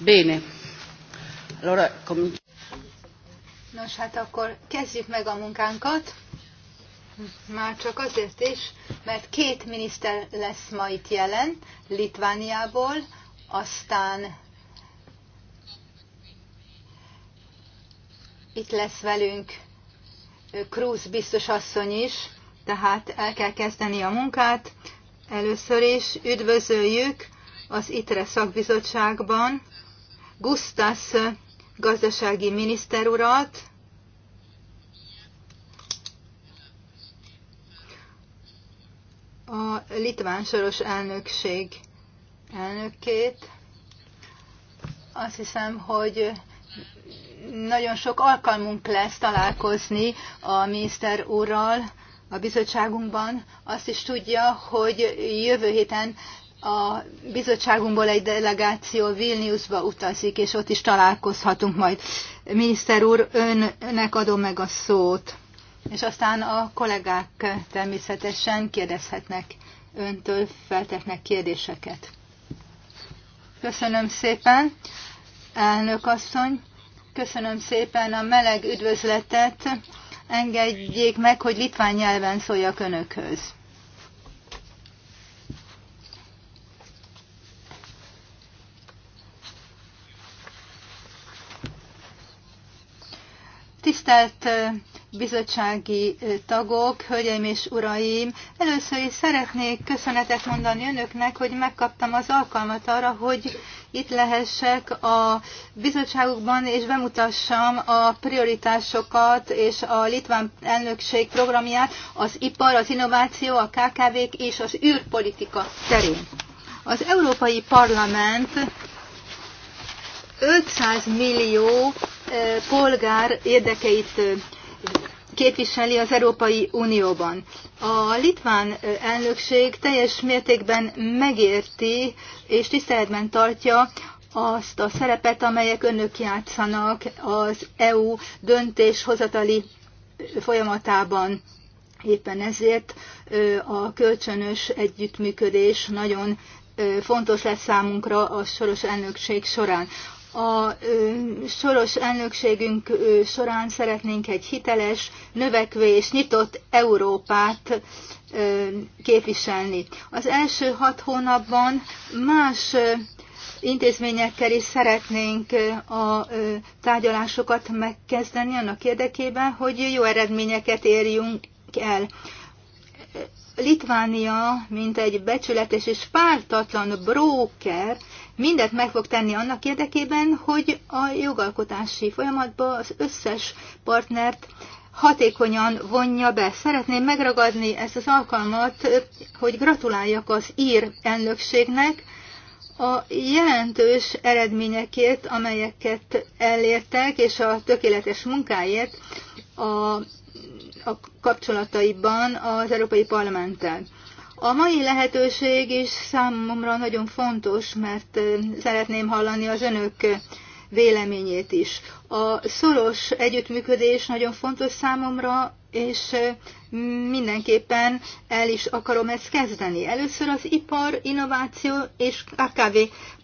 Bene. Allora, cominci- Nos, hát akkor kezdjük meg a munkánkat. Már csak azért is, mert két miniszter lesz ma itt jelen, Litvániából, aztán itt lesz velünk Krúz biztos asszony is, tehát el kell kezdeni a munkát. Először is üdvözöljük az ITRE szakbizottságban Gustas gazdasági miniszter urat, a litván soros elnökség elnökét. Azt hiszem, hogy nagyon sok alkalmunk lesz találkozni a miniszter úrral a bizottságunkban. Azt is tudja, hogy jövő héten a bizottságunkból egy delegáció Vilniusba utazik, és ott is találkozhatunk majd. Miniszter úr, önnek adom meg a szót, és aztán a kollégák természetesen kérdezhetnek öntől, feltetnek kérdéseket. Köszönöm szépen, elnök asszony, köszönöm szépen a meleg üdvözletet, engedjék meg, hogy litván nyelven szóljak önökhöz. Tisztelt bizottsági tagok, hölgyeim és uraim! Először is szeretnék köszönetet mondani önöknek, hogy megkaptam az alkalmat arra, hogy itt lehessek a bizottságukban, és bemutassam a prioritásokat és a litván elnökség programját az ipar, az innováció, a KKV-k és az űrpolitika terén. Az Európai Parlament 500 millió polgár érdekeit képviseli az Európai Unióban. A litván elnökség teljes mértékben megérti és tiszteletben tartja azt a szerepet, amelyek önök játszanak az EU döntéshozatali folyamatában. Éppen ezért a kölcsönös együttműködés nagyon fontos lesz számunkra a soros elnökség során. A soros elnökségünk során szeretnénk egy hiteles, növekvő és nyitott Európát képviselni. Az első hat hónapban más intézményekkel is szeretnénk a tárgyalásokat megkezdeni annak érdekében, hogy jó eredményeket érjünk el. Litvánia, mint egy becsületes és pártatlan bróker, mindent meg fog tenni annak érdekében, hogy a jogalkotási folyamatba az összes partnert hatékonyan vonja be. Szeretném megragadni ezt az alkalmat, hogy gratuláljak az ír elnökségnek a jelentős eredményekért, amelyeket elértek, és a tökéletes munkáért a, a kapcsolataiban az Európai Parlamenttel. A mai lehetőség is számomra nagyon fontos, mert szeretném hallani az önök véleményét is. A szoros együttműködés nagyon fontos számomra, és mindenképpen el is akarom ezt kezdeni. Először az ipar, innováció és akv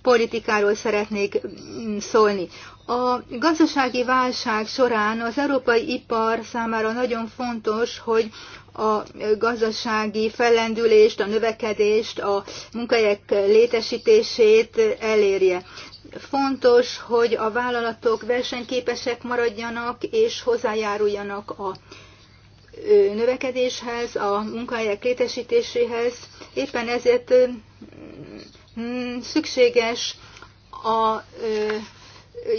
politikáról szeretnék mm, szólni. A gazdasági válság során az európai ipar számára nagyon fontos, hogy a gazdasági fellendülést, a növekedést, a munkahelyek létesítését elérje. Fontos, hogy a vállalatok versenyképesek maradjanak és hozzájáruljanak a növekedéshez, a munkahelyek létesítéséhez. Éppen ezért mm, mm, szükséges a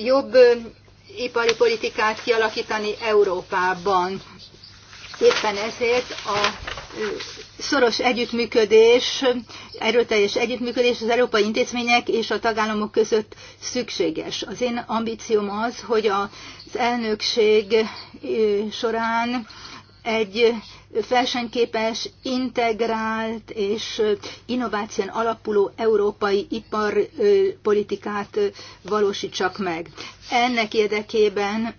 jobb ipari politikát kialakítani Európában. Éppen ezért a szoros együttműködés, erőteljes együttműködés az európai intézmények és a tagállamok között szükséges. Az én ambícióm az, hogy az elnökség során egy versenyképes, integrált és innováción alapuló európai iparpolitikát valósítsak meg. Ennek érdekében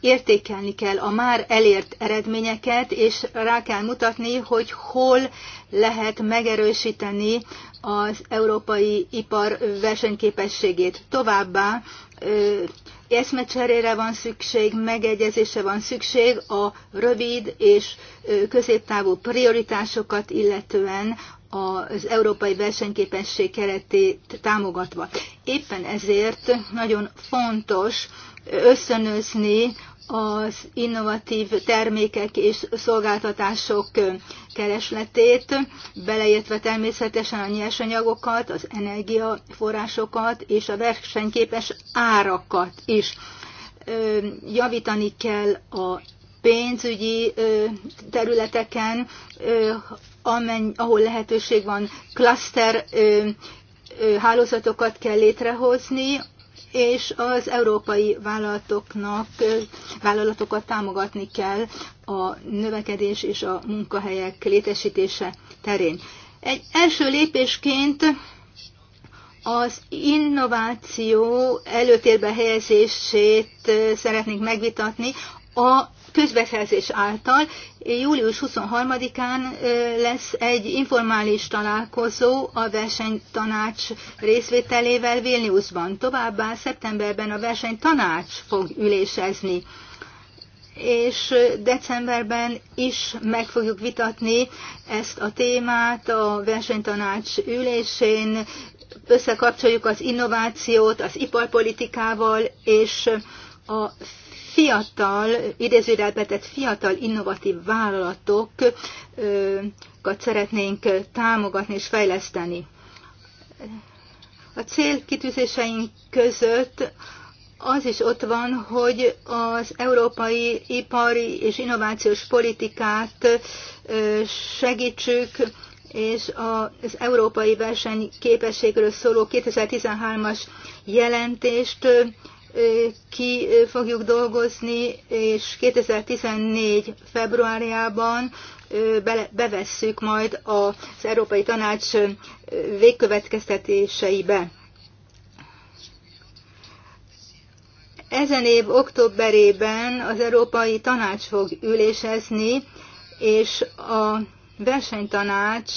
értékelni kell a már elért eredményeket, és rá kell mutatni, hogy hol lehet megerősíteni az európai ipar versenyképességét. Továbbá eszmecserére van szükség, megegyezése van szükség a rövid és középtávú prioritásokat illetően az európai versenyképesség keretét támogatva. Éppen ezért nagyon fontos összönözni az innovatív termékek és szolgáltatások keresletét, beleértve természetesen a nyersanyagokat, az energiaforrásokat és a versenyképes árakat is. Javítani kell a pénzügyi területeken, amenny, ahol lehetőség van, klaszter hálózatokat kell létrehozni és az európai vállalatoknak, vállalatokat támogatni kell a növekedés és a munkahelyek létesítése terén. Egy első lépésként az innováció előtérbe helyezését szeretnénk megvitatni a közbeszerzés által. Július 23-án lesz egy informális találkozó a versenytanács részvételével Vilniusban. Továbbá szeptemberben a versenytanács fog ülésezni és decemberben is meg fogjuk vitatni ezt a témát a versenytanács ülésén, összekapcsoljuk az innovációt az iparpolitikával és a fiatal, betett fiatal innovatív vállalatokat szeretnénk támogatni és fejleszteni. A célkitűzéseink között az is ott van, hogy az európai ipari és innovációs politikát segítsük, és az európai versenyképességről szóló 2013-as jelentést ki fogjuk dolgozni, és 2014 februárjában bevesszük majd az Európai Tanács végkövetkeztetéseibe. Ezen év októberében az Európai Tanács fog ülésezni, és a versenytanács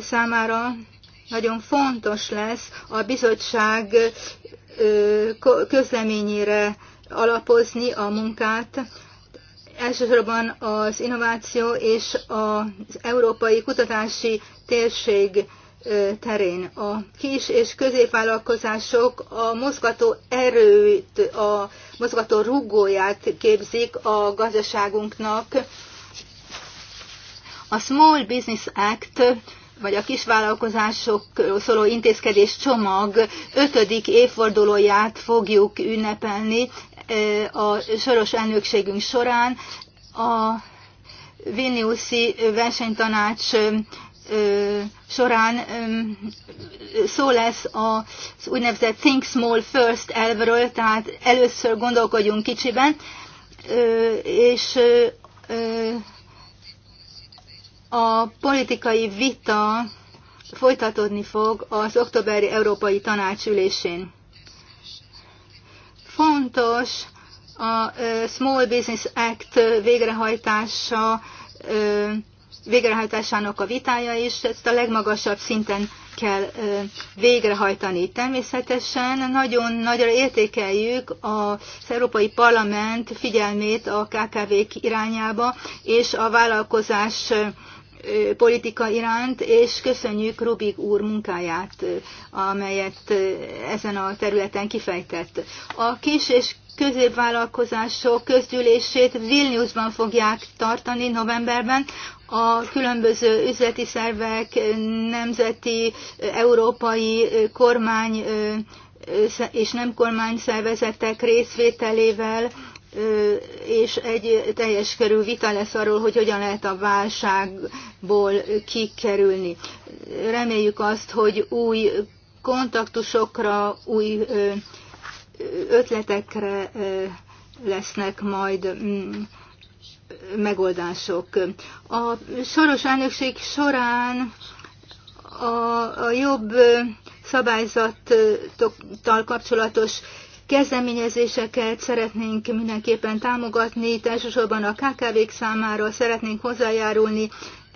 számára nagyon fontos lesz a bizottság közleményére alapozni a munkát, elsősorban az innováció és az európai kutatási térség terén. A kis és középvállalkozások a mozgató erőt, a mozgató rugóját képzik a gazdaságunknak. A Small Business Act vagy a kisvállalkozások szóló intézkedés csomag ötödik évfordulóját fogjuk ünnepelni a soros elnökségünk során. A Vilniuszi versenytanács során szó lesz az úgynevezett Think Small First elvről, tehát először gondolkodjunk kicsiben, és a politikai vita folytatódni fog az októberi Európai Tanácsülésén. Fontos a Small Business Act végrehajtása, végrehajtásának a vitája is, ezt a legmagasabb szinten kell végrehajtani. Természetesen nagyon nagyra értékeljük az Európai Parlament figyelmét a KKV-k irányába, és a vállalkozás politika iránt, és köszönjük Rubik úr munkáját, amelyet ezen a területen kifejtett. A kis és középvállalkozások közgyűlését Vilniusban fogják tartani novemberben. A különböző üzleti szervek, nemzeti, európai kormány és nem kormány szervezetek részvételével és egy teljes körű vita lesz arról, hogy hogyan lehet a válságból kikerülni. Reméljük azt, hogy új kontaktusokra, új ötletekre lesznek majd mm, megoldások. A soros elnökség során a, a jobb szabályzattal kapcsolatos kezdeményezéseket szeretnénk mindenképpen támogatni, elsősorban a KKV-k számára szeretnénk hozzájárulni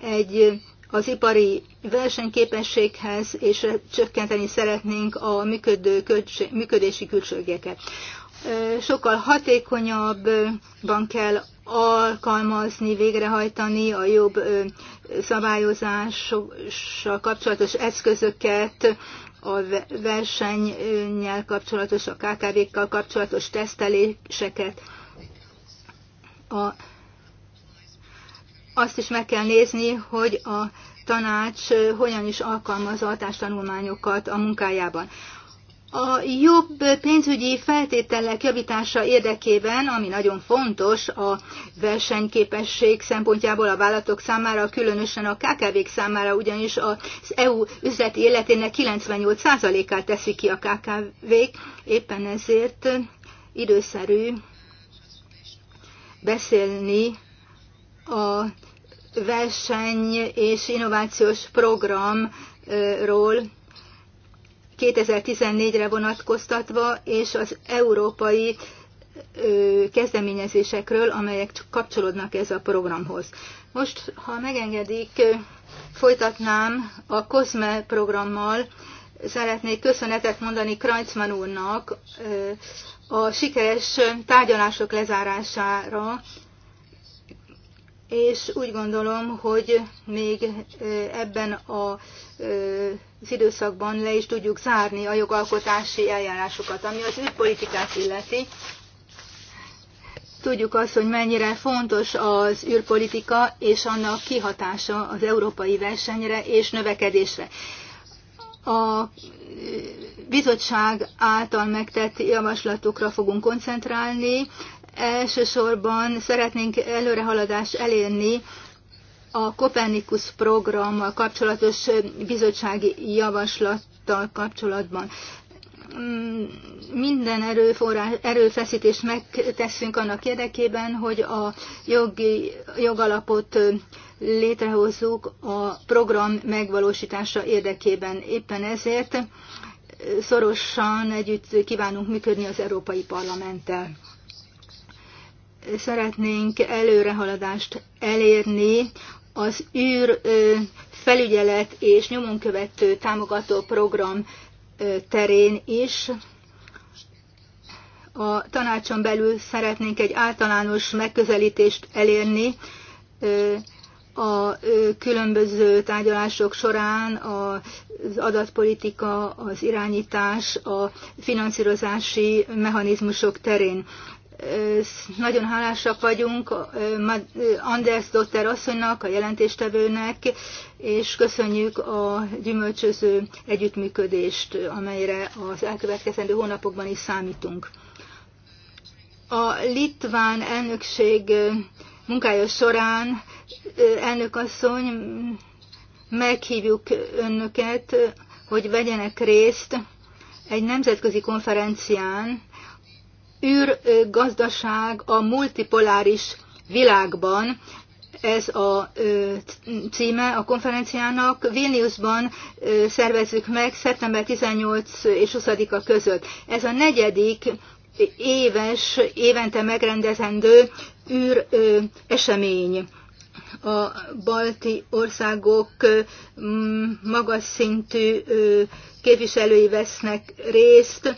egy az ipari versenyképességhez, és csökkenteni szeretnénk a működő költség, működési költségeket. Sokkal hatékonyabban kell alkalmazni, végrehajtani a jobb szabályozással kapcsolatos eszközöket, a versennyel kapcsolatos, a KKV-kkal kapcsolatos teszteléseket. A, azt is meg kell nézni, hogy a tanács hogyan is alkalmazza a tanulmányokat a munkájában a jobb pénzügyi feltételek javítása érdekében, ami nagyon fontos a versenyképesség szempontjából a vállalatok számára, különösen a KKV-k számára, ugyanis az EU üzleti életének 98%-át teszi ki a KKV-k, éppen ezért időszerű beszélni a verseny és innovációs programról, 2014-re vonatkoztatva, és az európai kezdeményezésekről, amelyek kapcsolódnak ez a programhoz. Most, ha megengedik, folytatnám a COSME programmal. Szeretnék köszönetet mondani Krajcman úrnak a sikeres tárgyalások lezárására, és úgy gondolom, hogy még ebben a az időszakban le is tudjuk zárni a jogalkotási eljárásokat, ami az űrpolitikát illeti. Tudjuk azt, hogy mennyire fontos az űrpolitika és annak kihatása az európai versenyre és növekedésre. A bizottság által megtett javaslatokra fogunk koncentrálni. Elsősorban szeretnénk előrehaladást elérni a Kopernikus programmal kapcsolatos bizottsági javaslattal kapcsolatban mm, minden erőforrás, erőfeszítést megteszünk annak érdekében, hogy a jogi, jogalapot létrehozzuk a program megvalósítása érdekében. Éppen ezért szorosan együtt kívánunk működni az Európai Parlamenttel. Szeretnénk előrehaladást elérni az űr felügyelet és nyomonkövető támogató program terén is. A tanácson belül szeretnénk egy általános megközelítést elérni a különböző tárgyalások során az adatpolitika, az irányítás, a finanszírozási mechanizmusok terén nagyon hálásak vagyunk Anders Dotter asszonynak, a jelentéstevőnek, és köszönjük a gyümölcsöző együttműködést, amelyre az elkövetkezendő hónapokban is számítunk. A litván elnökség munkája során, asszony, meghívjuk önöket, hogy vegyenek részt egy nemzetközi konferencián, űrgazdaság a multipoláris világban, ez a címe a konferenciának. Vilniusban szervezzük meg szeptember 18 és 20-a között. Ez a negyedik éves, évente megrendezendő űr esemény. A balti országok magas szintű képviselői vesznek részt,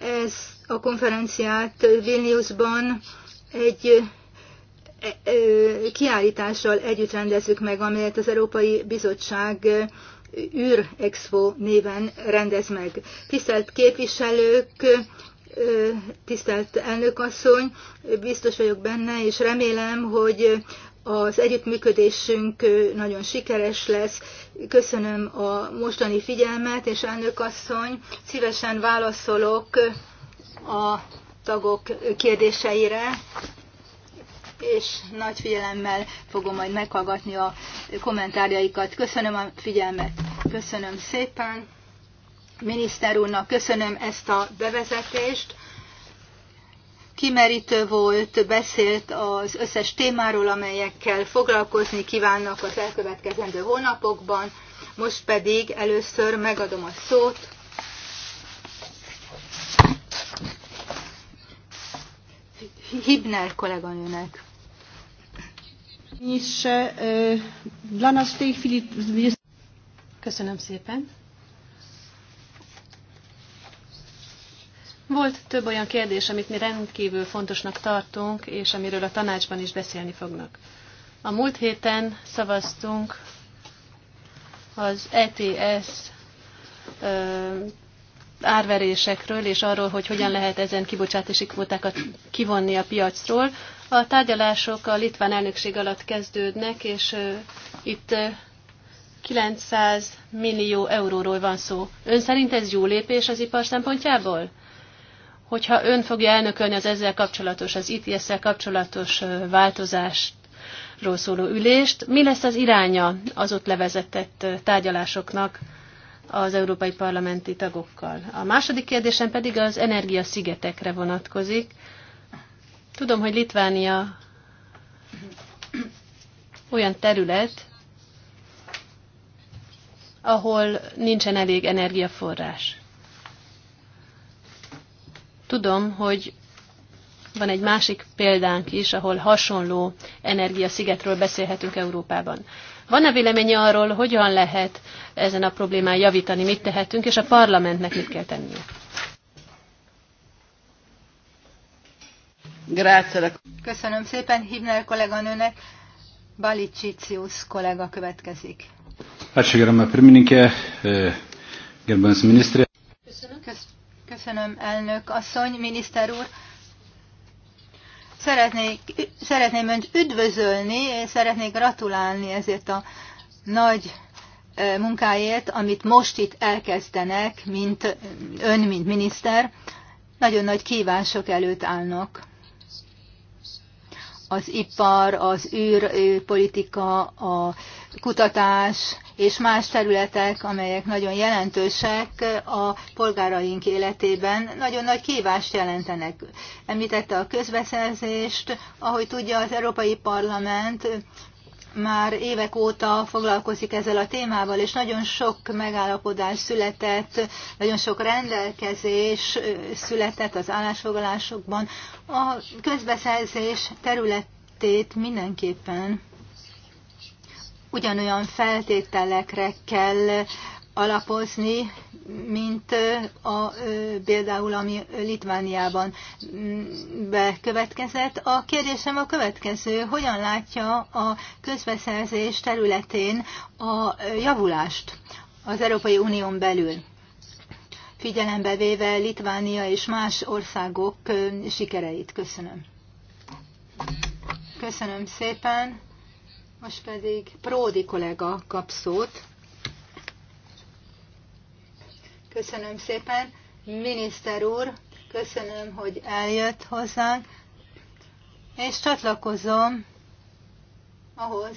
ez a konferenciát Vilniusban egy kiállítással együtt rendezzük meg, amelyet az Európai Bizottság Expo néven rendez meg. Tisztelt képviselők, tisztelt elnökasszony, biztos vagyok benne, és remélem, hogy az együttműködésünk nagyon sikeres lesz. Köszönöm a mostani figyelmet, és elnök asszony, szívesen válaszolok a tagok kérdéseire, és nagy figyelemmel fogom majd meghallgatni a kommentárjaikat. Köszönöm a figyelmet. Köszönöm szépen. Miniszter úrnak köszönöm ezt a bevezetést kimerítő volt, beszélt az összes témáról, amelyekkel foglalkozni kívánnak az elkövetkezendő hónapokban. Most pedig először megadom a szót Hibner kolléganőnek. Köszönöm szépen. Volt több olyan kérdés, amit mi rendkívül fontosnak tartunk, és amiről a tanácsban is beszélni fognak. A múlt héten szavaztunk az ETS árverésekről, és arról, hogy hogyan lehet ezen kibocsátási kvótákat kivonni a piacról. A tárgyalások a litván elnökség alatt kezdődnek, és itt 900 millió euróról van szó. Ön szerint ez jó lépés az ipar szempontjából? hogyha ön fogja elnökölni az ezzel kapcsolatos, az ITS-szel kapcsolatos változásról szóló ülést, mi lesz az iránya az ott levezetett tárgyalásoknak az európai parlamenti tagokkal? A második kérdésem pedig az energiaszigetekre vonatkozik. Tudom, hogy Litvánia olyan terület, ahol nincsen elég energiaforrás. Tudom, hogy van egy másik példánk is, ahol hasonló energiaszigetről beszélhetünk Európában. Van-e véleménye arról, hogyan lehet ezen a problémán javítani, mit tehetünk, és a parlamentnek mit kell tennie? Köszönöm szépen Hibner kolléganőnek. Balicsicius kollega következik. Ačiū, e, Köszönöm. Köszönöm. Köszönöm, elnök asszony, miniszter úr. Szeretnék, szeretném önt üdvözölni, és szeretnék gratulálni ezért a nagy munkáért, amit most itt elkezdenek, mint ön, mint miniszter. Nagyon nagy kívások előtt állnak. Az ipar, az űrpolitika, a kutatás, és más területek, amelyek nagyon jelentősek a polgáraink életében, nagyon nagy kívást jelentenek. Említette a közbeszerzést, ahogy tudja az Európai Parlament már évek óta foglalkozik ezzel a témával, és nagyon sok megállapodás született, nagyon sok rendelkezés született az állásfoglalásokban. A közbeszerzés területét mindenképpen ugyanolyan feltételekre kell alapozni, mint a, például ami Litvániában mm, bekövetkezett. A kérdésem a következő, hogyan látja a közbeszerzés területén a javulást az Európai Unión belül? figyelembe véve Litvánia és más országok sikereit. Köszönöm. Köszönöm szépen. Most pedig Pródi kollega kap szót. Köszönöm szépen. Miniszter úr, köszönöm, hogy eljött hozzánk, és csatlakozom ahhoz,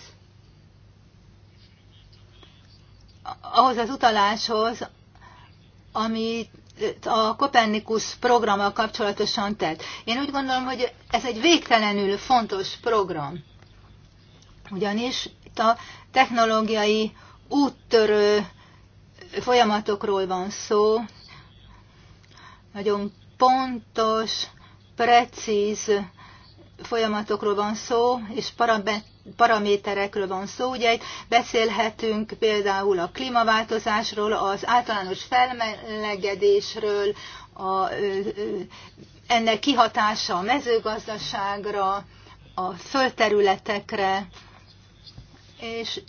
ahhoz az utaláshoz, amit a Kopernikus programmal kapcsolatosan tett. Én úgy gondolom, hogy ez egy végtelenül fontos program. Ugyanis itt a technológiai úttörő folyamatokról van szó, nagyon pontos, precíz folyamatokról van szó, és paraméterekről van szó. Ugye itt beszélhetünk például a klímaváltozásról, az általános felmelegedésről, a, ennek kihatása a mezőgazdaságra, a földterületekre, és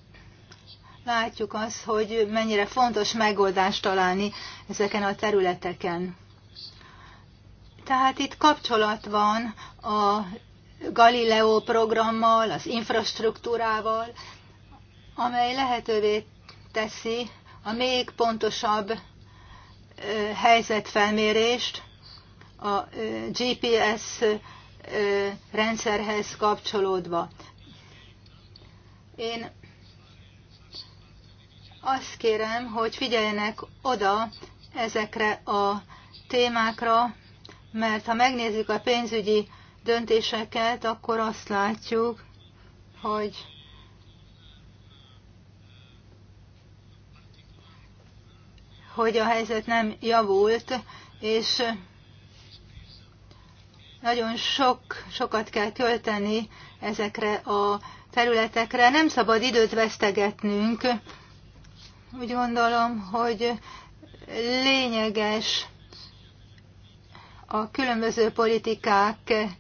látjuk azt, hogy mennyire fontos megoldást találni ezeken a területeken. Tehát itt kapcsolat van a Galileo programmal, az infrastruktúrával, amely lehetővé teszi a még pontosabb helyzetfelmérést a GPS rendszerhez kapcsolódva. Én azt kérem, hogy figyeljenek oda ezekre a témákra, mert ha megnézzük a pénzügyi döntéseket, akkor azt látjuk, hogy hogy a helyzet nem javult, és nagyon sok, sokat kell költeni ezekre a területekre. Nem szabad időt vesztegetnünk. Úgy gondolom, hogy lényeges a különböző politikákat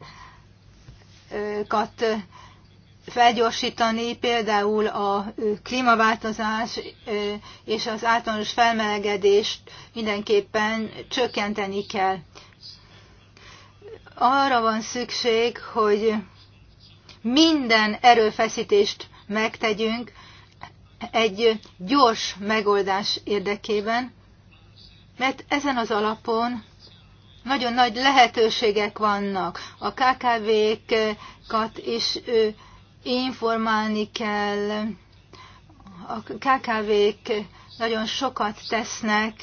felgyorsítani, például a klímaváltozás és az általános felmelegedést mindenképpen csökkenteni kell. Arra van szükség, hogy minden erőfeszítést megtegyünk egy gyors megoldás érdekében, mert ezen az alapon nagyon nagy lehetőségek vannak. A KKV-kat is informálni kell. A KKV-k nagyon sokat tesznek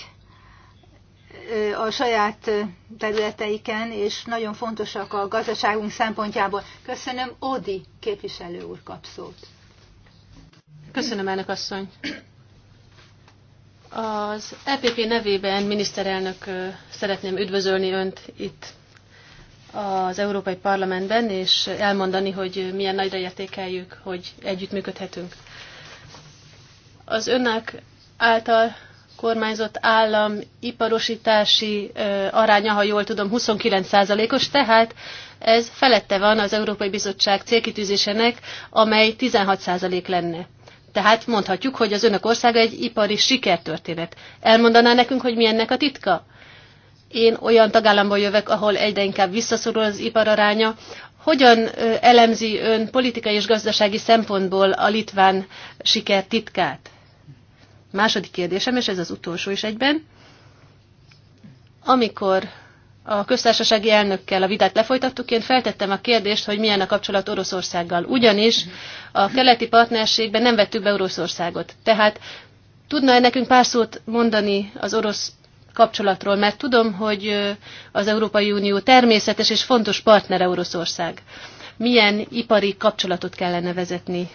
a saját területeiken, és nagyon fontosak a gazdaságunk szempontjából. Köszönöm, Odi képviselő úr kap szót. Köszönöm, elnök asszony. Az EPP nevében, miniszterelnök, szeretném üdvözölni Önt itt az Európai Parlamentben, és elmondani, hogy milyen nagyra értékeljük, hogy együttműködhetünk. Az önnek által kormányzott állam iparosítási aránya, ha jól tudom, 29%-os, tehát ez felette van az Európai Bizottság célkitűzésének, amely 16% lenne. Tehát mondhatjuk, hogy az önök országa egy ipari sikertörténet. Elmondaná nekünk, hogy mi ennek a titka? Én olyan tagállamból jövök, ahol egyre inkább visszaszorul az ipar aránya. Hogyan elemzi ön politikai és gazdasági szempontból a litván siker titkát? Második kérdésem, és ez az utolsó is egyben. Amikor a köztársasági elnökkel a vitát lefolytattuk, én feltettem a kérdést, hogy milyen a kapcsolat Oroszországgal. Ugyanis a keleti partnerségben nem vettük be Oroszországot. Tehát tudna-e nekünk pár szót mondani az orosz kapcsolatról, mert tudom, hogy az Európai Unió természetes és fontos partnere Oroszország milyen ipari kapcsolatot kellene vezetni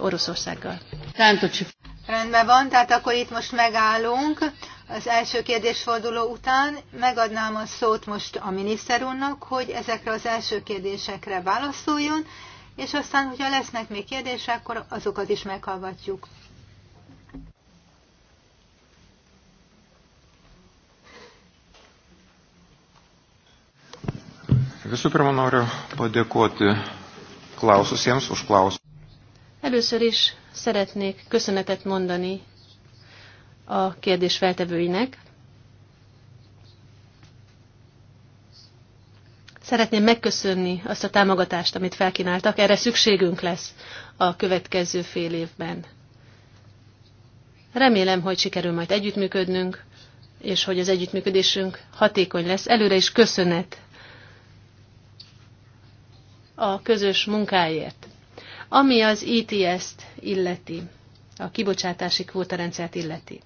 Oroszországgal. Rendben van, tehát akkor itt most megállunk. Az első kérdésforduló után megadnám a szót most a miniszter úrnak, hogy ezekre az első kérdésekre válaszoljon, és aztán, hogyha lesznek még kérdések, akkor azokat is meghallgatjuk. Visų pirma, noriu padėkoti klaususiems už klausimus. Először is szeretnék köszönetet mondani a kérdés feltevőinek. Szeretném megköszönni azt a támogatást, amit felkínáltak. Erre szükségünk lesz a következő fél évben. Remélem, hogy sikerül majd együttműködnünk, és hogy az együttműködésünk hatékony lesz. Előre is köszönet a közös munkáért. Ami az ETS-t illeti, a kibocsátási kvótarendszert illeti.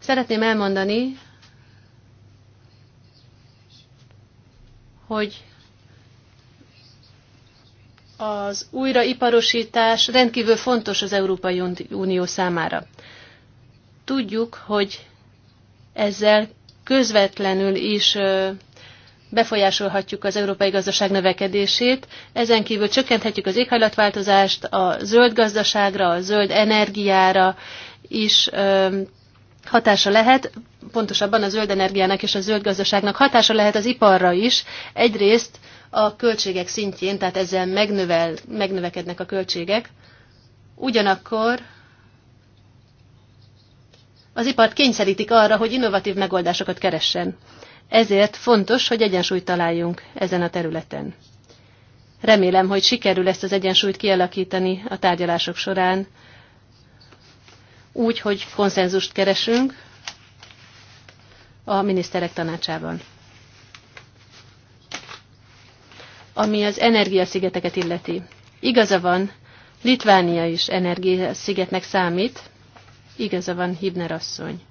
Szeretném elmondani, hogy az újraiparosítás rendkívül fontos az Európai Unió számára. Tudjuk, hogy ezzel közvetlenül is befolyásolhatjuk az európai gazdaság növekedését, ezen kívül csökkenthetjük az éghajlatváltozást, a zöld gazdaságra, a zöld energiára is hatása lehet, pontosabban a zöld energiának és a zöld gazdaságnak hatása lehet az iparra is. Egyrészt a költségek szintjén, tehát ezzel megnövel, megnövekednek a költségek. Ugyanakkor az ipart kényszerítik arra, hogy innovatív megoldásokat keressen. Ezért fontos, hogy egyensúlyt találjunk ezen a területen. Remélem, hogy sikerül ezt az egyensúlyt kialakítani a tárgyalások során, úgy, hogy konszenzust keresünk a miniszterek tanácsában. Ami az energiaszigeteket illeti. Igaza van, Litvánia is energiaszigetnek számít, igaza van Hibner asszony.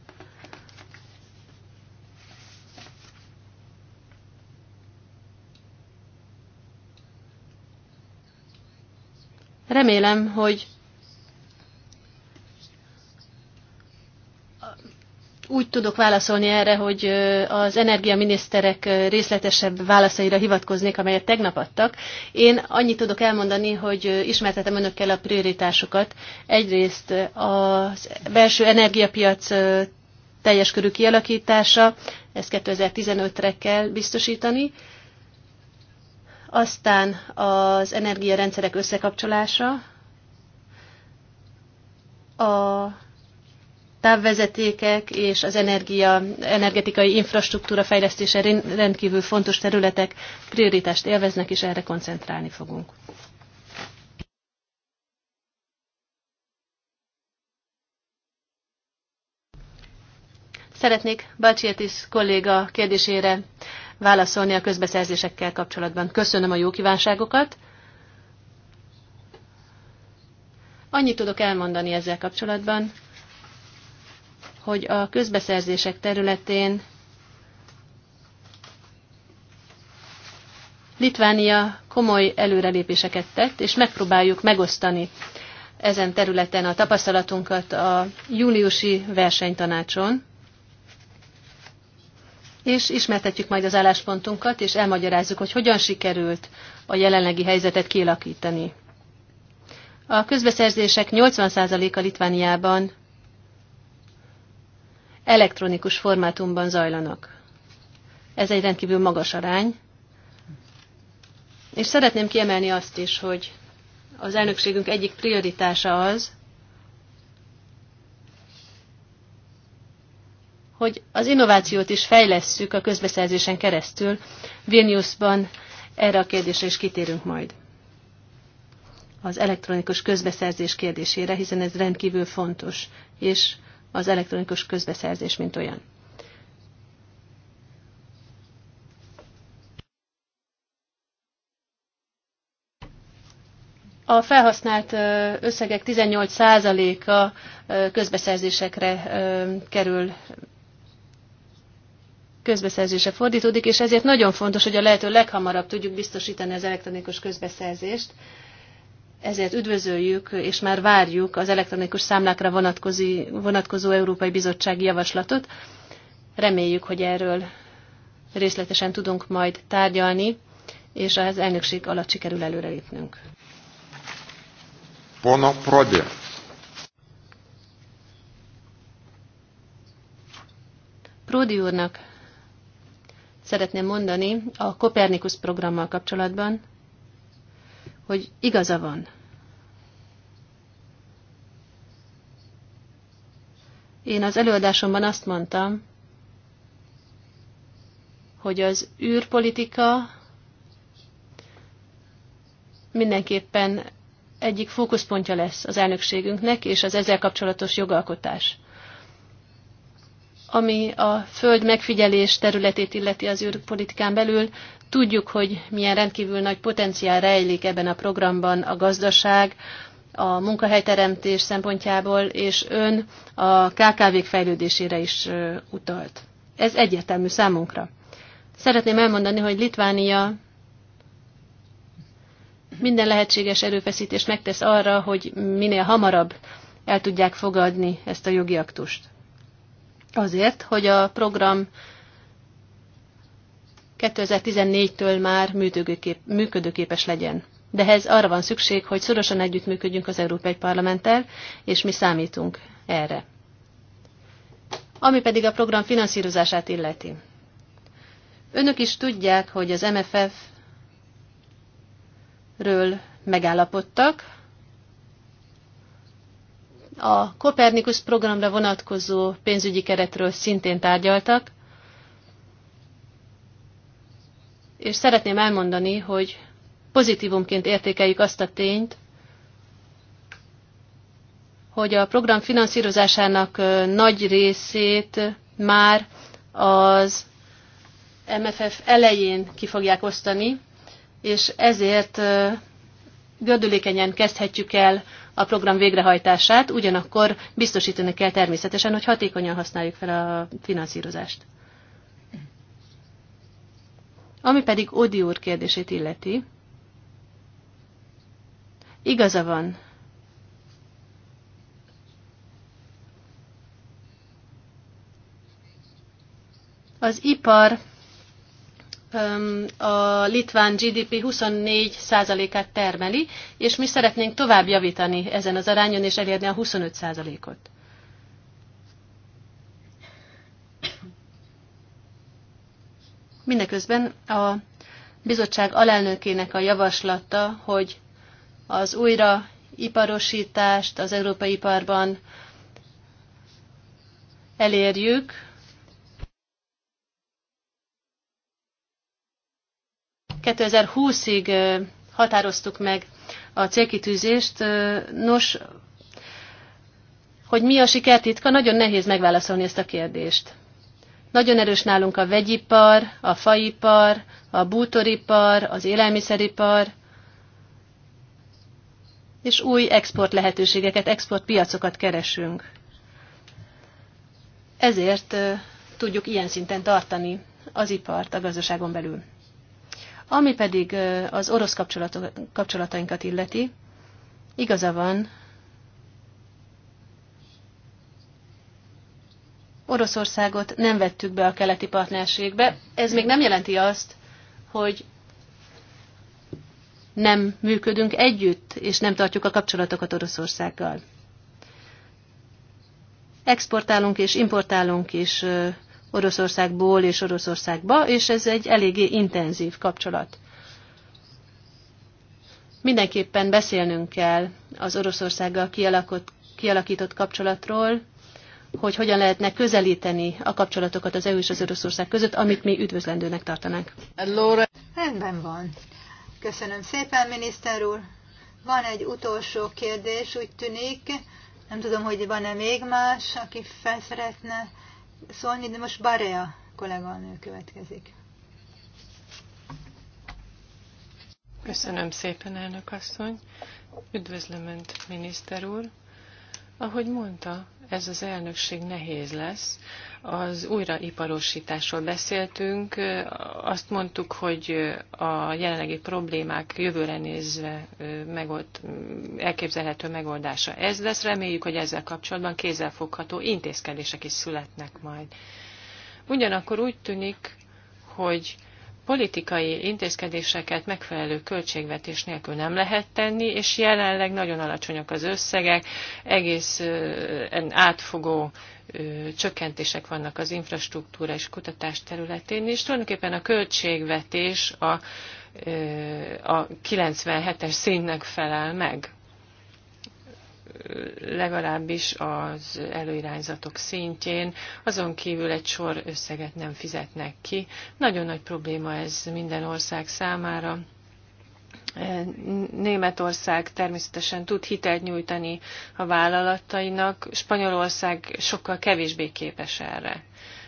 Remélem, hogy úgy tudok válaszolni erre, hogy az energiaminiszterek részletesebb válaszaira hivatkoznék, amelyet tegnap adtak. Én annyit tudok elmondani, hogy ismertetem önökkel a prioritásokat. Egyrészt a belső energiapiac teljes körű kialakítása, ezt 2015-re kell biztosítani. Aztán az energiarendszerek összekapcsolása, a távvezetékek és az energia, energetikai infrastruktúra fejlesztése rendkívül fontos területek prioritást élveznek, és erre koncentrálni fogunk. Szeretnék Bacsiatis kolléga kérdésére válaszolni a közbeszerzésekkel kapcsolatban. Köszönöm a jó kívánságokat. Annyit tudok elmondani ezzel kapcsolatban, hogy a közbeszerzések területén Litvánia komoly előrelépéseket tett, és megpróbáljuk megosztani ezen területen a tapasztalatunkat a júliusi versenytanácson és ismertetjük majd az álláspontunkat, és elmagyarázzuk, hogy hogyan sikerült a jelenlegi helyzetet kialakítani. A közbeszerzések 80%-a Litvániában elektronikus formátumban zajlanak. Ez egy rendkívül magas arány. És szeretném kiemelni azt is, hogy az elnökségünk egyik prioritása az, hogy az innovációt is fejlesszük a közbeszerzésen keresztül. Vilniusban erre a kérdésre is kitérünk majd. Az elektronikus közbeszerzés kérdésére, hiszen ez rendkívül fontos, és az elektronikus közbeszerzés, mint olyan. A felhasznált összegek 18%-a közbeszerzésekre kerül közbeszerzése fordítódik, és ezért nagyon fontos, hogy a lehető leghamarabb tudjuk biztosítani az elektronikus közbeszerzést. Ezért üdvözöljük, és már várjuk az elektronikus számlákra vonatkozó Európai Bizottsági javaslatot. Reméljük, hogy erről részletesen tudunk majd tárgyalni, és az elnökség alatt sikerül előrelépnünk. Prodi. Pródi úrnak szeretném mondani a Kopernikus programmal kapcsolatban, hogy igaza van. Én az előadásomban azt mondtam, hogy az űrpolitika mindenképpen egyik fókuszpontja lesz az elnökségünknek, és az ezzel kapcsolatos jogalkotás. Ami a föld megfigyelés területét illeti az űrpolitikán belül, tudjuk, hogy milyen rendkívül nagy potenciál rejlik ebben a programban a gazdaság, a munkahelyteremtés szempontjából, és ön a KKV-k fejlődésére is utalt. Ez egyértelmű számunkra. Szeretném elmondani, hogy Litvánia minden lehetséges erőfeszítést megtesz arra, hogy minél hamarabb el tudják fogadni ezt a jogi aktust. Azért, hogy a program 2014-től már működőképes legyen. De ehhez arra van szükség, hogy szorosan együttműködjünk az Európai Parlamenttel, és mi számítunk erre. Ami pedig a program finanszírozását illeti. Önök is tudják, hogy az MFF ről megállapodtak, a Kopernikus programra vonatkozó pénzügyi keretről szintén tárgyaltak, és szeretném elmondani, hogy pozitívumként értékeljük azt a tényt, hogy a program finanszírozásának nagy részét már az MFF elején ki fogják osztani, és ezért gördülékenyen kezdhetjük el a program végrehajtását, ugyanakkor biztosítani kell természetesen, hogy hatékonyan használjuk fel a finanszírozást. Ami pedig Odi úr kérdését illeti, igaza van, az ipar a litván GDP 24%-át termeli, és mi szeretnénk tovább javítani ezen az arányon, és elérni a 25%-ot. Mindeközben a bizottság alelnökének a javaslata, hogy az újra iparosítást az európai iparban elérjük, 2020-ig határoztuk meg a célkitűzést. Nos, hogy mi a sikertitka, nagyon nehéz megválaszolni ezt a kérdést. Nagyon erős nálunk a vegyipar, a faipar, a bútoripar, az élelmiszeripar, és új export lehetőségeket, exportpiacokat keresünk. Ezért tudjuk ilyen szinten tartani az ipart a gazdaságon belül. Ami pedig az orosz kapcsolatainkat illeti, igaza van, Oroszországot nem vettük be a keleti partnerségbe. Ez még nem jelenti azt, hogy nem működünk együtt, és nem tartjuk a kapcsolatokat Oroszországgal. Exportálunk és importálunk is Oroszországból és Oroszországba, és ez egy eléggé intenzív kapcsolat. Mindenképpen beszélnünk kell az Oroszországgal kialakított kapcsolatról, hogy hogyan lehetne közelíteni a kapcsolatokat az EU és az Oroszország között, amit mi üdvözlendőnek tartanánk. Laura. Rendben van. Köszönöm szépen, miniszter úr. Van egy utolsó kérdés, úgy tűnik. Nem tudom, hogy van-e még más, aki fel szeretne szólni, de most Barea kolléganő következik. Köszönöm szépen, elnök asszony. Üdvözlöm Önt, miniszter úr. Ahogy mondta, ez az elnökség nehéz lesz. Az újraiparosításról beszéltünk, azt mondtuk, hogy a jelenlegi problémák jövőre nézve megold, elképzelhető megoldása ez lesz. Reméljük, hogy ezzel kapcsolatban kézzelfogható intézkedések is születnek majd. Ugyanakkor úgy tűnik, hogy politikai intézkedéseket megfelelő költségvetés nélkül nem lehet tenni, és jelenleg nagyon alacsonyak az összegek, egész átfogó csökkentések vannak az infrastruktúra és kutatás területén, és tulajdonképpen a költségvetés a, a 97-es színnek felel meg legalábbis az előirányzatok szintjén, azon kívül egy sor összeget nem fizetnek ki. Nagyon nagy probléma ez minden ország számára. Németország természetesen tud hitelt nyújtani a vállalatainak, Spanyolország sokkal kevésbé képes erre.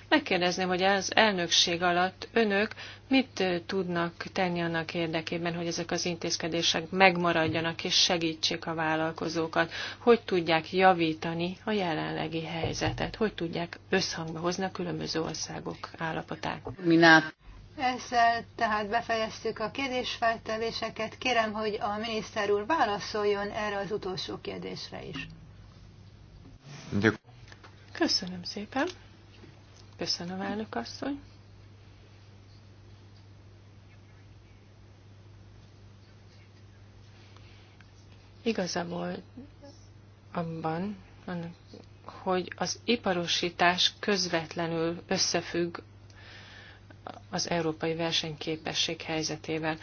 Megkérdezném, hogy az elnökség alatt önök mit tudnak tenni annak érdekében, hogy ezek az intézkedések megmaradjanak és segítsék a vállalkozókat? Hogy tudják javítani a jelenlegi helyzetet? Hogy tudják összhangba hozni a különböző országok állapotát? Minát. Ezzel tehát befejeztük a kérdésfeltevéseket. Kérem, hogy a miniszter úr válaszoljon erre az utolsó kérdésre is. Köszönöm szépen. Köszönöm, elnök asszony. Igazából abban, hogy az iparosítás közvetlenül összefügg az európai versenyképesség helyzetével.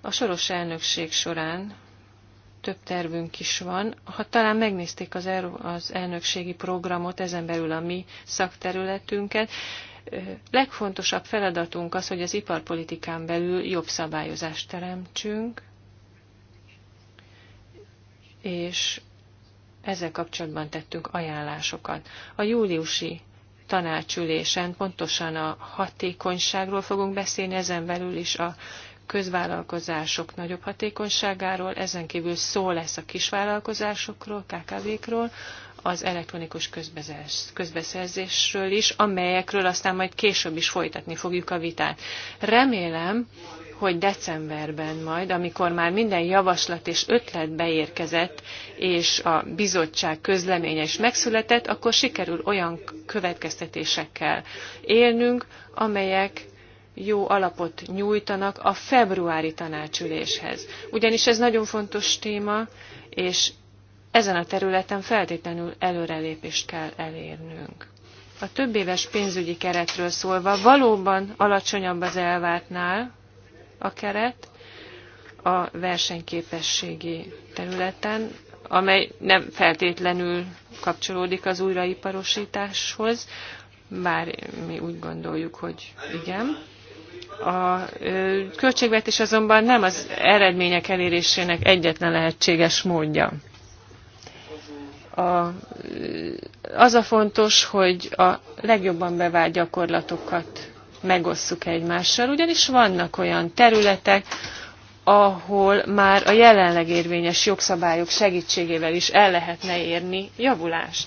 A soros elnökség során több tervünk is van. Ha talán megnézték az, el, az elnökségi programot, ezen belül a mi szakterületünket, legfontosabb feladatunk az, hogy az iparpolitikán belül jobb szabályozást teremtsünk, és ezzel kapcsolatban tettünk ajánlásokat. A júliusi tanácsülésen pontosan a hatékonyságról fogunk beszélni, ezen belül is a közvállalkozások nagyobb hatékonyságáról, ezen kívül szó lesz a kisvállalkozásokról, KKV-król, az elektronikus közbeszerzésről is, amelyekről aztán majd később is folytatni fogjuk a vitát. Remélem, hogy decemberben majd, amikor már minden javaslat és ötlet beérkezett, és a bizottság közleménye is megszületett, akkor sikerül olyan következtetésekkel élnünk, amelyek jó alapot nyújtanak a februári tanácsüléshez. Ugyanis ez nagyon fontos téma, és ezen a területen feltétlenül előrelépést kell elérnünk. A több éves pénzügyi keretről szólva valóban alacsonyabb az elvártnál a keret a versenyképességi területen, amely nem feltétlenül kapcsolódik az újraiparosításhoz, bár mi úgy gondoljuk, hogy igen. A költségvetés azonban nem az eredmények elérésének egyetlen lehetséges módja. A, az a fontos, hogy a legjobban bevált gyakorlatokat megosszuk egymással, ugyanis vannak olyan területek, ahol már a jelenleg érvényes jogszabályok segítségével is el lehetne érni javulást.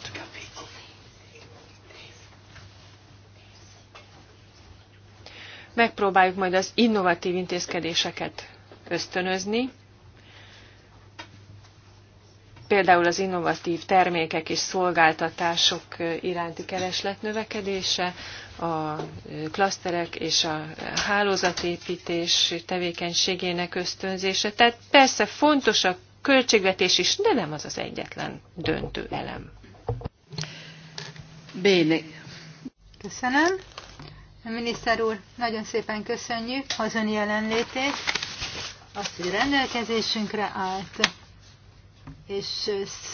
megpróbáljuk majd az innovatív intézkedéseket ösztönözni, például az innovatív termékek és szolgáltatások iránti kereslet növekedése, a klaszterek és a hálózatépítés tevékenységének ösztönzése. Tehát persze fontos a költségvetés is, de nem az az egyetlen döntő elem. Béni. Köszönöm. Miniszter úr, nagyon szépen köszönjük az ön jelenlétét, azt, hogy rendelkezésünkre állt, és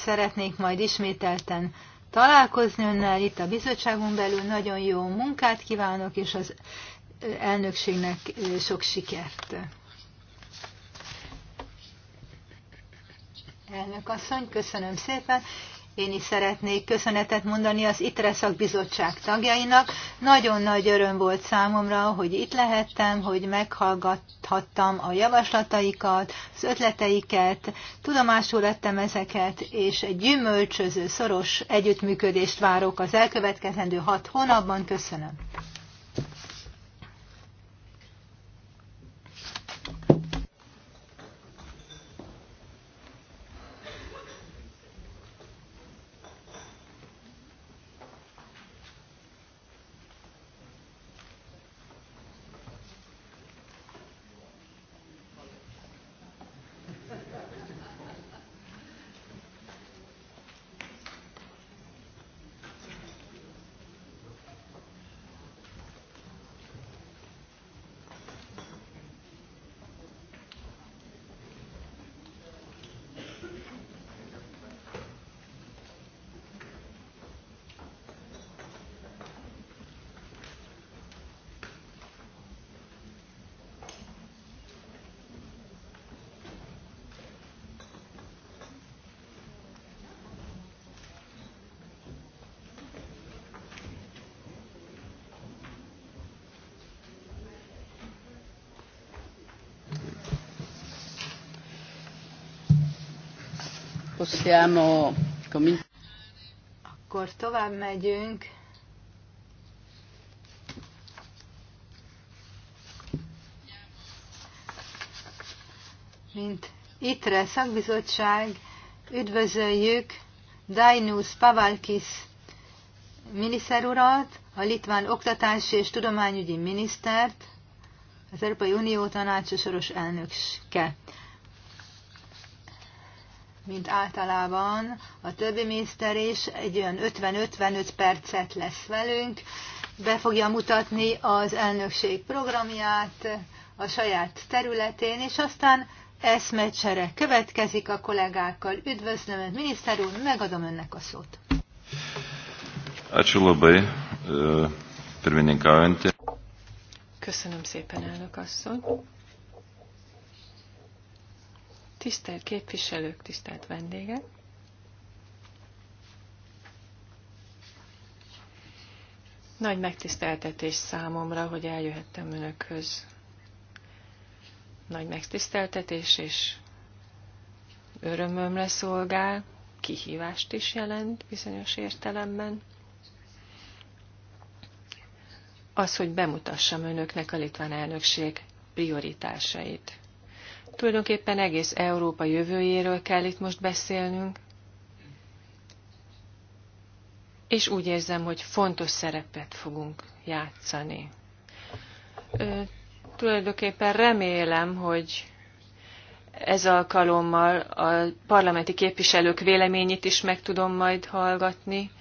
szeretnénk majd ismételten találkozni önnel itt a bizottságon belül. Nagyon jó munkát kívánok, és az elnökségnek sok sikert. Elnök asszony, köszönöm szépen. Én is szeretnék köszönetet mondani az ITRE szakbizottság tagjainak. Nagyon nagy öröm volt számomra, hogy itt lehettem, hogy meghallgathattam a javaslataikat, az ötleteiket, tudomásul lettem ezeket, és egy gyümölcsöző, szoros együttműködést várok az elkövetkezendő hat hónapban. Köszönöm. possiamo cominciare. Akkor tovább megyünk. Mint ITRE szakbizottság üdvözöljük Dainus Pavalkis miniszterurat, a litván oktatási és tudományügyi minisztert, az Európai Unió tanácsosoros elnökske mint általában a többi miniszter is, egy olyan 50-55 percet lesz velünk, be fogja mutatni az elnökség programját a saját területén, és aztán eszmecsere következik a kollégákkal. Üdvözlöm Önt, miniszter úr, megadom Önnek a szót. E, Köszönöm szépen, elnök asszony. Tisztelt képviselők, tisztelt vendégek! Nagy megtiszteltetés számomra, hogy eljöhettem Önökhöz. Nagy megtiszteltetés és örömömre szolgál, kihívást is jelent bizonyos értelemben. Az, hogy bemutassam Önöknek a litván elnökség prioritásait. Tulajdonképpen egész Európa jövőjéről kell itt most beszélnünk, és úgy érzem, hogy fontos szerepet fogunk játszani. Ö, tulajdonképpen remélem, hogy ez alkalommal a parlamenti képviselők véleményét is meg tudom majd hallgatni,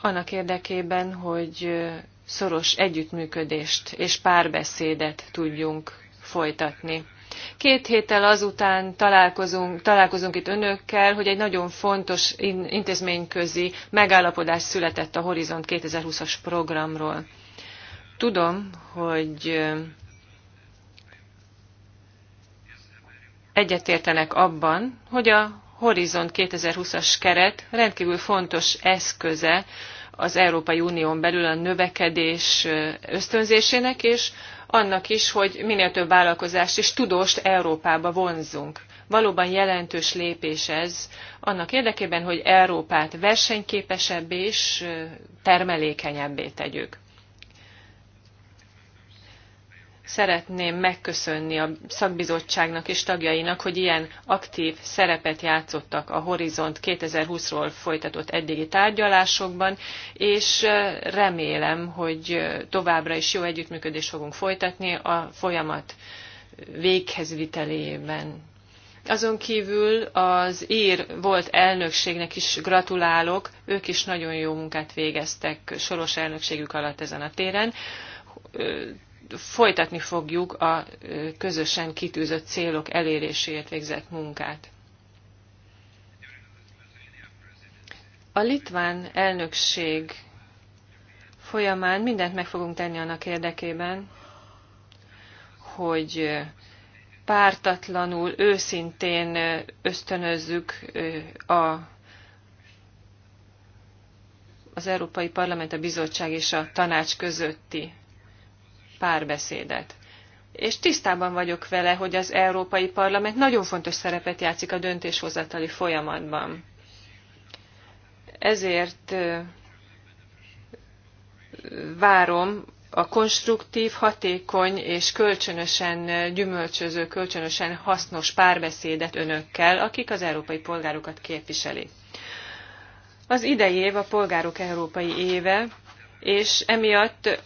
annak érdekében, hogy szoros együttműködést és párbeszédet tudjunk folytatni. Két héttel azután találkozunk, találkozunk itt önökkel, hogy egy nagyon fontos intézményközi megállapodás született a Horizont 2020-as programról. Tudom, hogy egyetértenek abban, hogy a Horizont 2020-as keret rendkívül fontos eszköze az Európai Unión belül a növekedés ösztönzésének, és annak is, hogy minél több vállalkozást és tudóst Európába vonzunk. Valóban jelentős lépés ez annak érdekében, hogy Európát versenyképesebbé és termelékenyebbé tegyük. szeretném megköszönni a szakbizottságnak és tagjainak, hogy ilyen aktív szerepet játszottak a Horizont 2020-ról folytatott eddigi tárgyalásokban, és remélem, hogy továbbra is jó együttműködést fogunk folytatni a folyamat véghezvitelében. Azon kívül az ír volt elnökségnek is gratulálok, ők is nagyon jó munkát végeztek soros elnökségük alatt ezen a téren folytatni fogjuk a közösen kitűzött célok eléréséért végzett munkát. A litván elnökség folyamán mindent meg fogunk tenni annak érdekében, hogy pártatlanul, őszintén ösztönözzük a, az Európai Parlament, a Bizottság és a Tanács közötti párbeszédet. És tisztában vagyok vele, hogy az Európai Parlament nagyon fontos szerepet játszik a döntéshozatali folyamatban. Ezért várom a konstruktív, hatékony és kölcsönösen gyümölcsöző, kölcsönösen hasznos párbeszédet önökkel, akik az európai polgárokat képviseli. Az idei év a polgárok európai éve, és emiatt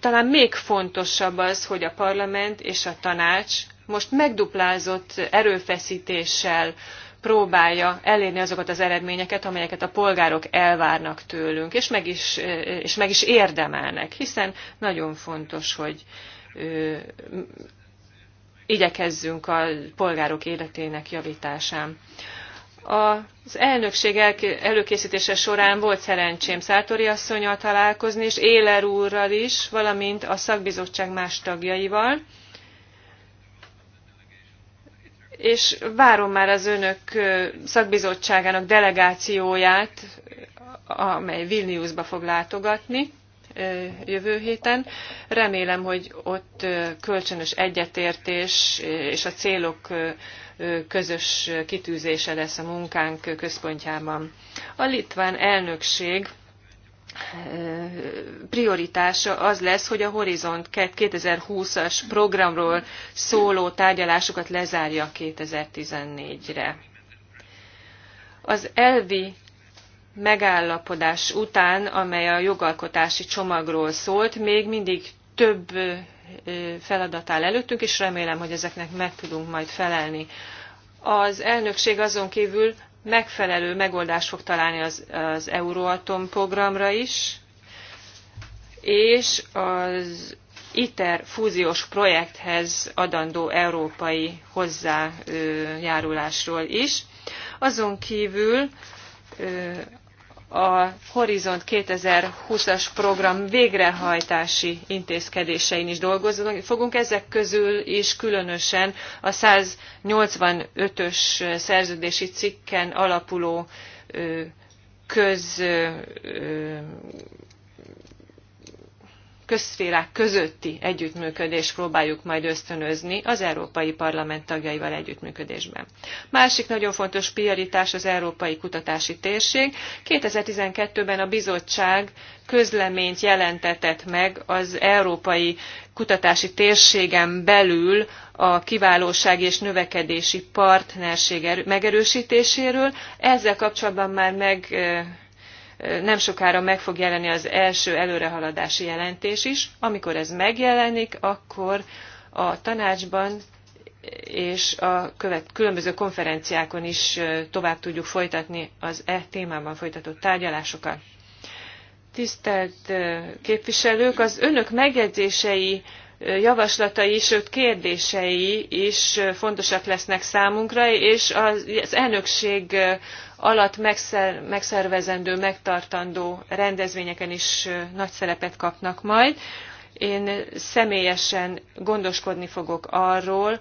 talán még fontosabb az, hogy a parlament és a tanács most megduplázott erőfeszítéssel próbálja elérni azokat az eredményeket, amelyeket a polgárok elvárnak tőlünk, és meg is, és meg is érdemelnek, hiszen nagyon fontos, hogy igyekezzünk a polgárok életének javításán. Az elnökség előkészítése során volt szerencsém Szátori asszonyal találkozni, és Éler úrral is, valamint a szakbizottság más tagjaival. És várom már az önök szakbizottságának delegációját, amely Vilniusba fog látogatni jövő héten. Remélem, hogy ott kölcsönös egyetértés és a célok közös kitűzése lesz a munkánk központjában. A litván elnökség eh, prioritása az lesz, hogy a Horizont 2020-as programról szóló tárgyalásokat lezárja 2014-re. Az elvi megállapodás után, amely a jogalkotási csomagról szólt, még mindig több feladat áll előttünk, és remélem, hogy ezeknek meg tudunk majd felelni. Az elnökség azon kívül megfelelő megoldást fog találni az, az Euróatom programra is, és az ITER fúziós projekthez adandó európai hozzájárulásról is. Azon kívül a Horizont 2020-as program végrehajtási intézkedésein is dolgozni fogunk. Ezek közül is különösen a 185-ös szerződési cikken alapuló köz közszférák közötti együttműködést próbáljuk majd ösztönözni az Európai Parlament tagjaival együttműködésben. Másik nagyon fontos prioritás az Európai Kutatási Térség. 2012-ben a bizottság közleményt jelentetett meg az Európai Kutatási Térségen belül a kiválóság és növekedési partnerség megerősítéséről. Ezzel kapcsolatban már meg eh, nem sokára meg fog jelenni az első előrehaladási jelentés is. Amikor ez megjelenik, akkor a tanácsban és a követ, különböző konferenciákon is tovább tudjuk folytatni az e témában folytatott tárgyalásokat. Tisztelt képviselők, az önök megjegyzései, javaslatai, sőt kérdései is fontosak lesznek számunkra, és az elnökség alatt megszervezendő, megtartandó rendezvényeken is nagy szerepet kapnak majd. Én személyesen gondoskodni fogok arról,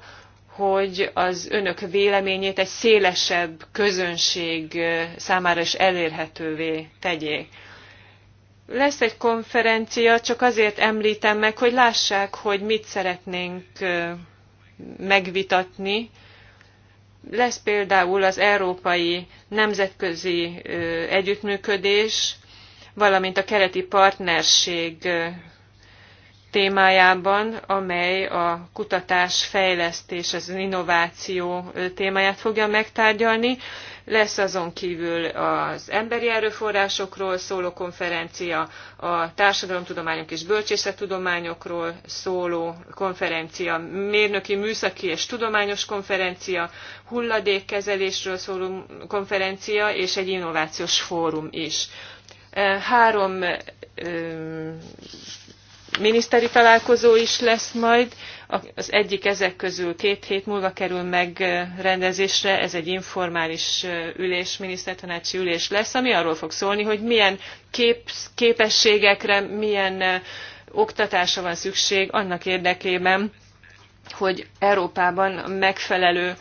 hogy az önök véleményét egy szélesebb közönség számára is elérhetővé tegyék. Lesz egy konferencia, csak azért említem meg, hogy lássák, hogy mit szeretnénk megvitatni, lesz például az európai nemzetközi együttműködés, valamint a kereti partnerség témájában, amely a kutatás, fejlesztés, az innováció témáját fogja megtárgyalni. Lesz azon kívül az emberi erőforrásokról szóló konferencia, a társadalomtudományok és bölcsészettudományokról szóló konferencia, mérnöki, műszaki és tudományos konferencia, hulladékkezelésről szóló konferencia és egy innovációs fórum is. E, három miniszteri találkozó is lesz majd, az egyik ezek közül két hét múlva kerül megrendezésre, ez egy informális ülés, minisztertanácsi ülés lesz, ami arról fog szólni, hogy milyen kép, képességekre, milyen oktatásra van szükség annak érdekében, hogy Európában megfelelő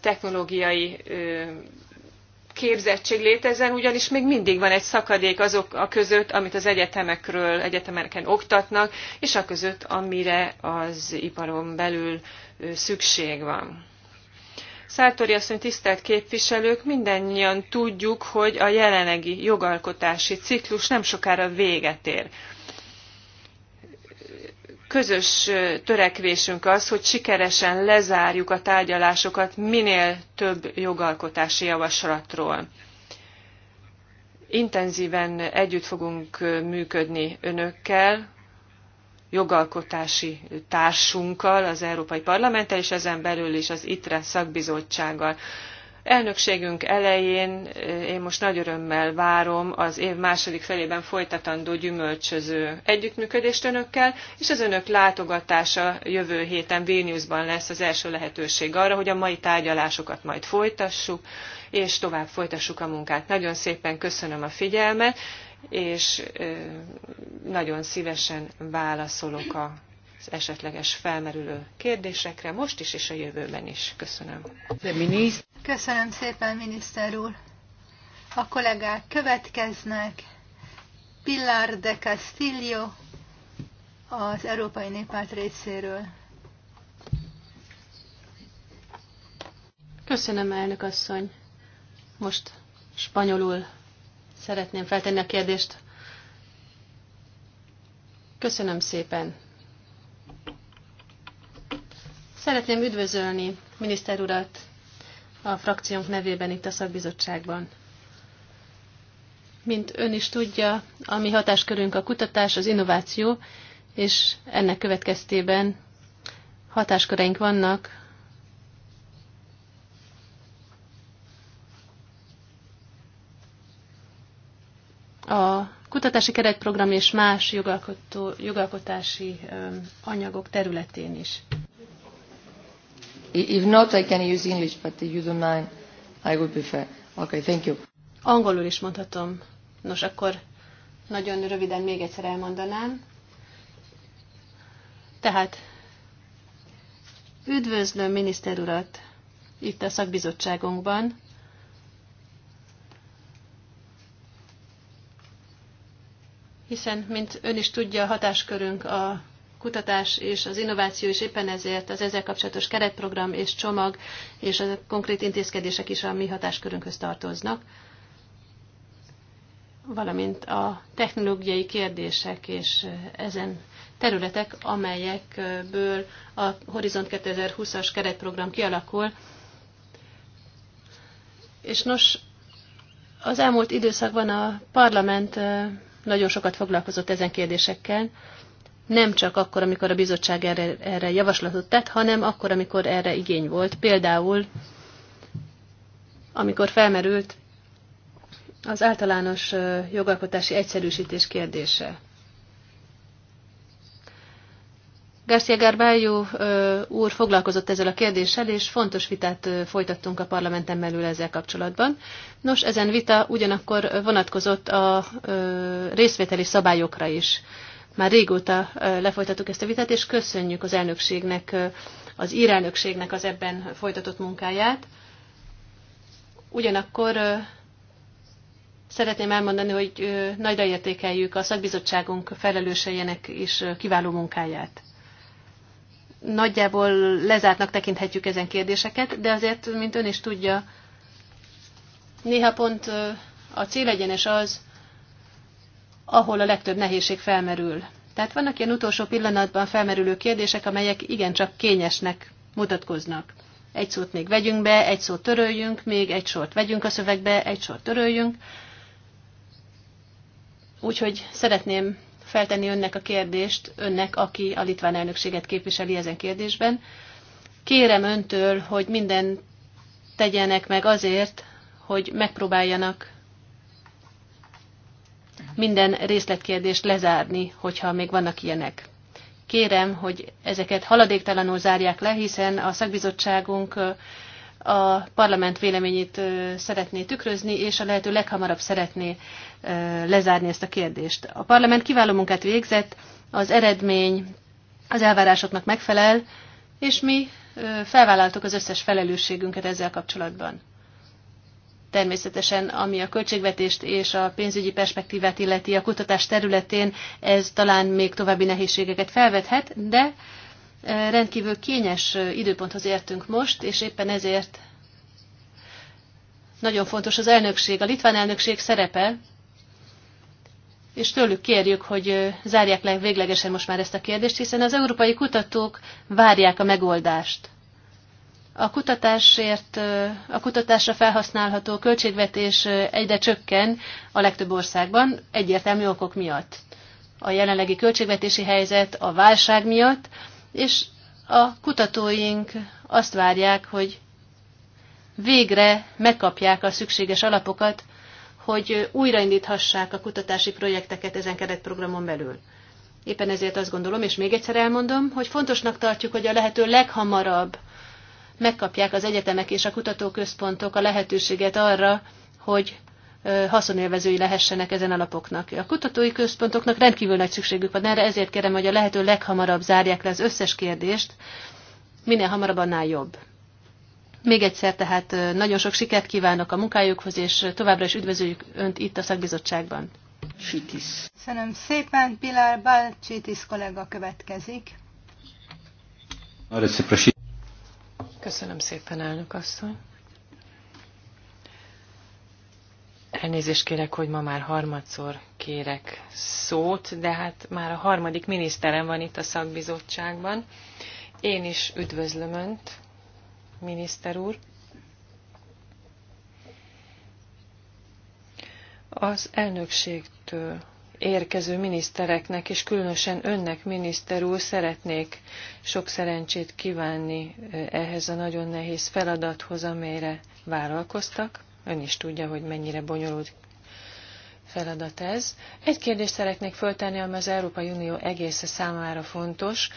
technológiai képzettség létezzen, ugyanis még mindig van egy szakadék azok a között, amit az egyetemekről, egyetemeken oktatnak, és a között, amire az iparon belül szükség van. Szátori asszony, tisztelt képviselők, mindannyian tudjuk, hogy a jelenlegi jogalkotási ciklus nem sokára véget ér közös törekvésünk az, hogy sikeresen lezárjuk a tárgyalásokat minél több jogalkotási javaslatról. Intenzíven együtt fogunk működni önökkel, jogalkotási társunkkal, az Európai Parlamenttel, és ezen belül is az ITRE szakbizottsággal. Elnökségünk elején eh, én most nagy örömmel várom az év második felében folytatandó gyümölcsöző együttműködést önökkel, és az önök látogatása jövő héten Vilniusban lesz az első lehetőség arra, hogy a mai tárgyalásokat majd folytassuk, és tovább folytassuk a munkát. Nagyon szépen köszönöm a figyelmet, és eh, nagyon szívesen válaszolok a az esetleges felmerülő kérdésekre, most is és a jövőben is. Köszönöm. Köszönöm szépen, miniszter úr. A kollégák következnek. Pilar de Castillo az Európai Néppárt részéről. Köszönöm, elnök asszony. Most spanyolul szeretném feltenni a kérdést. Köszönöm szépen. Szeretném üdvözölni miniszter urat a frakciónk nevében itt a szakbizottságban. Mint ön is tudja, a mi hatáskörünk a kutatás, az innováció, és ennek következtében hatásköreink vannak a kutatási keretprogram és más jogalkotási anyagok területén is. If not, I can use English, but if you don't mind, I would prefer. Okay, thank you. Angolul is mondhatom. Nos, akkor nagyon röviden még egyszer elmondanám. Tehát üdvözlöm miniszter urat itt a szakbizottságunkban. Hiszen, mint ön is tudja, hatáskörünk a kutatás és az innováció is éppen ezért az ezzel kapcsolatos keretprogram és csomag és a konkrét intézkedések is a mi hatáskörünkhöz tartoznak, valamint a technológiai kérdések és eh, ezen területek, amelyekből a Horizont 2020-as keretprogram kialakul. És nos, az elmúlt időszakban a parlament eh, nagyon sokat foglalkozott ezen kérdésekkel, nem csak akkor, amikor a bizottság erre, erre javaslatot tett, hanem akkor, amikor erre igény volt. Például, amikor felmerült az általános jogalkotási egyszerűsítés kérdése. García Garbályó úr foglalkozott ezzel a kérdéssel, és fontos vitát folytattunk a parlamenten belül ezzel kapcsolatban. Nos, ezen vita ugyanakkor vonatkozott a részvételi szabályokra is. Már régóta lefolytattuk ezt a vitát, és köszönjük az elnökségnek, az írelnökségnek az ebben folytatott munkáját. Ugyanakkor szeretném elmondani, hogy nagyra értékeljük a szakbizottságunk felelőseinek is kiváló munkáját nagyjából lezártnak tekinthetjük ezen kérdéseket, de azért, mint ön is tudja, néha pont a célegyenes az, ahol a legtöbb nehézség felmerül. Tehát vannak ilyen utolsó pillanatban felmerülő kérdések, amelyek igencsak kényesnek mutatkoznak. Egy szót még vegyünk be, egy szót töröljünk, még egy sort vegyünk a szövegbe, egy sort töröljünk. Úgyhogy szeretném feltenni önnek a kérdést, önnek, aki a litván elnökséget képviseli ezen kérdésben. Kérem öntől, hogy minden tegyenek meg azért, hogy megpróbáljanak minden részletkérdést lezárni, hogyha még vannak ilyenek. Kérem, hogy ezeket haladéktalanul zárják le, hiszen a szakbizottságunk a parlament véleményét szeretné tükrözni, és a lehető leghamarabb szeretné lezárni ezt a kérdést. A parlament kiváló munkát végzett, az eredmény az elvárásoknak megfelel, és mi felvállaltuk az összes felelősségünket ezzel kapcsolatban. Természetesen, ami a költségvetést és a pénzügyi perspektívát illeti a kutatás területén, ez talán még további nehézségeket felvethet, de eh, rendkívül kényes eh, időponthoz értünk most, és éppen ezért nagyon fontos az elnökség, a litván elnökség szerepe, és tőlük kérjük, hogy eh, zárják le véglegesen most már ezt a kérdést, hiszen az európai kutatók várják a megoldást. A kutatásért, a kutatásra felhasználható költségvetés egyre csökken a legtöbb országban, egyértelmű okok miatt. A jelenlegi költségvetési helyzet a válság miatt, és a kutatóink azt várják, hogy végre megkapják a szükséges alapokat, hogy újraindíthassák a kutatási projekteket ezen keretprogramon belül. Éppen ezért azt gondolom, és még egyszer elmondom, hogy fontosnak tartjuk, hogy a lehető leghamarabb megkapják az egyetemek és a kutatóközpontok a lehetőséget arra, hogy haszonélvezői lehessenek ezen alapoknak. A kutatói központoknak rendkívül nagy szükségük van erre, ezért kérem, hogy a lehető leghamarabb zárják le az összes kérdést, minél hamarabb annál jobb. Még egyszer tehát nagyon sok sikert kívánok a munkájukhoz, és továbbra is üdvözöljük Önt itt a szakbizottságban. Csitis. Köszönöm szépen, Pilar Balcsitis kollega következik. Köszönöm szépen, elnök asszony. Elnézést kérek, hogy ma már harmadszor kérek szót, de hát már a harmadik miniszterem van itt a szakbizottságban. Én is üdvözlöm Önt, miniszter úr. Az elnökségtől érkező minisztereknek, és különösen önnek, miniszter úr, szeretnék sok szerencsét kívánni ehhez a nagyon nehéz feladathoz, amelyre vállalkoztak. Ön is tudja, hogy mennyire bonyolult feladat ez. Egy kérdést szeretnék föltenni, ami az Európai Unió egésze számára fontos.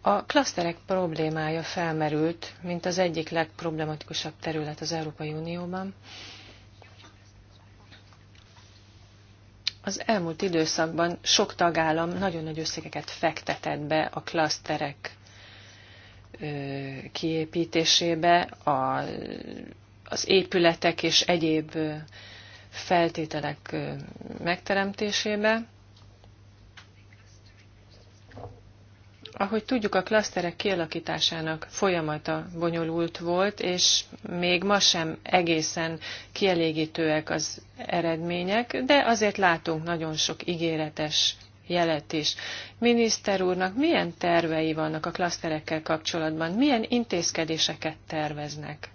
A klaszterek problémája felmerült, mint az egyik legproblematikusabb terület az Európai Unióban. Az elmúlt időszakban sok tagállam nagyon nagy összegeket fektetett be a klaszterek kiépítésébe, a, az épületek és egyéb feltételek megteremtésébe. Ahogy tudjuk, a klaszterek kialakításának folyamata bonyolult volt, és még ma sem egészen kielégítőek az eredmények, de azért látunk nagyon sok ígéretes jelet is. Miniszter úrnak milyen tervei vannak a klaszterekkel kapcsolatban? Milyen intézkedéseket terveznek?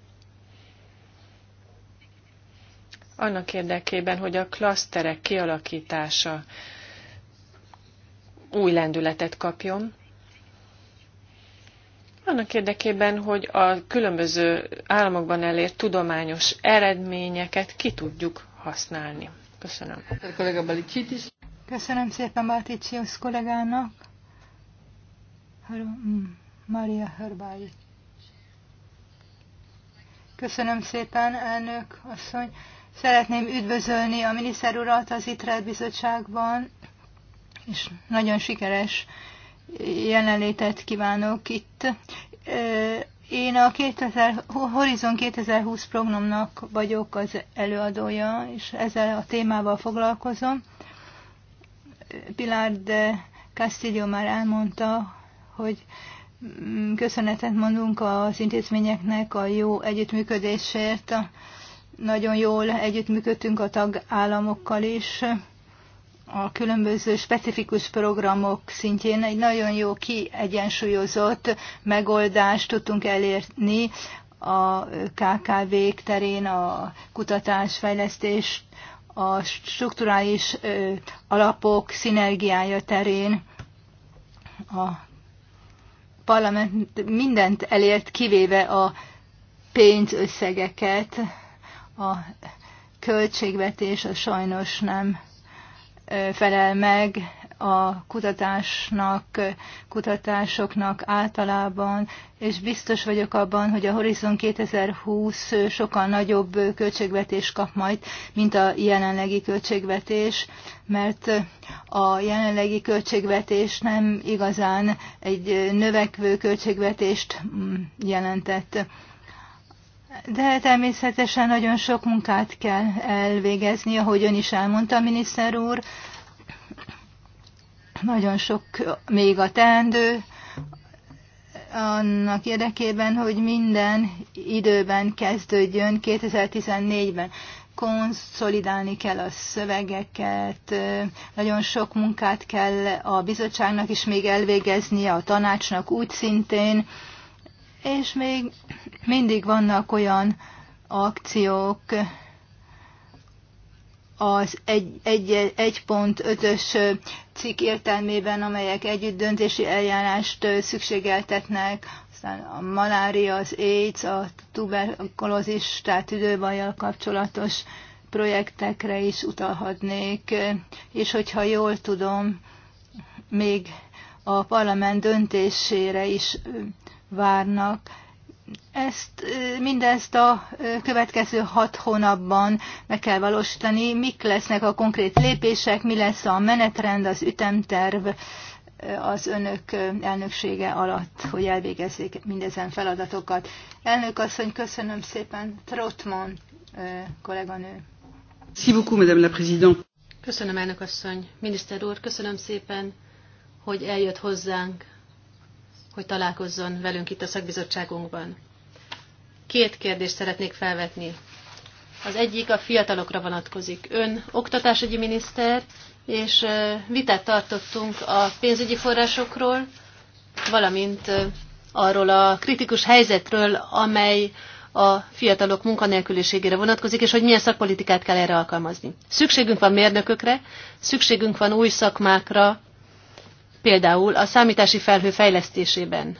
Annak érdekében, hogy a klaszterek kialakítása új lendületet kapjon, annak érdekében, hogy a különböző államokban elért tudományos eredményeket ki tudjuk használni. Köszönöm. Köszönöm szépen Báticsiusz kollégának. Mm, Maria Hörbály. Köszönöm szépen, elnök asszony. Szeretném üdvözölni a miniszter urat az ITRED bizottságban, és nagyon sikeres jelenlétet kívánok itt. Én a 2000, Horizon 2020 programnak vagyok az előadója, és ezzel a témával foglalkozom. Pilar de Castillo már elmondta, hogy köszönetet mondunk az intézményeknek a jó együttműködésért. Nagyon jól együttműködtünk a tagállamokkal is a különböző specifikus programok szintjén egy nagyon jó kiegyensúlyozott megoldást tudtunk elérni a KKV-k terén, a kutatásfejlesztés, a strukturális alapok szinergiája terén. A parlament mindent elért, kivéve a pénzösszegeket, a költségvetés a sajnos nem felel meg a kutatásnak, kutatásoknak általában, és biztos vagyok abban, hogy a Horizon 2020 sokkal nagyobb költségvetés kap majd, mint a jelenlegi költségvetés, mert a jelenlegi költségvetés nem igazán egy növekvő költségvetést mm, jelentett. De természetesen nagyon sok munkát kell elvégezni, ahogy ön is elmondta, miniszter úr. Nagyon sok még a teendő annak érdekében, hogy minden időben kezdődjön 2014-ben. Konszolidálni kell a szövegeket, nagyon sok munkát kell a bizottságnak is még elvégezni, a tanácsnak úgy szintén és még mindig vannak olyan akciók, az 1.5-ös cikk értelmében, amelyek együtt döntési eljárást szükségeltetnek, aztán a malária, az AIDS, a tuberkulózis, tehát időbajjal kapcsolatos projektekre is utalhatnék, és hogyha jól tudom, még a parlament döntésére is várnak. Ezt, mindezt a következő hat hónapban meg kell valósítani, mik lesznek a konkrét lépések, mi lesz a menetrend, az ütemterv az önök elnöksége alatt, hogy elvégezzék mindezen feladatokat. Elnök asszony, köszönöm szépen, Trotman kolléganő. Köszönöm, elnök asszony. Miniszter úr, köszönöm szépen, hogy eljött hozzánk hogy találkozzon velünk itt a szakbizottságunkban. Két kérdést szeretnék felvetni. Az egyik a fiatalokra vonatkozik. Ön oktatásügyi miniszter, és vitát tartottunk a pénzügyi forrásokról, valamint arról a kritikus helyzetről, amely a fiatalok munkanélküliségére vonatkozik, és hogy milyen szakpolitikát kell erre alkalmazni. Szükségünk van mérnökökre, szükségünk van új szakmákra, például a számítási felhő fejlesztésében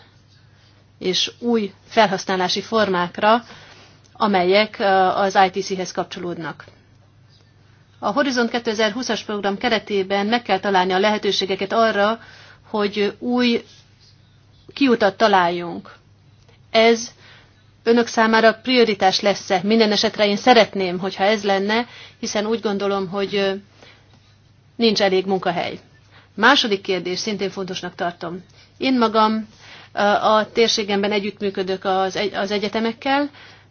és új felhasználási formákra, amelyek az ITC-hez kapcsolódnak. A Horizont 2020-as program keretében meg kell találni a lehetőségeket arra, hogy új kiutat találjunk. Ez önök számára prioritás lesz-e? Minden esetre én szeretném, hogyha ez lenne, hiszen úgy gondolom, hogy nincs elég munkahely. Második kérdés, szintén fontosnak tartom. Én magam a térségemben együttműködök az, egy, az egyetemekkel,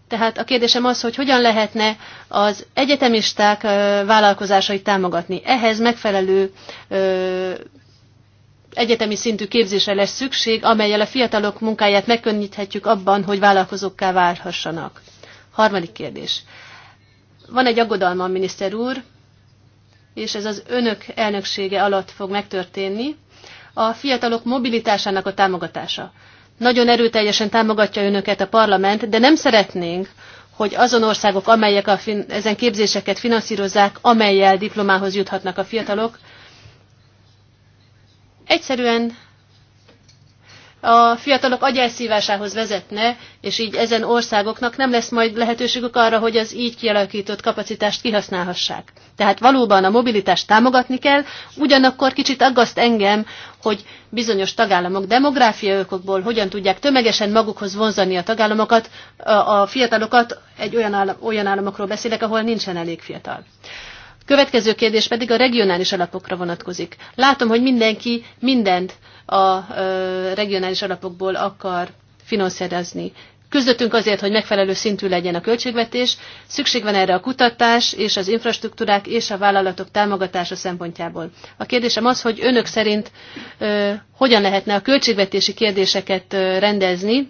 tehát a kérdésem az, hogy hogyan lehetne az egyetemisták vállalkozásait támogatni. Ehhez megfelelő egyetemi szintű képzésre lesz szükség, amelyel a fiatalok munkáját megkönnyíthetjük abban, hogy vállalkozókká válhassanak. Harmadik kérdés. Van egy aggodalma, miniszter úr, és ez az önök elnöksége alatt fog megtörténni, a fiatalok mobilitásának a támogatása. Nagyon erőteljesen támogatja önöket a parlament, de nem szeretnénk, hogy azon országok, amelyek a fin- ezen képzéseket finanszírozzák, amelyel diplomához juthatnak a fiatalok, egyszerűen a fiatalok agyelszívásához vezetne, és így ezen országoknak nem lesz majd lehetőségük arra, hogy az így kialakított kapacitást kihasználhassák. Tehát valóban a mobilitást támogatni kell, ugyanakkor kicsit aggaszt engem, hogy bizonyos tagállamok demográfiai okokból hogyan tudják tömegesen magukhoz vonzani a tagállamokat, a fiatalokat, egy olyan, állam, olyan államokról beszélek, ahol nincsen elég fiatal. Következő kérdés pedig a regionális alapokra vonatkozik. Látom, hogy mindenki mindent a regionális alapokból akar finanszírozni. Küzdöttünk azért, hogy megfelelő szintű legyen a költségvetés, szükség van erre a kutatás és az infrastruktúrák és a vállalatok támogatása szempontjából. A kérdésem az, hogy önök szerint ö, hogyan lehetne a költségvetési kérdéseket ö, rendezni,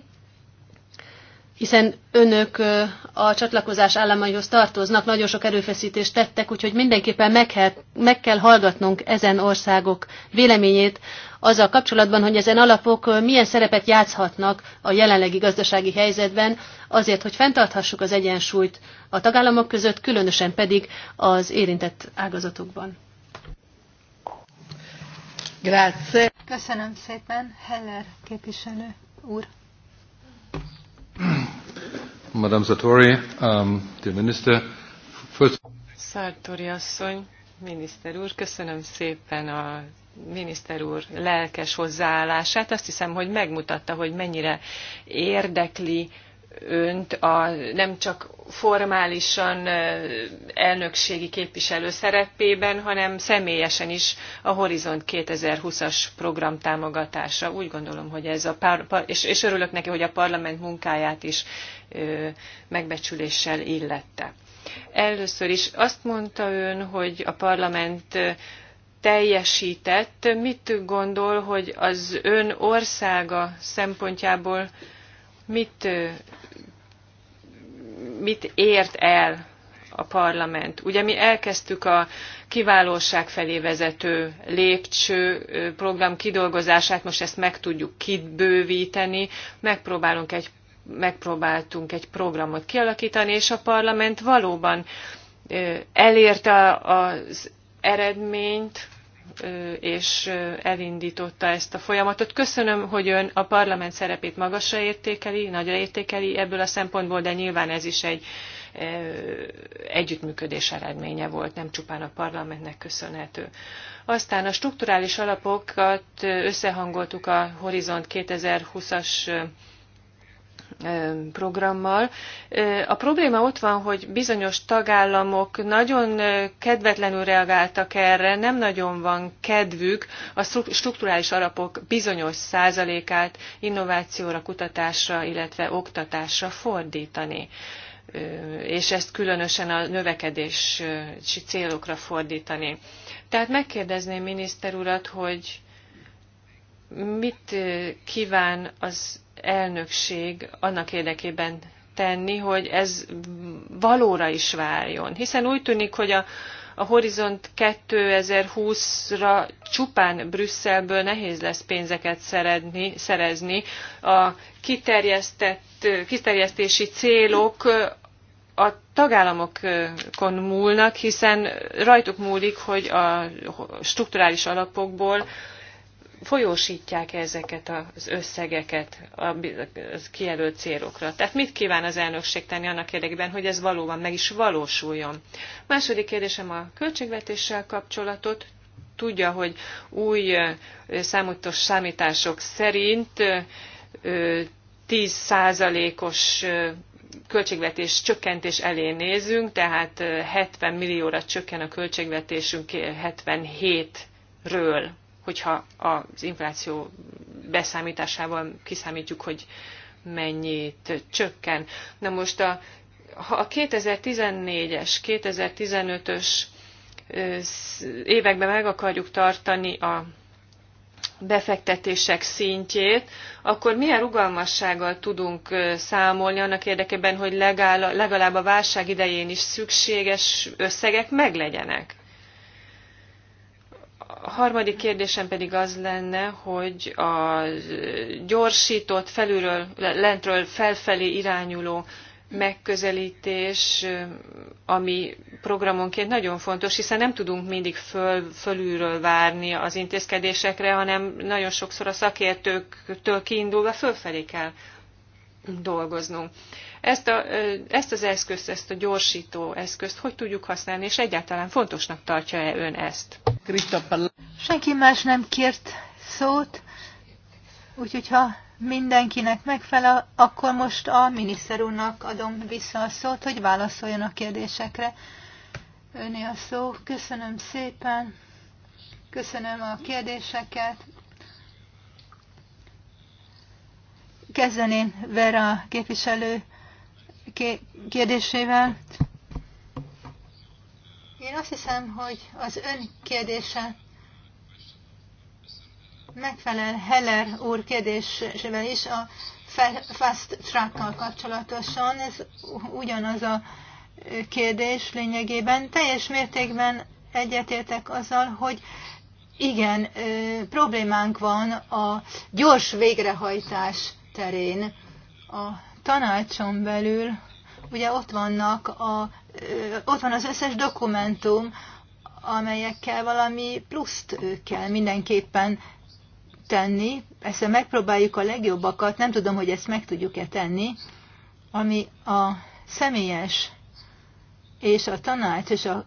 hiszen önök a csatlakozás államaihoz tartoznak, nagyon sok erőfeszítést tettek, úgyhogy mindenképpen meg kell, meg kell hallgatnunk ezen országok véleményét azzal kapcsolatban, hogy ezen alapok milyen szerepet játszhatnak a jelenlegi gazdasági helyzetben, azért, hogy fenntarthassuk az egyensúlyt a tagállamok között, különösen pedig az érintett ágazatokban. Grazie. Köszönöm szépen, Heller képviselő úr. Madame Sartori, um, dear Minister, first... Sartori asszony, miniszter úr, köszönöm szépen a miniszter úr lelkes hozzáállását. Azt hiszem, hogy megmutatta, hogy mennyire érdekli önt a, nem csak formálisan elnökségi képviselő szerepében, hanem személyesen is a Horizont 2020-as program támogatása. Úgy gondolom, hogy ez a pár, és, és örülök neki, hogy a parlament munkáját is ö, megbecsüléssel illette. Először is azt mondta ön, hogy a parlament teljesített. Mit gondol, hogy az ön országa szempontjából mit mit ért el a parlament. Ugye mi elkezdtük a kiválóság felé vezető lépcső program kidolgozását, most ezt meg tudjuk kibővíteni, megpróbálunk egy, megpróbáltunk egy programot kialakítani, és a parlament valóban elérte az eredményt, és elindította ezt a folyamatot. Köszönöm, hogy ön a parlament szerepét magasra értékeli, nagyra értékeli ebből a szempontból, de nyilván ez is egy együttműködés eredménye volt, nem csupán a parlamentnek köszönhető. Aztán a strukturális alapokat összehangoltuk a Horizont 2020-as programmal. A probléma ott van, hogy bizonyos tagállamok nagyon kedvetlenül reagáltak erre, nem nagyon van kedvük a strukturális alapok bizonyos százalékát innovációra, kutatásra, illetve oktatásra fordítani és ezt különösen a növekedési célokra fordítani. Tehát megkérdezném miniszter urat, hogy mit kíván az elnökség annak érdekében tenni, hogy ez valóra is váljon. Hiszen úgy tűnik, hogy a, a Horizont 2020-ra csupán Brüsszelből nehéz lesz pénzeket szeredni, szerezni. A kiterjesztett, kiterjesztési célok a tagállamokon múlnak, hiszen rajtuk múlik, hogy a strukturális alapokból folyósítják ezeket az összegeket a kijelölt célokra. Tehát mit kíván az elnökség tenni annak érdekében, hogy ez valóban meg is valósuljon? Második kérdésem a költségvetéssel kapcsolatot. Tudja, hogy új számítos számítások szerint 10%-os költségvetés csökkentés elé nézünk, tehát 70 millióra csökken a költségvetésünk 77-ről hogyha az infláció beszámításával kiszámítjuk, hogy mennyit csökken. Na most a, a 2014-es, 2015-ös években meg akarjuk tartani a befektetések szintjét, akkor milyen rugalmassággal tudunk számolni annak érdekében, hogy legalább a válság idején is szükséges összegek meglegyenek? A harmadik kérdésem pedig az lenne, hogy a gyorsított, felülről, lentről felfelé irányuló megközelítés, ami programonként nagyon fontos, hiszen nem tudunk mindig föl, fölülről várni az intézkedésekre, hanem nagyon sokszor a szakértőktől kiindulva fölfelé kell dolgoznunk. Ezt, a, ezt az eszközt, ezt a gyorsító eszközt hogy tudjuk használni, és egyáltalán fontosnak tartja-e ön ezt? Senki más nem kért szót, úgyhogy ha mindenkinek megfelel, akkor most a miniszter úrnak adom vissza a szót, hogy válaszoljon a kérdésekre. Öné a szó. Köszönöm szépen. Köszönöm a kérdéseket. Kezdeném Vera képviselő kérdésével. Én azt hiszem, hogy az ön kérdése megfelel Heller úr kérdésével is a fast track kapcsolatosan. Ez ugyanaz a kérdés lényegében. Teljes mértékben egyetértek azzal, hogy igen, problémánk van a gyors végrehajtás terén. A tanácson belül ugye ott vannak a, ott van az összes dokumentum, amelyekkel valami pluszt kell mindenképpen tenni. Ezt megpróbáljuk a legjobbakat, nem tudom, hogy ezt meg tudjuk-e tenni, ami a személyes és a tanács és a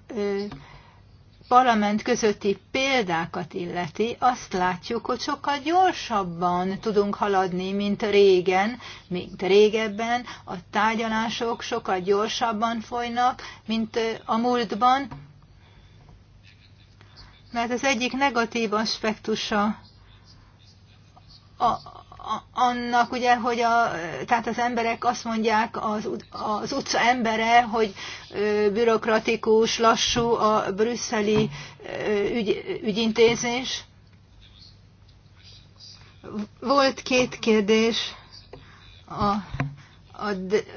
parlament közötti példákat illeti, azt látjuk, hogy sokkal gyorsabban tudunk haladni, mint régen, mint régebben, a tárgyalások sokkal gyorsabban folynak, mint a múltban, mert az egyik negatív aspektusa a, annak ugye, hogy a, tehát az emberek azt mondják, az, az utca embere, hogy bürokratikus, lassú a brüsszeli ügy, ügyintézés. Volt két kérdés a, a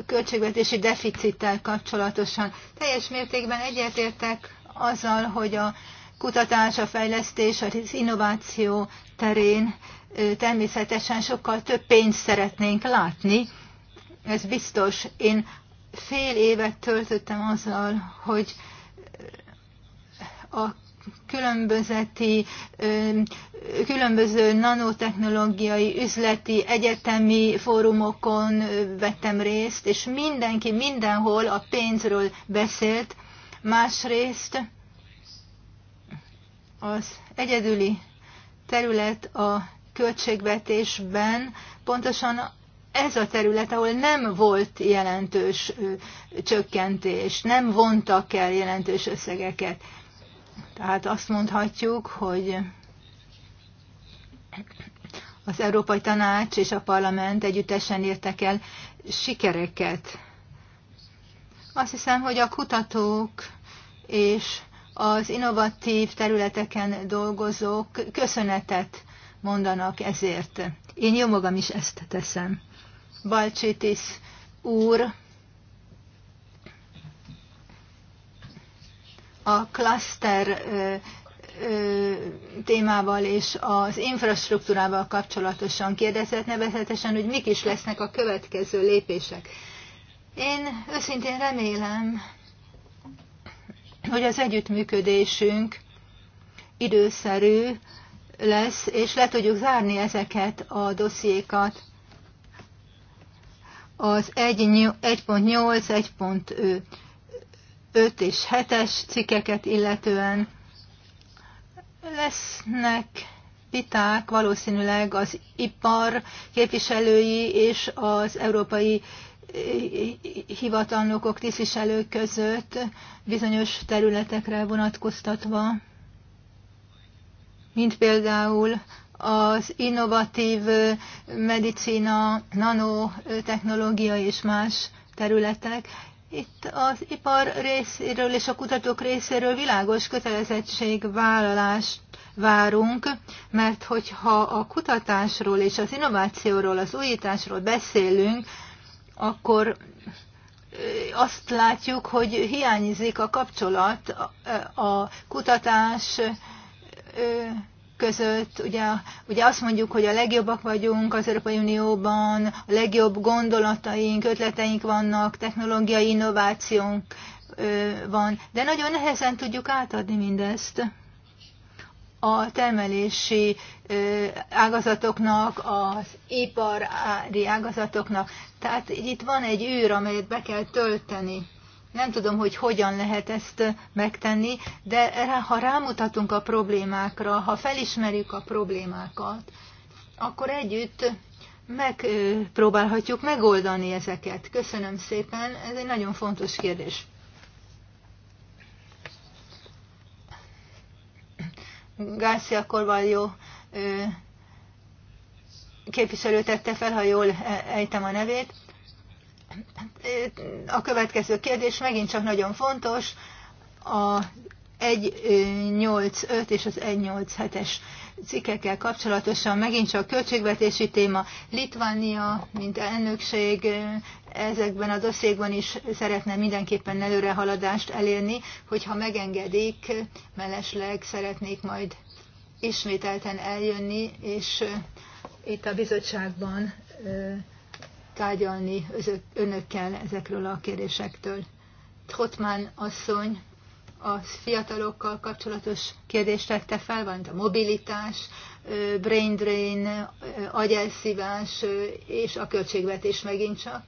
költségvetési deficittel kapcsolatosan. Teljes mértékben egyetértek azzal, hogy a kutatás, a fejlesztés, az innováció terén természetesen sokkal több pénzt szeretnénk látni, ez biztos. Én fél évet töltöttem azzal, hogy a különbözeti, különböző nanotechnológiai, üzleti, egyetemi fórumokon vettem részt, és mindenki mindenhol a pénzről beszélt. Másrészt az egyedüli terület a költségvetésben pontosan ez a terület, ahol nem volt jelentős csökkentés, nem vontak el jelentős összegeket. Tehát azt mondhatjuk, hogy az Európai Tanács és a Parlament együttesen értek el sikereket. Azt hiszem, hogy a kutatók és az innovatív területeken dolgozók köszönetet mondanak ezért. Én jó magam is ezt teszem. Balcsitis úr a klaszter témával és az infrastruktúrával kapcsolatosan kérdezett, nevezetesen, hogy mik is lesznek a következő lépések. Én őszintén remélem, hogy az együttműködésünk időszerű, lesz, és le tudjuk zárni ezeket a dossziékat. Az 1.8, 1.5 és 7-es cikkeket illetően lesznek viták valószínűleg az ipar képviselői és az európai hivatalnokok, tisztviselők között bizonyos területekre vonatkoztatva mint például az innovatív medicina, nanotechnológia és más területek. Itt az ipar részéről és a kutatók részéről világos kötelezettségvállalást várunk, mert hogyha a kutatásról és az innovációról, az újításról beszélünk, akkor azt látjuk, hogy hiányzik a kapcsolat a kutatás között, ugye, ugye azt mondjuk, hogy a legjobbak vagyunk az Európai Unióban, a legjobb gondolataink, ötleteink vannak, technológiai innovációnk van, de nagyon nehezen tudjuk átadni mindezt a termelési ágazatoknak, az ipari ágazatoknak. Tehát itt van egy űr, amelyet be kell tölteni. Nem tudom, hogy hogyan lehet ezt megtenni, de ha rámutatunk a problémákra, ha felismerjük a problémákat, akkor együtt megpróbálhatjuk megoldani ezeket. Köszönöm szépen, ez egy nagyon fontos kérdés. Garcia Corvallo képviselő tette fel, ha jól e-, ejtem a nevét a következő kérdés megint csak nagyon fontos, a 185 és az 187-es cikkekkel kapcsolatosan megint csak költségvetési téma. Litvánia, mint elnökség, ezekben a dosszékban is szeretne mindenképpen előrehaladást elérni, hogyha megengedik, mellesleg szeretnék majd ismételten eljönni, és itt a bizottságban tárgyalni önökkel ezekről a kérdésektől. Trotman asszony a fiatalokkal kapcsolatos kérdést tette fel, van a mobilitás, brain drain, agyelszívás és a költségvetés megint csak.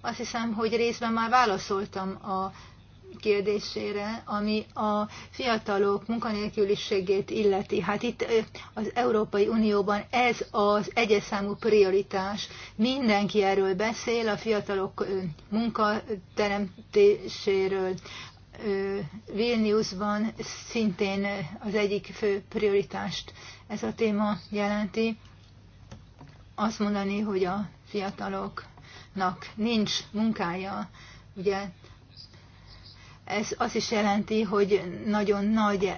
Azt hiszem, hogy részben már válaszoltam a kérdésére, ami a fiatalok munkanélküliségét illeti. Hát itt az Európai Unióban ez az egyes számú prioritás. Mindenki erről beszél, a fiatalok munkateremtéséről. Vilniusban szintén az egyik fő prioritást ez a téma jelenti. Azt mondani, hogy a fiataloknak nincs munkája, ugye ez azt is jelenti, hogy nagyon nagy eh,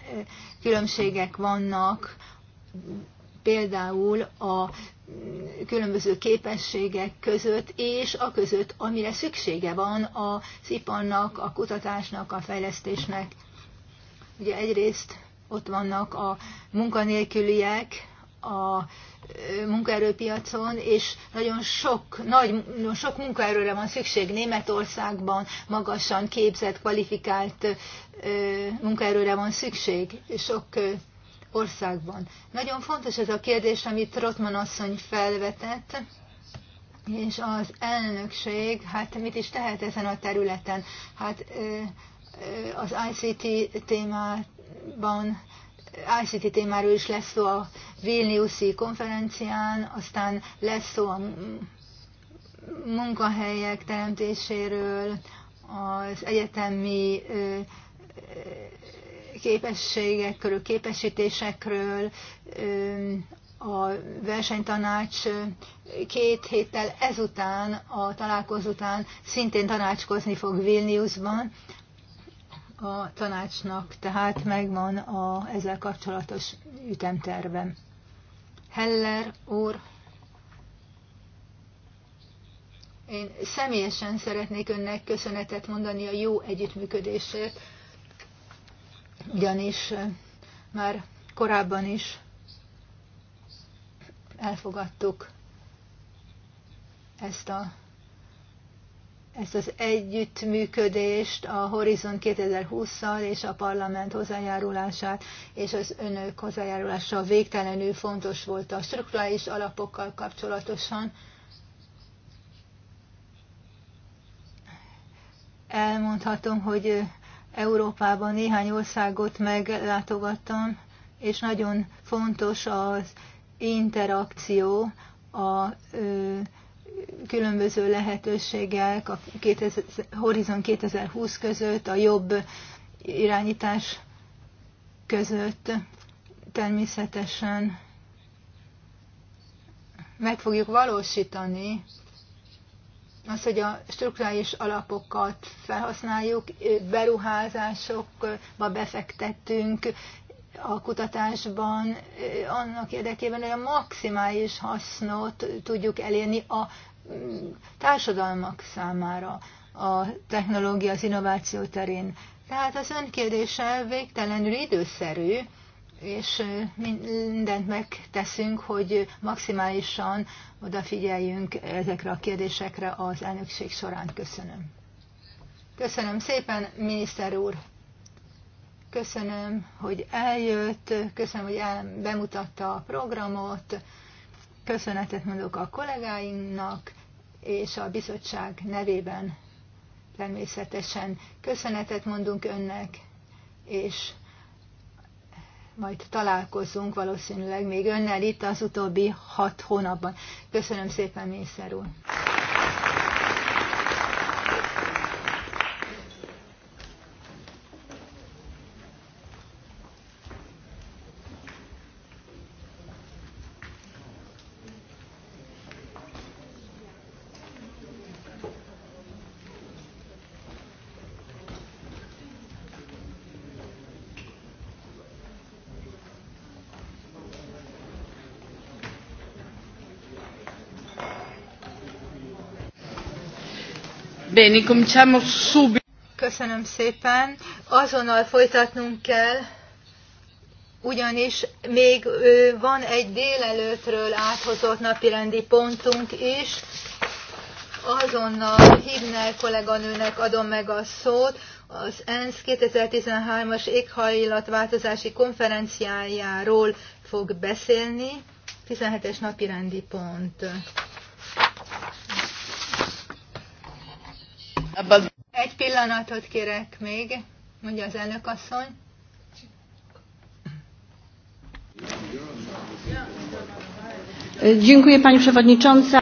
különbségek vannak például a különböző képességek között, és a között, amire szüksége van az iparnak, a kutatásnak, a fejlesztésnek. Ugye egyrészt ott vannak a munkanélküliek, a munkaerőpiacon, és nagyon sok, nagy, nagyon sok munkaerőre van szükség Németországban, magasan képzett, kvalifikált munkaerőre van szükség sok országban. Nagyon fontos ez a kérdés, amit Rotman asszony felvetett, és az elnökség, hát mit is tehet ezen a területen? Hát az ICT témában ICT témáról is lesz szó a Vilniuszi konferencián, aztán lesz szó a munkahelyek teremtéséről, az egyetemi képességekről, képesítésekről, a versenytanács két héttel ezután, a találkozó után szintén tanácskozni fog Vilniusban a tanácsnak, tehát megvan a ezzel kapcsolatos ütemtervem. Heller úr, én személyesen szeretnék önnek köszönetet mondani a jó együttműködésért, ugyanis eh, már korábban is elfogadtuk ezt a ezt az együttműködést a Horizon 2020-szal és a parlament hozzájárulását és az önök hozzájárulása végtelenül fontos volt a strukturális alapokkal kapcsolatosan. Elmondhatom, hogy Európában néhány országot meglátogattam, és nagyon fontos az interakció a különböző lehetőségek a 2000, Horizon 2020 között, a jobb irányítás között természetesen meg fogjuk valósítani az, hogy a strukturális alapokat felhasználjuk, beruházásokba befektettünk, a kutatásban eh, annak érdekében, hogy a maximális hasznot tudjuk elérni a mm, társadalmak számára a technológia, az innováció terén. Tehát az kérdése végtelenül időszerű, és eh, mindent megteszünk, hogy maximálisan odafigyeljünk ezekre a kérdésekre az elnökség során. Köszönöm. Köszönöm szépen, miniszter úr! köszönöm, hogy eljött, köszönöm, hogy el, bemutatta a programot, köszönetet mondok a kollégáimnak, és a bizottság nevében természetesen köszönetet mondunk önnek, és majd találkozunk valószínűleg még önnel itt az utóbbi hat hónapban. Köszönöm szépen, Mészer úr! Bene, cominciamo subito. Köszönöm szépen. Azonnal folytatnunk kell, ugyanis még van egy délelőtről áthozott napirendi pontunk is. Azonnal Hibner kolléganőnek adom meg a szót az ENSZ 2013-as éghajlatváltozási konferenciájáról fog beszélni. 17-es napirendi pont. Egy pillanatot kérek még, mondja az elnök asszony. Dziękuję Pani Przewodnicząca.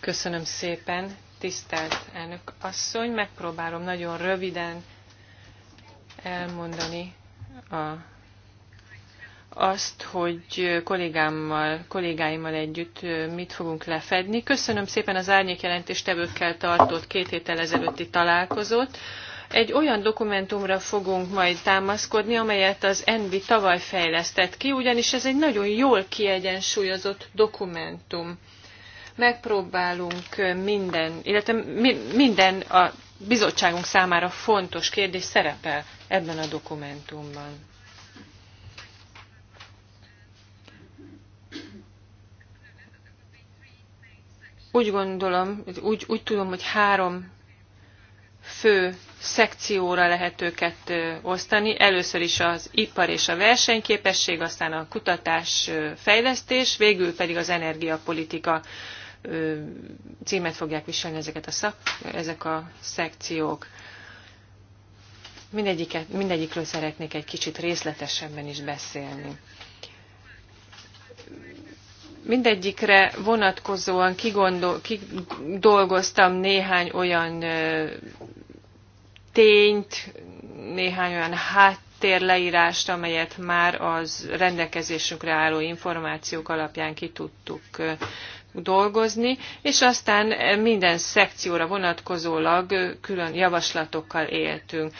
Köszönöm szépen, tisztelt elnök asszony. Megpróbálom nagyon röviden elmondani a azt, hogy kollégámmal, kollégáimmal együtt mit fogunk lefedni. Köszönöm szépen az árnyék jelentéstevőkkel tartott két héttel ezelőtti találkozót. Egy olyan dokumentumra fogunk majd támaszkodni, amelyet az Envi tavaly fejlesztett ki, ugyanis ez egy nagyon jól kiegyensúlyozott dokumentum. Megpróbálunk minden, illetve minden a bizottságunk számára fontos kérdés szerepel ebben a dokumentumban. úgy gondolom, úgy, úgy tudom, hogy három fő szekcióra lehet őket osztani. Először is az ipar és a versenyképesség, aztán a kutatás, fejlesztés, végül pedig az energiapolitika címet fogják viselni ezeket a szak, ezek a szekciók. Mindegyiket, mindegyikről szeretnék egy kicsit részletesebben is beszélni mindegyikre vonatkozóan kidolgoztam néhány olyan tényt, néhány olyan háttérleírást, amelyet már az rendelkezésünkre álló információk alapján ki tudtuk dolgozni, és aztán minden szekcióra vonatkozólag külön javaslatokkal éltünk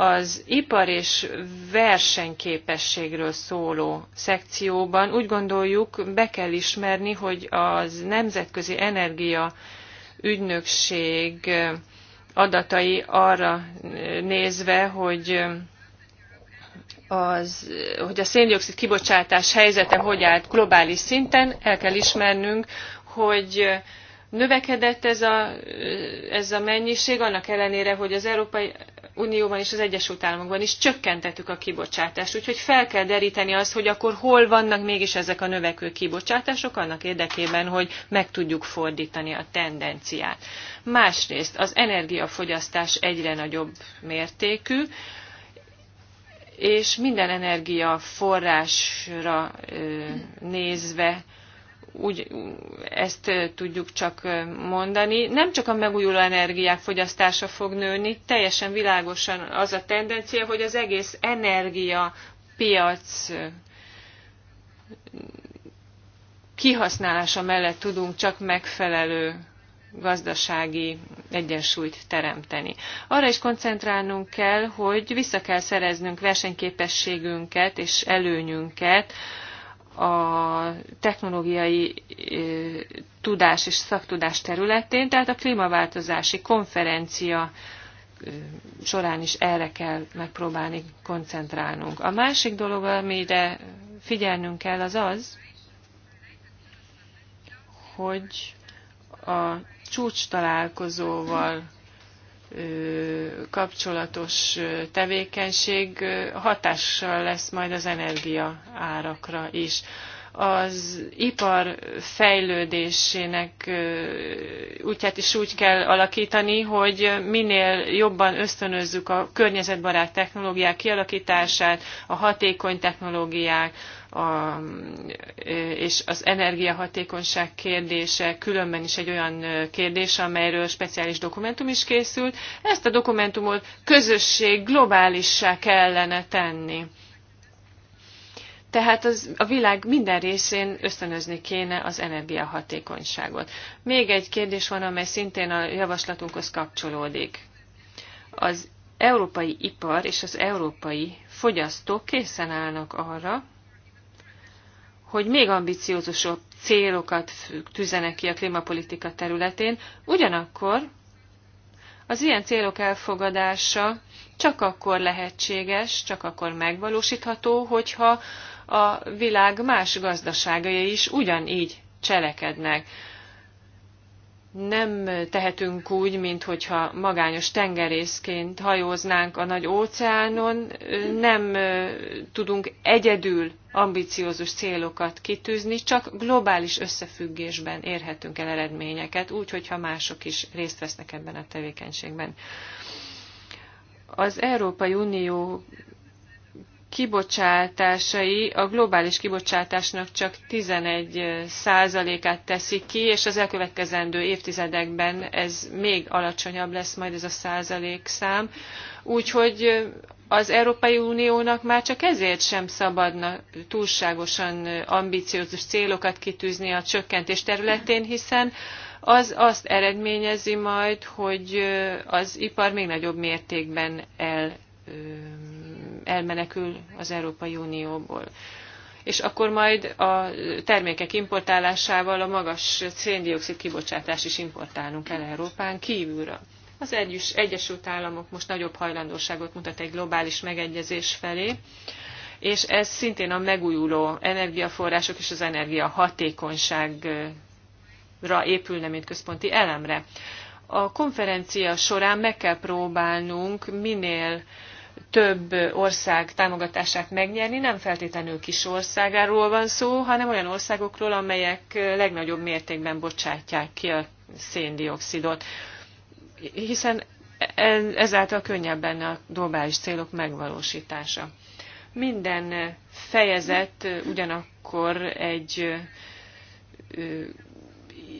az ipar és versenyképességről szóló szekcióban úgy gondoljuk, be kell ismerni, hogy az Nemzetközi Energia Ügynökség adatai arra nézve, hogy az, hogy a széndiokszid kibocsátás helyzete hogy állt globális szinten, el kell ismernünk, hogy növekedett ez a, ez a mennyiség, annak ellenére, hogy az Európai Unióban és az Egyesült Államokban is csökkentettük a kibocsátást. Úgyhogy fel kell deríteni azt, hogy akkor hol vannak mégis ezek a növekvő kibocsátások, annak érdekében, hogy meg tudjuk fordítani a tendenciát. Másrészt az energiafogyasztás egyre nagyobb mértékű, és minden energiaforrásra nézve úgy ezt tudjuk csak mondani. Nem csak a megújuló energiák fogyasztása fog nőni, teljesen világosan az a tendencia, hogy az egész energia piac kihasználása mellett tudunk csak megfelelő gazdasági egyensúlyt teremteni. Arra is koncentrálnunk kell, hogy vissza kell szereznünk versenyképességünket és előnyünket a technológiai tudás és szaktudás területén, tehát a klímaváltozási konferencia során is erre kell megpróbálni koncentrálnunk. A másik dolog, amire figyelnünk kell, az az, hogy a csúcs találkozóval kapcsolatos tevékenység hatással lesz majd az energia árakra is. Az ipar fejlődésének útját is úgy kell alakítani, hogy minél jobban ösztönözzük a környezetbarát technológiák kialakítását, a hatékony technológiák, a, és az energiahatékonyság kérdése különben is egy olyan kérdés, amelyről speciális dokumentum is készült. Ezt a dokumentumot közösség globálissá kellene tenni. Tehát az, a világ minden részén ösztönözni kéne az energiahatékonyságot. Még egy kérdés van, amely szintén a javaslatunkhoz kapcsolódik. Az európai ipar és az európai fogyasztók készen állnak arra, hogy még ambiciózusabb célokat tűzenek ki a klímapolitika területén, ugyanakkor az ilyen célok elfogadása csak akkor lehetséges, csak akkor megvalósítható, hogyha a világ más gazdaságai is ugyanígy cselekednek nem tehetünk úgy, mint hogyha magányos tengerészként hajóznánk a nagy óceánon, nem tudunk egyedül ambiciózus célokat kitűzni, csak globális összefüggésben érhetünk el eredményeket, úgy, hogyha mások is részt vesznek ebben a tevékenységben. Az Európai Unió kibocsátásai a globális kibocsátásnak csak 11 százalékát teszik ki, és az elkövetkezendő évtizedekben ez még alacsonyabb lesz majd ez a százalékszám. Úgyhogy az Európai Uniónak már csak ezért sem szabadna túlságosan ambiciózus célokat kitűzni a csökkentés területén, hiszen az azt eredményezi majd, hogy az ipar még nagyobb mértékben el elmenekül az Európai Unióból. És akkor majd a termékek importálásával a magas széndiokszid kibocsátás is importálunk el Európán kívülre. Az Egyes, Egyesült Államok most nagyobb hajlandóságot mutat egy globális megegyezés felé, és ez szintén a megújuló energiaforrások és az energia hatékonyságra épülne, mint központi elemre. A konferencia során meg kell próbálnunk minél több ország támogatását megnyerni, nem feltétlenül kis országáról van szó, hanem olyan országokról, amelyek legnagyobb mértékben bocsátják ki a széndiokszidot. Hiszen e-, ezáltal könnyebben a globális célok megvalósítása. Minden fejezet ugyanakkor egy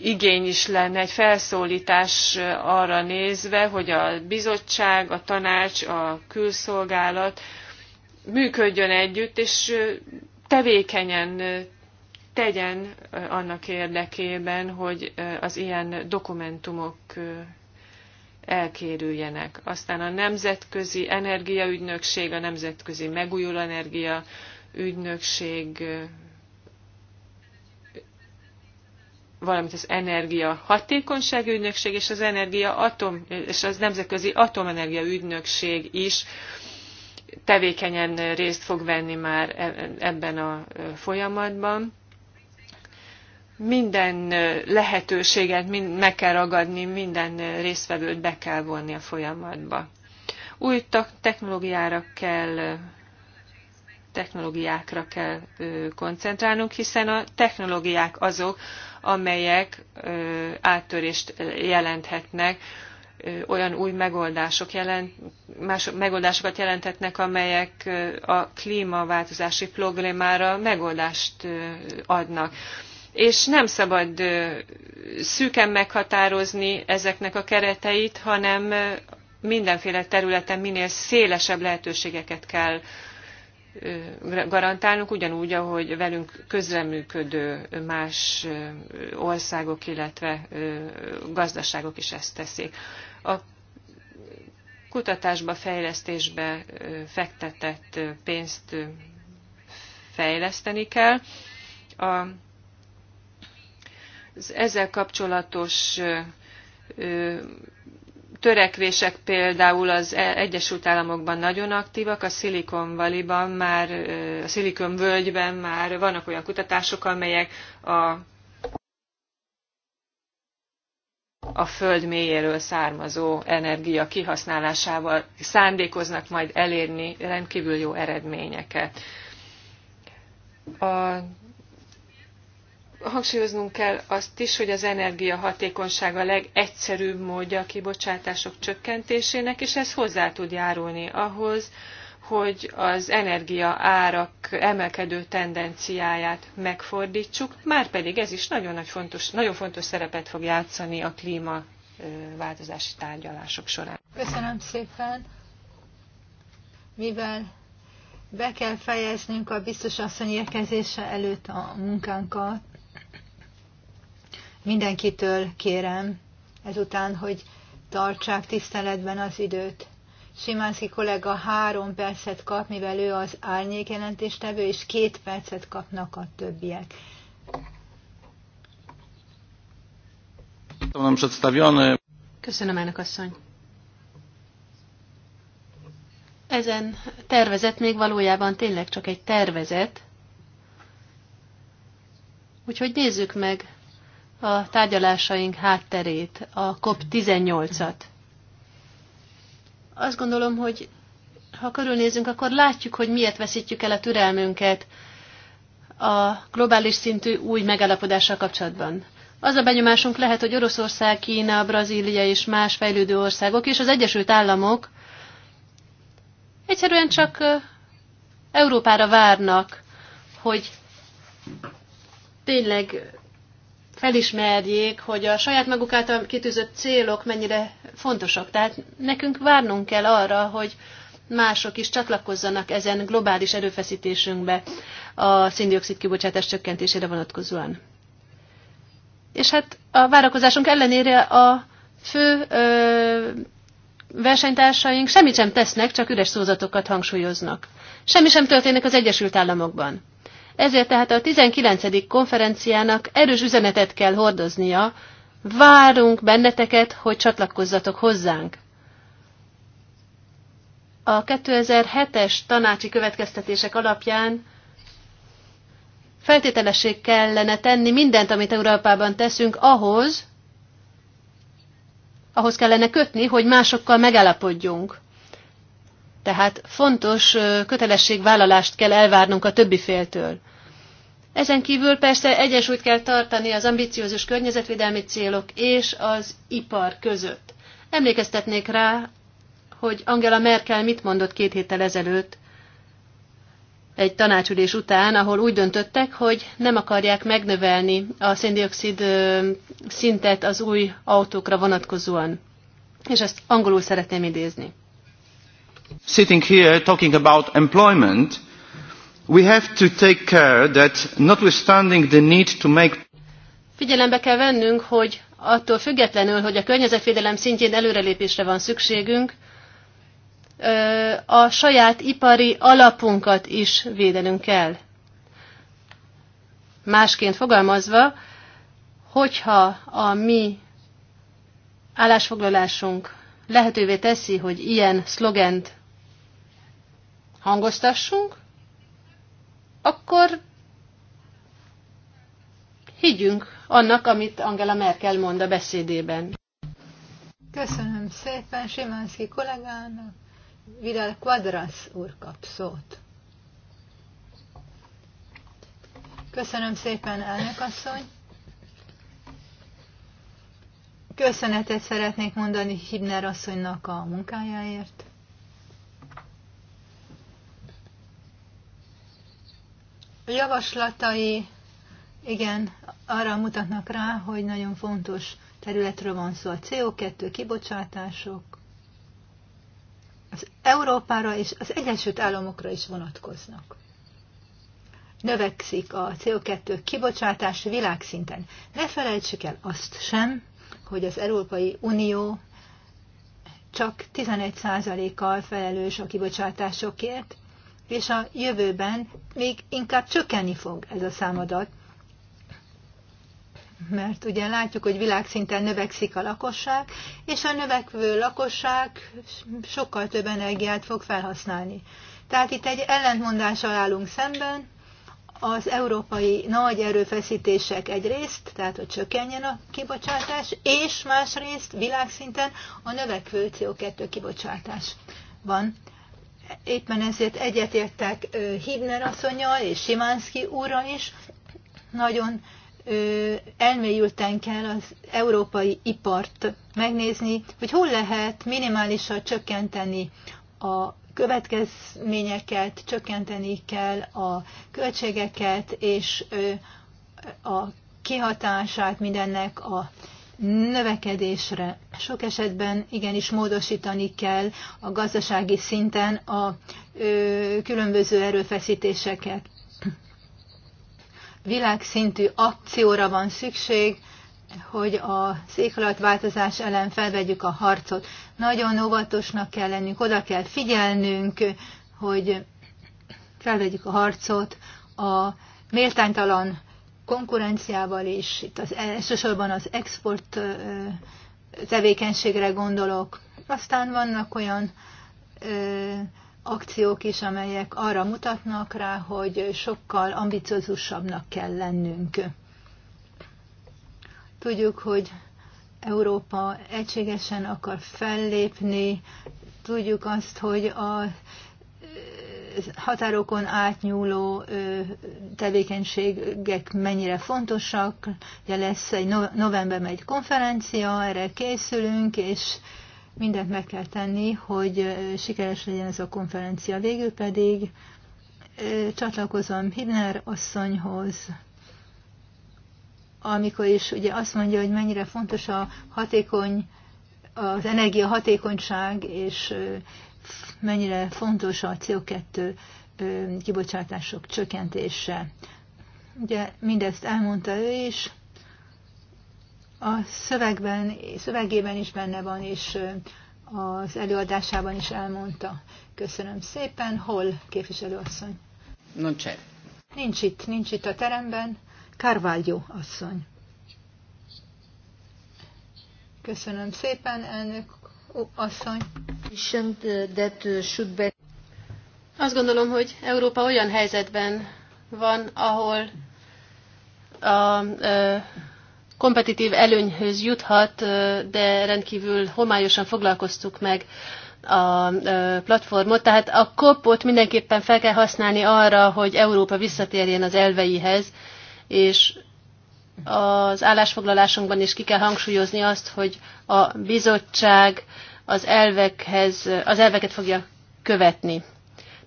igény is lenne, egy felszólítás arra nézve, hogy a bizottság, a tanács, a külszolgálat működjön együtt, és tevékenyen tegyen annak érdekében, hogy az ilyen dokumentumok elkérüljenek. Aztán a Nemzetközi Energiaügynökség, a Nemzetközi Megújuló Energia Ügynökség valamint az Energia Hatékonyság Ügynökség és az Energia Atom, és az Nemzetközi Atomenergia Ügynökség is tevékenyen részt fog venni már e- ebben a folyamatban. Minden lehetőséget meg kell ragadni, minden résztvevőt be kell vonni a folyamatba. Új technológiára kell technológiákra kell koncentrálnunk, hiszen a technológiák azok, amelyek áttörést jelenthetnek, olyan új megoldások jelent, más, megoldásokat jelentetnek, amelyek a klímaváltozási problémára megoldást adnak és nem szabad szűken meghatározni ezeknek a kereteit, hanem mindenféle területen minél szélesebb lehetőségeket kell garantálnunk, ugyanúgy, ahogy velünk közreműködő más országok, illetve gazdaságok is ezt teszik. A kutatásba, fejlesztésbe fektetett pénzt fejleszteni kell. A, az ezzel kapcsolatos törekvések például az e- Egyesült Államokban nagyon aktívak, a Silicon Valley-ban már, a Silicon völgyben már vannak olyan kutatások, amelyek a, a föld mélyéről származó energia kihasználásával szándékoznak majd elérni rendkívül jó eredményeket. A hangsúlyoznunk kell azt is, hogy az energiahatékonyság a legegyszerűbb módja a kibocsátások csökkentésének, és ez hozzá tud járulni ahhoz, hogy az energia árak emelkedő tendenciáját megfordítsuk, már pedig ez is nagyon, nagy fontos, nagyon fontos szerepet fog játszani a klímaváltozási tárgyalások során. Köszönöm szépen! Mivel be kell fejeznünk a biztos asszony érkezése előtt a munkánkat, Mindenkitől kérem ezután, hogy tartsák tiszteletben az időt. Simánszki kollega három percet kap, mivel ő az árnyék jelentéstevő, és két percet kapnak a többiek. Köszönöm, elnök asszony. Ezen tervezet még valójában tényleg csak egy tervezet, úgyhogy nézzük meg a tárgyalásaink hátterét, a COP18-at. Azt gondolom, hogy ha körülnézünk, akkor látjuk, hogy miért veszítjük el a türelmünket a globális szintű új megállapodással kapcsolatban. Az a benyomásunk lehet, hogy Oroszország, Kína, Brazília és más fejlődő országok és az Egyesült Államok egyszerűen csak Európára várnak, hogy tényleg felismerjék, hogy a saját maguk által kitűzött célok mennyire fontosak. Tehát nekünk várnunk kell arra, hogy mások is csatlakozzanak ezen globális erőfeszítésünkbe a szindioxid kibocsátás csökkentésére vonatkozóan. És hát a várakozásunk ellenére a fő ö, versenytársaink semmit sem tesznek, csak üres szózatokat hangsúlyoznak. Semmi sem történik az Egyesült Államokban. Ezért tehát a 19. konferenciának erős üzenetet kell hordoznia, várunk benneteket, hogy csatlakozzatok hozzánk. A 2007-es tanácsi következtetések alapján feltételesség kellene tenni mindent, amit Európában teszünk, ahhoz, ahhoz kellene kötni, hogy másokkal megállapodjunk. Tehát fontos kötelességvállalást kell elvárnunk a többi féltől. Ezen kívül persze egyensúlyt kell tartani az ambiciózus környezetvédelmi célok és az ipar között. Emlékeztetnék rá, hogy Angela Merkel mit mondott két héttel ezelőtt egy tanácsülés után, ahol úgy döntöttek, hogy nem akarják megnövelni a széndiokszid szintet az új autókra vonatkozóan. És ezt angolul szeretném idézni. Sitting here talking about employment, we have to take care that notwithstanding the need to make Figyelembe kell vennünk, hogy attól függetlenül, hogy a környezetvédelem szintjén előrelépésre van szükségünk, a saját ipari alapunkat is védenünk kell. Másként fogalmazva, hogyha a mi állásfoglalásunk lehetővé teszi, hogy ilyen szlogent hangoztassunk, akkor higgyünk annak, amit Angela Merkel mond a beszédében. Köszönöm szépen Simanszki kollégának. Vidal Quadras úr kap szót. Köszönöm szépen, elnök asszony. Köszönetet szeretnék mondani Hibner asszonynak a munkájáért. javaslatai igen, arra mutatnak rá, hogy nagyon fontos területről van szó a CO2 kibocsátások, az Európára és az Egyesült Államokra is vonatkoznak. Növekszik a CO2 kibocsátás világszinten. Ne felejtsük el azt sem, hogy az Európai Unió csak 11%-kal felelős a kibocsátásokért, és a jövőben még inkább csökkenni fog ez a számadat. Mert ugye látjuk, hogy világszinten növekszik a lakosság, és a növekvő lakosság sokkal több energiát fog felhasználni. Tehát itt egy ellentmondással állunk szemben, az európai nagy erőfeszítések egyrészt, tehát hogy csökkenjen a kibocsátás, és másrészt világszinten a növekvő CO2 kibocsátás van éppen ezért egyetértek Hibner asszonyal és Simánszki úrral is. Nagyon elmélyülten kell az európai ipart megnézni, hogy hol lehet minimálisan csökkenteni a következményeket, csökkenteni kell a költségeket és a kihatását mindennek a növekedésre. Sok esetben igenis módosítani kell a gazdasági szinten a különböző erőfeszítéseket. Világszintű akcióra van szükség, hogy a székhalatváltozás ellen felvegyük a harcot. Nagyon óvatosnak kell lennünk, oda kell figyelnünk, hogy felvegyük a harcot a méltánytalan konkurenciával is, itt az, e- elsősorban az export tevékenységre gondolok. Aztán vannak olyan ö, akciók is, amelyek arra mutatnak rá, hogy sokkal ambiciózusabbnak kell lennünk. Tudjuk, hogy Európa egységesen akar fellépni, tudjuk azt, hogy a határokon átnyúló tevékenységek mennyire fontosak. Ugye lesz egy novemberben egy konferencia, erre készülünk, és mindent meg kell tenni, hogy sikeres legyen ez a konferencia. Végül pedig csatlakozom Hibner asszonyhoz, amikor is ugye azt mondja, hogy mennyire fontos a hatékony, az energia hatékonyság és mennyire fontos a CO2 kibocsátások csökkentése. Ugye mindezt elmondta ő is, a szövegben, szövegében is benne van, és az előadásában is elmondta. Köszönöm szépen. Hol, képviselőasszony? Nincs. Nincs itt, nincs itt a teremben. Carvalho asszony. Köszönöm szépen, elnök asszony. Azt gondolom, hogy Európa olyan helyzetben van, ahol a kompetitív előnyhöz juthat, de rendkívül homályosan foglalkoztuk meg a platformot. Tehát a kopot mindenképpen fel kell használni arra, hogy Európa visszatérjen az elveihez, és az állásfoglalásunkban is ki kell hangsúlyozni azt, hogy a bizottság az, elvekhez, az elveket fogja követni.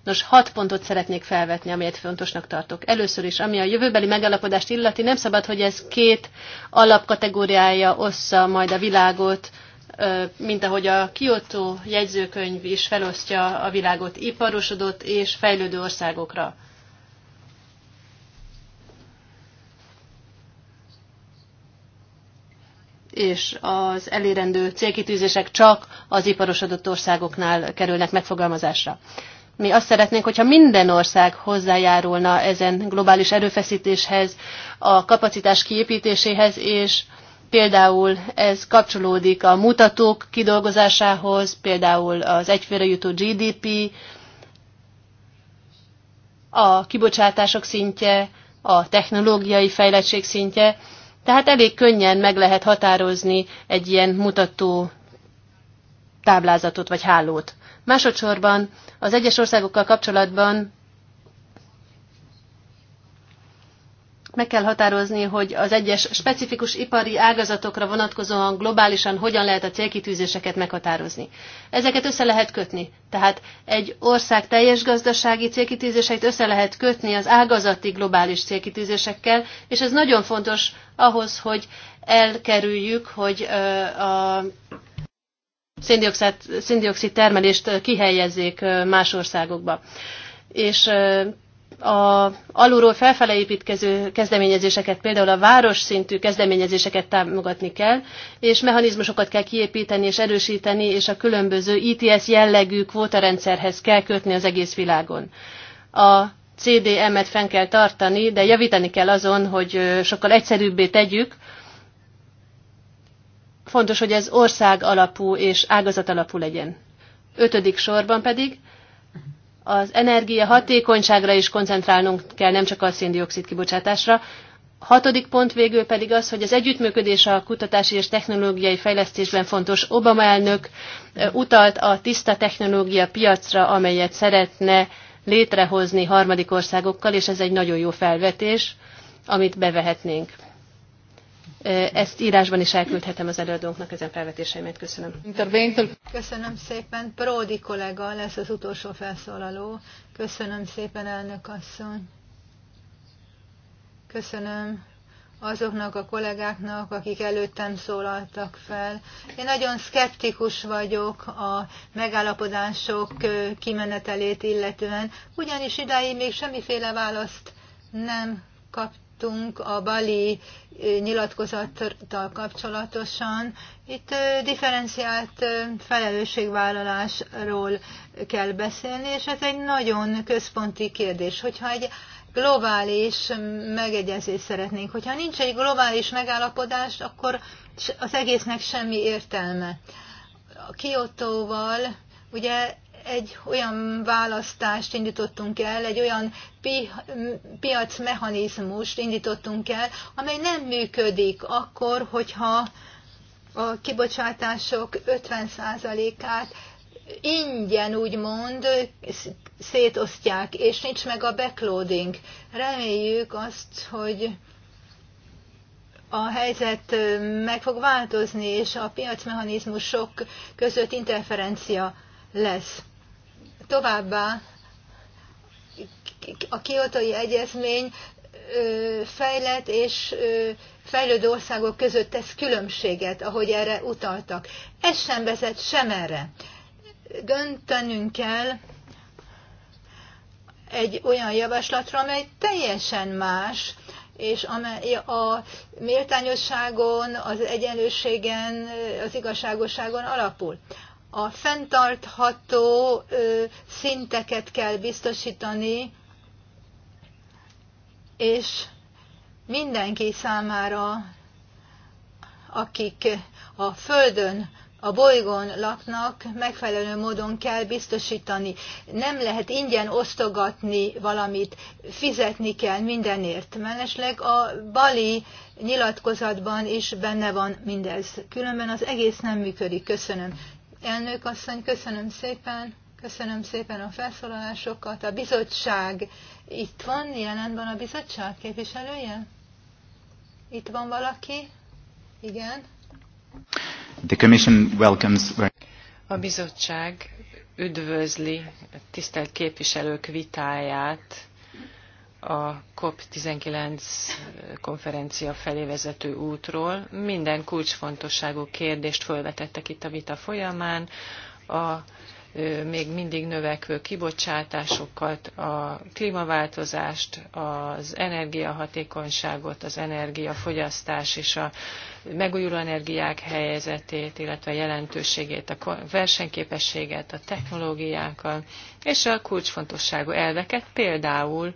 Nos, hat pontot szeretnék felvetni, amelyet fontosnak tartok. Először is, ami a jövőbeli megállapodást illeti, nem szabad, hogy ez két alapkategóriája ossza majd a világot, mint ahogy a Kyoto jegyzőkönyv is felosztja a világot iparosodott és fejlődő országokra. és az elérendő célkitűzések csak az iparosodott országoknál kerülnek megfogalmazásra. Mi azt szeretnénk, hogyha minden ország hozzájárulna ezen globális erőfeszítéshez, a kapacitás kiépítéséhez, és például ez kapcsolódik a mutatók kidolgozásához, például az egyfőre jutó GDP, a kibocsátások szintje, a technológiai fejlettség szintje, tehát elég könnyen meg lehet határozni egy ilyen mutató táblázatot vagy hálót. Másodszorban az egyes országokkal kapcsolatban meg kell határozni, hogy az egyes specifikus ipari ágazatokra vonatkozóan globálisan hogyan lehet a célkitűzéseket meghatározni. Ezeket össze lehet kötni. Tehát egy ország teljes gazdasági célkitűzéseit össze lehet kötni az ágazati globális célkitűzésekkel, és ez nagyon fontos ahhoz, hogy elkerüljük, hogy a széndiokszid termelést kihelyezzék más országokba. És a alulról felfele építkező kezdeményezéseket, például a város szintű kezdeményezéseket támogatni kell, és mechanizmusokat kell kiépíteni és erősíteni, és a különböző ITS e jellegű kvótarendszerhez kell kötni az egész világon. A CDM-et fenn kell tartani, de javítani kell azon, hogy sokkal egyszerűbbé tegyük. Fontos, hogy ez ország alapú és ágazat alapú legyen. Ötödik sorban pedig az energia hatékonyságra is koncentrálnunk kell, nem csak a széndiokszid kibocsátásra. Hatodik pont végül pedig az, hogy az együttműködés a kutatási és technológiai fejlesztésben fontos. Obama elnök utalt a tiszta technológia piacra, amelyet szeretne létrehozni harmadik országokkal, és ez egy nagyon jó felvetés, amit bevehetnénk. Ezt írásban is elküldhetem az előadónknak ezen felvetéseimet. Köszönöm. Köszönöm szépen. Pródi kollega lesz az utolsó felszólaló. Köszönöm szépen, elnök asszony. Köszönöm azoknak a kollégáknak, akik előttem szólaltak fel. Én nagyon szkeptikus vagyok a megállapodások kimenetelét illetően, ugyanis idáig még semmiféle választ nem kap, hallottunk a bali nyilatkozattal kapcsolatosan. Itt differenciált felelősségvállalásról kell beszélni, és ez egy nagyon központi kérdés. Hogyha egy globális megegyezést szeretnénk, hogyha nincs egy globális megállapodás, akkor az egésznek semmi értelme. A Kiotóval ugye egy olyan választást indítottunk el, egy olyan pi, piacmechanizmust indítottunk el, amely nem működik akkor, hogyha a kibocsátások 50%-át ingyen úgymond szétosztják, és nincs meg a backloading. Reméljük azt, hogy a helyzet meg fog változni, és a piacmechanizmusok között interferencia lesz. Továbbá a kiotai egyezmény fejlett és fejlődő országok között tesz különbséget, ahogy erre utaltak. Ez sem vezet sem erre. Döntenünk kell egy olyan javaslatra, amely teljesen más, és amely a méltányosságon, az egyenlőségen, az igazságosságon alapul a fenntartható szinteket kell biztosítani, és mindenki számára, akik a Földön, a bolygón laknak, megfelelő módon kell biztosítani. Nem lehet ingyen osztogatni valamit, fizetni kell mindenért. Mellesleg a bali nyilatkozatban is benne van mindez. Különben az egész nem működik. Köszönöm. Elnök asszony, köszönöm szépen. Köszönöm szépen a felszólalásokat. A bizottság itt van, jelen van a bizottság képviselője? Itt van valaki? Igen. The commission welcomes... A bizottság üdvözli a tisztelt képviselők vitáját a COP19 konferencia felé vezető útról. Minden kulcsfontosságú kérdést felvetettek itt a vita folyamán. A még mindig növekvő kibocsátásokat, a klímaváltozást, az energiahatékonyságot, az energiafogyasztás és a megújuló energiák helyzetét, illetve a jelentőségét, a versenyképességet, a technológiákkal, és a kulcsfontosságú elveket, például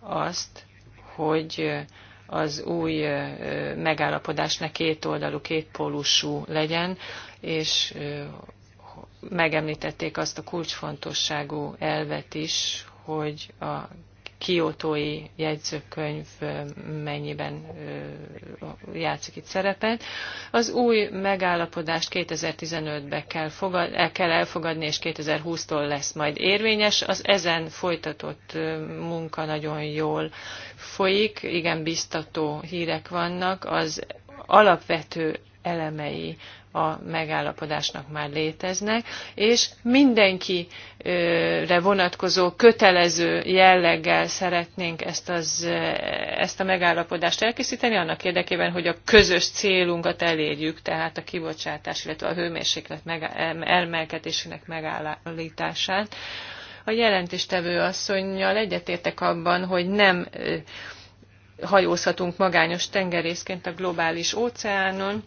azt, hogy az új megállapodás ne kétoldalú, kétpólusú legyen, és megemlítették azt a kulcsfontosságú elvet is, hogy a kiotói jegyzőkönyv mennyiben játszik itt szerepet. Az új megállapodást 2015-ben kell, el kell elfogadni, és 2020-tól lesz majd érvényes. Az ezen folytatott munka nagyon jól folyik, igen biztató hírek vannak. Az alapvető elemei a megállapodásnak már léteznek, és mindenkire vonatkozó kötelező jelleggel szeretnénk ezt, az, ezt a megállapodást elkészíteni, annak érdekében, hogy a közös célunkat elérjük, tehát a kibocsátás, illetve a hőmérséklet elmelkedésének megállítását. A jelentéstevő asszonynal egyetértek abban, hogy nem hajózhatunk magányos tengerészként a globális óceánon,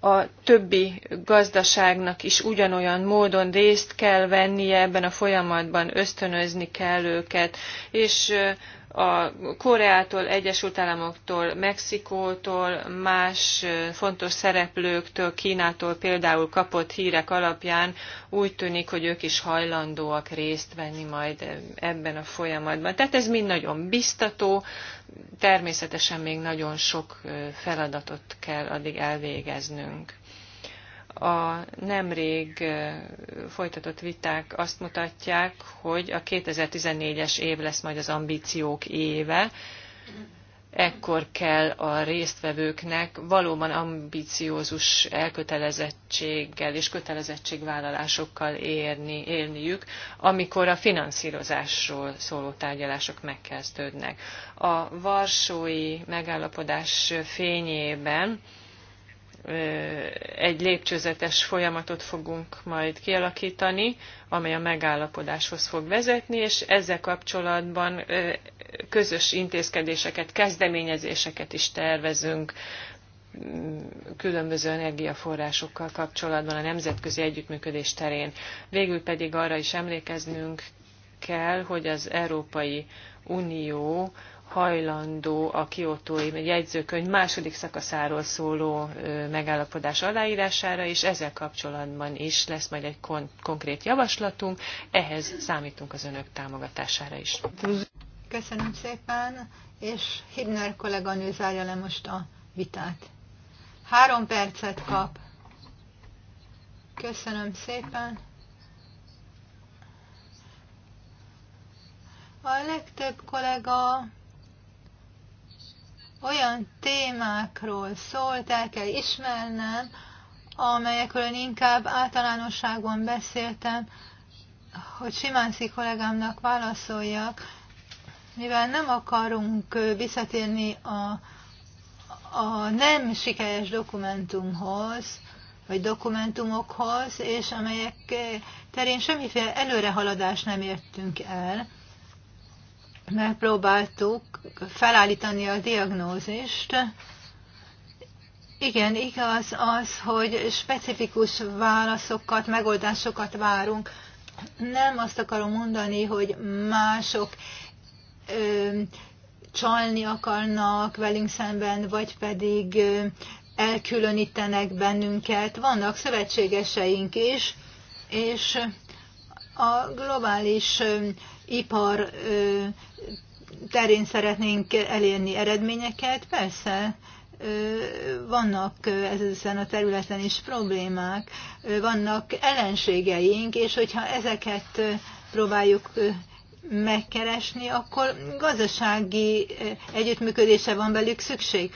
a többi gazdaságnak is ugyanolyan módon részt kell vennie ebben a folyamatban, ösztönözni kell őket, és a Koreától, Egyesült Államoktól, Mexikótól, más fontos szereplőktől, Kínától például kapott hírek alapján úgy tűnik, hogy ők is hajlandóak részt venni majd ebben a folyamatban. Tehát ez mind nagyon biztató, természetesen még nagyon sok feladatot kell addig elvégeznünk a nemrég folytatott viták azt mutatják, hogy a 2014-es év lesz majd az ambíciók éve. Ekkor kell a résztvevőknek valóban ambiciózus elkötelezettséggel és kötelezettségvállalásokkal érni, élniük, amikor a finanszírozásról szóló tárgyalások megkezdődnek. A varsói megállapodás fényében egy lépcsőzetes folyamatot fogunk majd kialakítani, amely a megállapodáshoz fog vezetni, és ezzel kapcsolatban közös intézkedéseket, kezdeményezéseket is tervezünk mm, különböző energiaforrásokkal kapcsolatban a nemzetközi együttműködés terén. Végül pedig arra is emlékeznünk kell, hogy az Európai Unió hajlandó a kiotói jegyzőkönyv második szakaszáról szóló megállapodás aláírására, és ezzel kapcsolatban is lesz majd egy kon- konkrét javaslatunk, ehhez számítunk az önök támogatására is. Köszönöm szépen, és Hibner kolléganő zárja le most a vitát. Három percet kap. Köszönöm szépen. A legtöbb kollega olyan témákról szólt, el kell ismernem, amelyekről én inkább általánosságban beszéltem, hogy Simánszi kollégámnak válaszoljak, mivel nem akarunk visszatérni a, a nem sikeres dokumentumhoz, vagy dokumentumokhoz, és amelyek terén semmiféle előrehaladást nem értünk el megpróbáltuk felállítani a diagnózist. Igen, igaz az, hogy specifikus válaszokat, megoldásokat várunk. Nem azt akarom mondani, hogy mások ö, csalni akarnak velünk szemben, vagy pedig ö, elkülönítenek bennünket. Vannak szövetségeseink is, és a globális ipar terén szeretnénk elérni eredményeket, persze vannak ezen a területen is problémák, vannak ellenségeink, és hogyha ezeket próbáljuk megkeresni, akkor gazdasági együttműködése van velük szükség.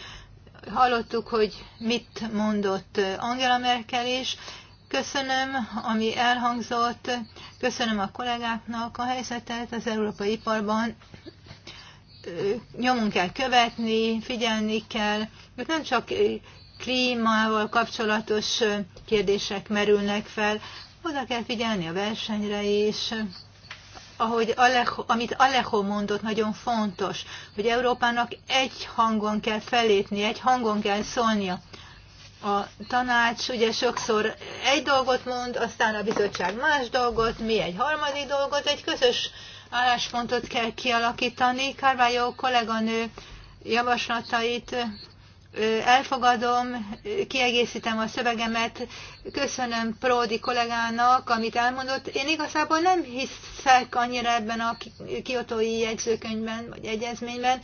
Hallottuk, hogy mit mondott Angela Merkel is, Köszönöm, ami elhangzott, köszönöm a kollégáknak a helyzetet az európai iparban. nyomunk kell követni, figyelni kell, mert nem csak klímával kapcsolatos kérdések merülnek fel, oda kell figyelni a versenyre is. Ahogy Alejo, amit Alejo mondott, nagyon fontos, hogy Európának egy hangon kell felépni, egy hangon kell szólnia a tanács ugye sokszor egy dolgot mond, aztán a bizottság más dolgot, mi egy harmadik dolgot, egy közös álláspontot kell kialakítani. Kárvályó kolléganő javaslatait elfogadom, kiegészítem a szövegemet, köszönöm Pródi kollégának, amit elmondott. Én igazából nem hiszek annyira ebben a kiotói jegyzőkönyvben, vagy egyezményben.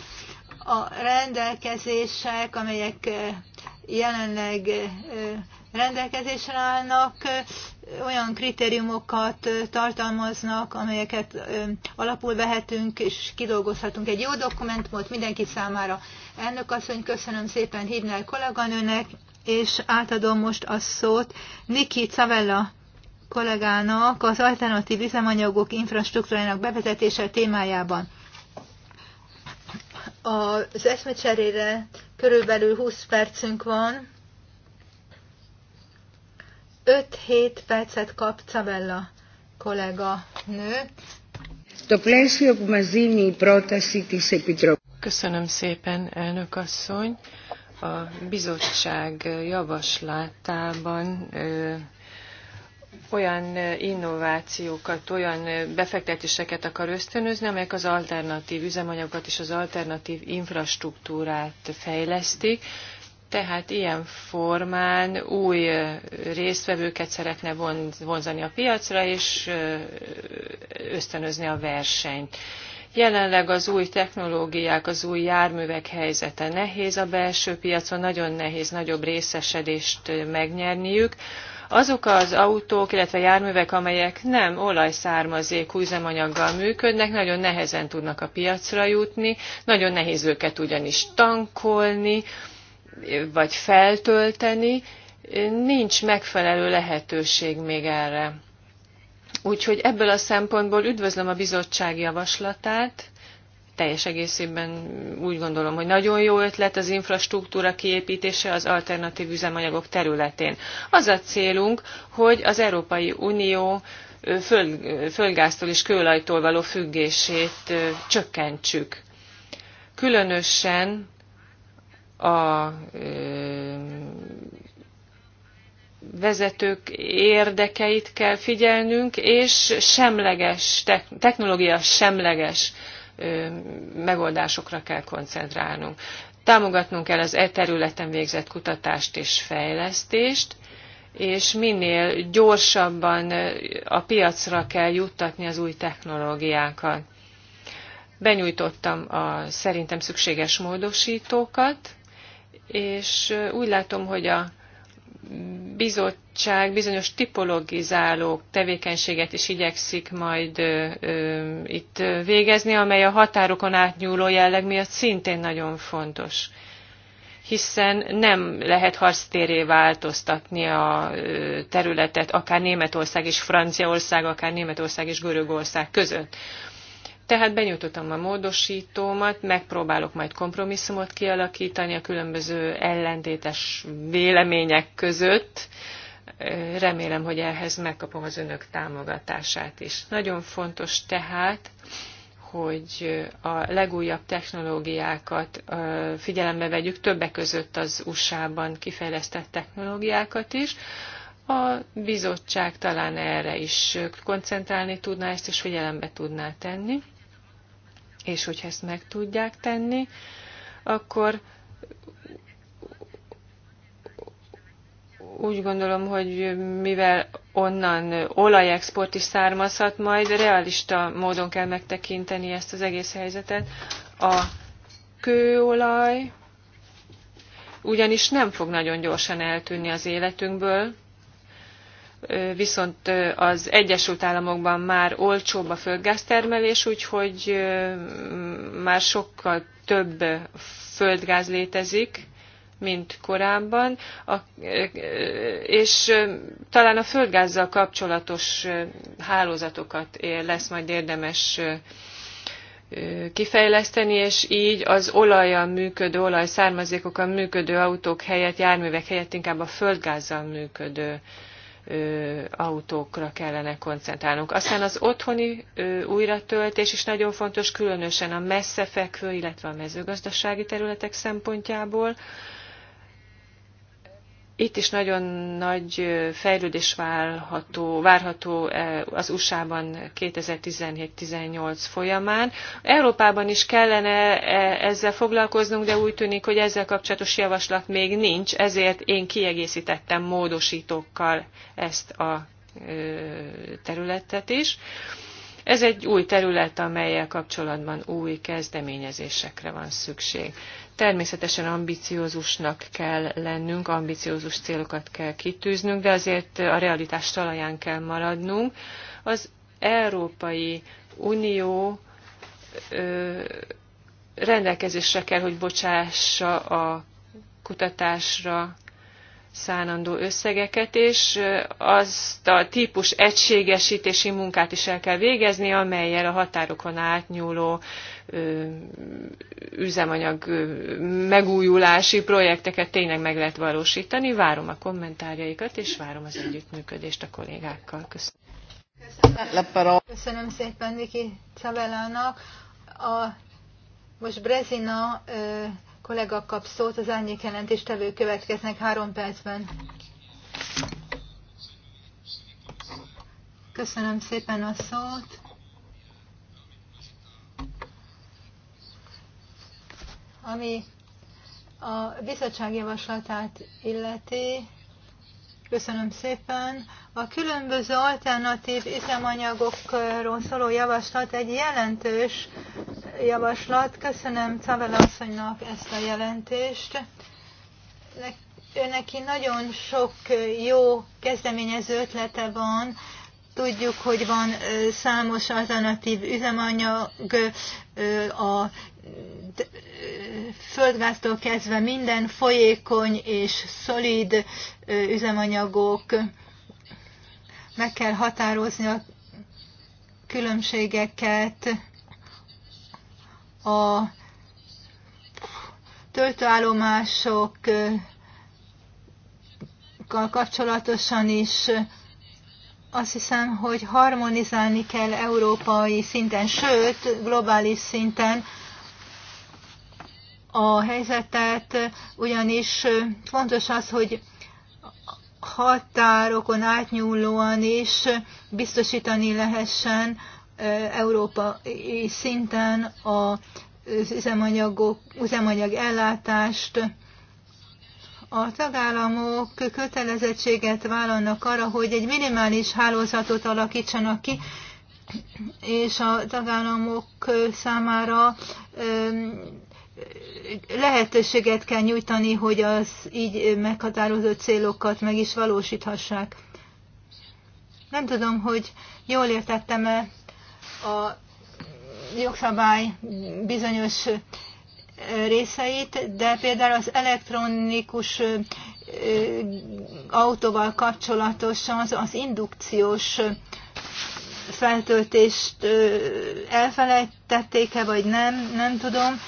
A rendelkezések, amelyek jelenleg rendelkezésre állnak, olyan kritériumokat tartalmaznak, amelyeket alapul vehetünk, és kidolgozhatunk egy jó dokumentumot mindenki számára. Elnök asszony, köszönöm szépen Hibner kolléganőnek, és átadom most a szót Niki Cavella kollégának az alternatív üzemanyagok infrastruktúrájának bevezetése témájában. Az eszmecserére körülbelül 20 percünk van. 5-7 percet kap Cabella kollega nő. Köszönöm szépen, elnök asszony. A bizottság javaslatában olyan innovációkat, olyan befektetéseket akar ösztönözni, amelyek az alternatív üzemanyagokat és az alternatív infrastruktúrát fejlesztik, tehát ilyen formán új résztvevőket szeretne vonzani a piacra, és ösztönözni a versenyt. Jelenleg az új technológiák, az új járművek helyzete nehéz a belső piacon, nagyon nehéz nagyobb részesedést megnyerniük. Azok az autók, illetve járművek, amelyek nem olajszármazékú üzemanyaggal működnek, nagyon nehezen tudnak a piacra jutni, nagyon nehéz őket ugyanis tankolni, vagy feltölteni, nincs megfelelő lehetőség még erre. Úgyhogy ebből a szempontból üdvözlöm a bizottság javaslatát, teljes egészében úgy gondolom, hogy nagyon jó ötlet az infrastruktúra kiépítése az alternatív üzemanyagok területén. Az a célunk, hogy az Európai Unió föld, földgáztól és kőolajtól való függését csökkentsük. Különösen a vezetők érdekeit kell figyelnünk, és semleges, technológia semleges megoldásokra kell koncentrálnunk. Támogatnunk kell az e területen végzett kutatást és fejlesztést, és minél gyorsabban a piacra kell juttatni az új technológiákat. Benyújtottam a szerintem szükséges módosítókat, és úgy látom, hogy a bizottság bizonyos tipologizáló tevékenységet is igyekszik majd ö, ö, itt végezni, amely a határokon átnyúló jelleg miatt szintén nagyon fontos hiszen nem lehet harctéré változtatni a területet, akár Németország és Franciaország, akár Németország és Görögország között. Tehát benyújtottam a módosítómat, megpróbálok majd kompromisszumot kialakítani a különböző ellentétes vélemények között. Remélem, hogy ehhez megkapom az önök támogatását is. Nagyon fontos tehát, hogy a legújabb technológiákat figyelembe vegyük, többek között az USA-ban kifejlesztett technológiákat is. A bizottság talán erre is koncentrálni tudná, ezt is figyelembe tudná tenni. És hogyha ezt meg tudják tenni, akkor úgy gondolom, hogy mivel onnan olajexport is származhat, majd realista módon kell megtekinteni ezt az egész helyzetet. A kőolaj ugyanis nem fog nagyon gyorsan eltűnni az életünkből, viszont az Egyesült Államokban már olcsóbb a földgáztermelés, úgyhogy már sokkal több földgáz létezik, mint korábban, a, és talán a földgázzal kapcsolatos hálózatokat lesz majd érdemes kifejleszteni, és így az olajjal működő, olajszármazékokkal működő autók helyett, járművek helyett inkább a földgázzal működő autókra kellene koncentrálnunk. Aztán az otthoni újratöltés is nagyon fontos, különösen a messze fekvő, illetve a mezőgazdasági területek szempontjából. Ö, itt is nagyon nagy fejlődés várható, várható az USA-ban 2017-18 folyamán. Európában is kellene ezzel foglalkoznunk, de úgy tűnik, hogy ezzel kapcsolatos javaslat még nincs, ezért én kiegészítettem módosítókkal ezt a területet is. Ez egy új terület, amelyel kapcsolatban új kezdeményezésekre van szükség. Természetesen ambiciózusnak kell lennünk, ambiciózus célokat kell kitűznünk, de azért a realitás talaján kell maradnunk. Az Európai Unió ö, rendelkezésre kell, hogy bocsássa a kutatásra szánandó összegeket, és azt a típus egységesítési munkát is el kell végezni, amelyel a határokon átnyúló üzemanyag megújulási projekteket tényleg meg lehet valósítani. Várom a kommentárjaikat, és várom az együttműködést a kollégákkal. Köszönöm. Köszönöm szépen Niki Czabelának. A, most Brezina ö, kollega kap szót, az árnyék jelentéstevő következnek három percben. Köszönöm szépen a szót. Ami a bizottság javaslatát illeti, köszönöm szépen, a különböző alternatív üzemanyagokról szóló javaslat egy jelentős javaslat. Köszönöm Cavela asszonynak ezt a jelentést. Neki nagyon sok jó kezdeményező ötlete van, Tudjuk, hogy van számos alternatív üzemanyag, a földgáztól kezdve minden folyékony és szolid üzemanyagok. Meg kell határozni a különbségeket a töltőállomásokkal kapcsolatosan is azt hiszem, hogy harmonizálni kell európai szinten, sőt, globális szinten a helyzetet, ugyanis fontos az, hogy határokon átnyúlóan is biztosítani lehessen európai szinten az üzemanyagok, üzemanyag ellátást, a tagállamok kötelezettséget vállalnak arra, hogy egy minimális hálózatot alakítsanak ki, és a tagállamok számára lehetőséget kell nyújtani, hogy az így meghatározott célokat meg is valósíthassák. Nem tudom, hogy jól értettem-e a jogszabály bizonyos részeit, de például az elektronikus autóval kapcsolatosan az, az indukciós feltöltést elfelejtették-e, vagy nem, nem tudom.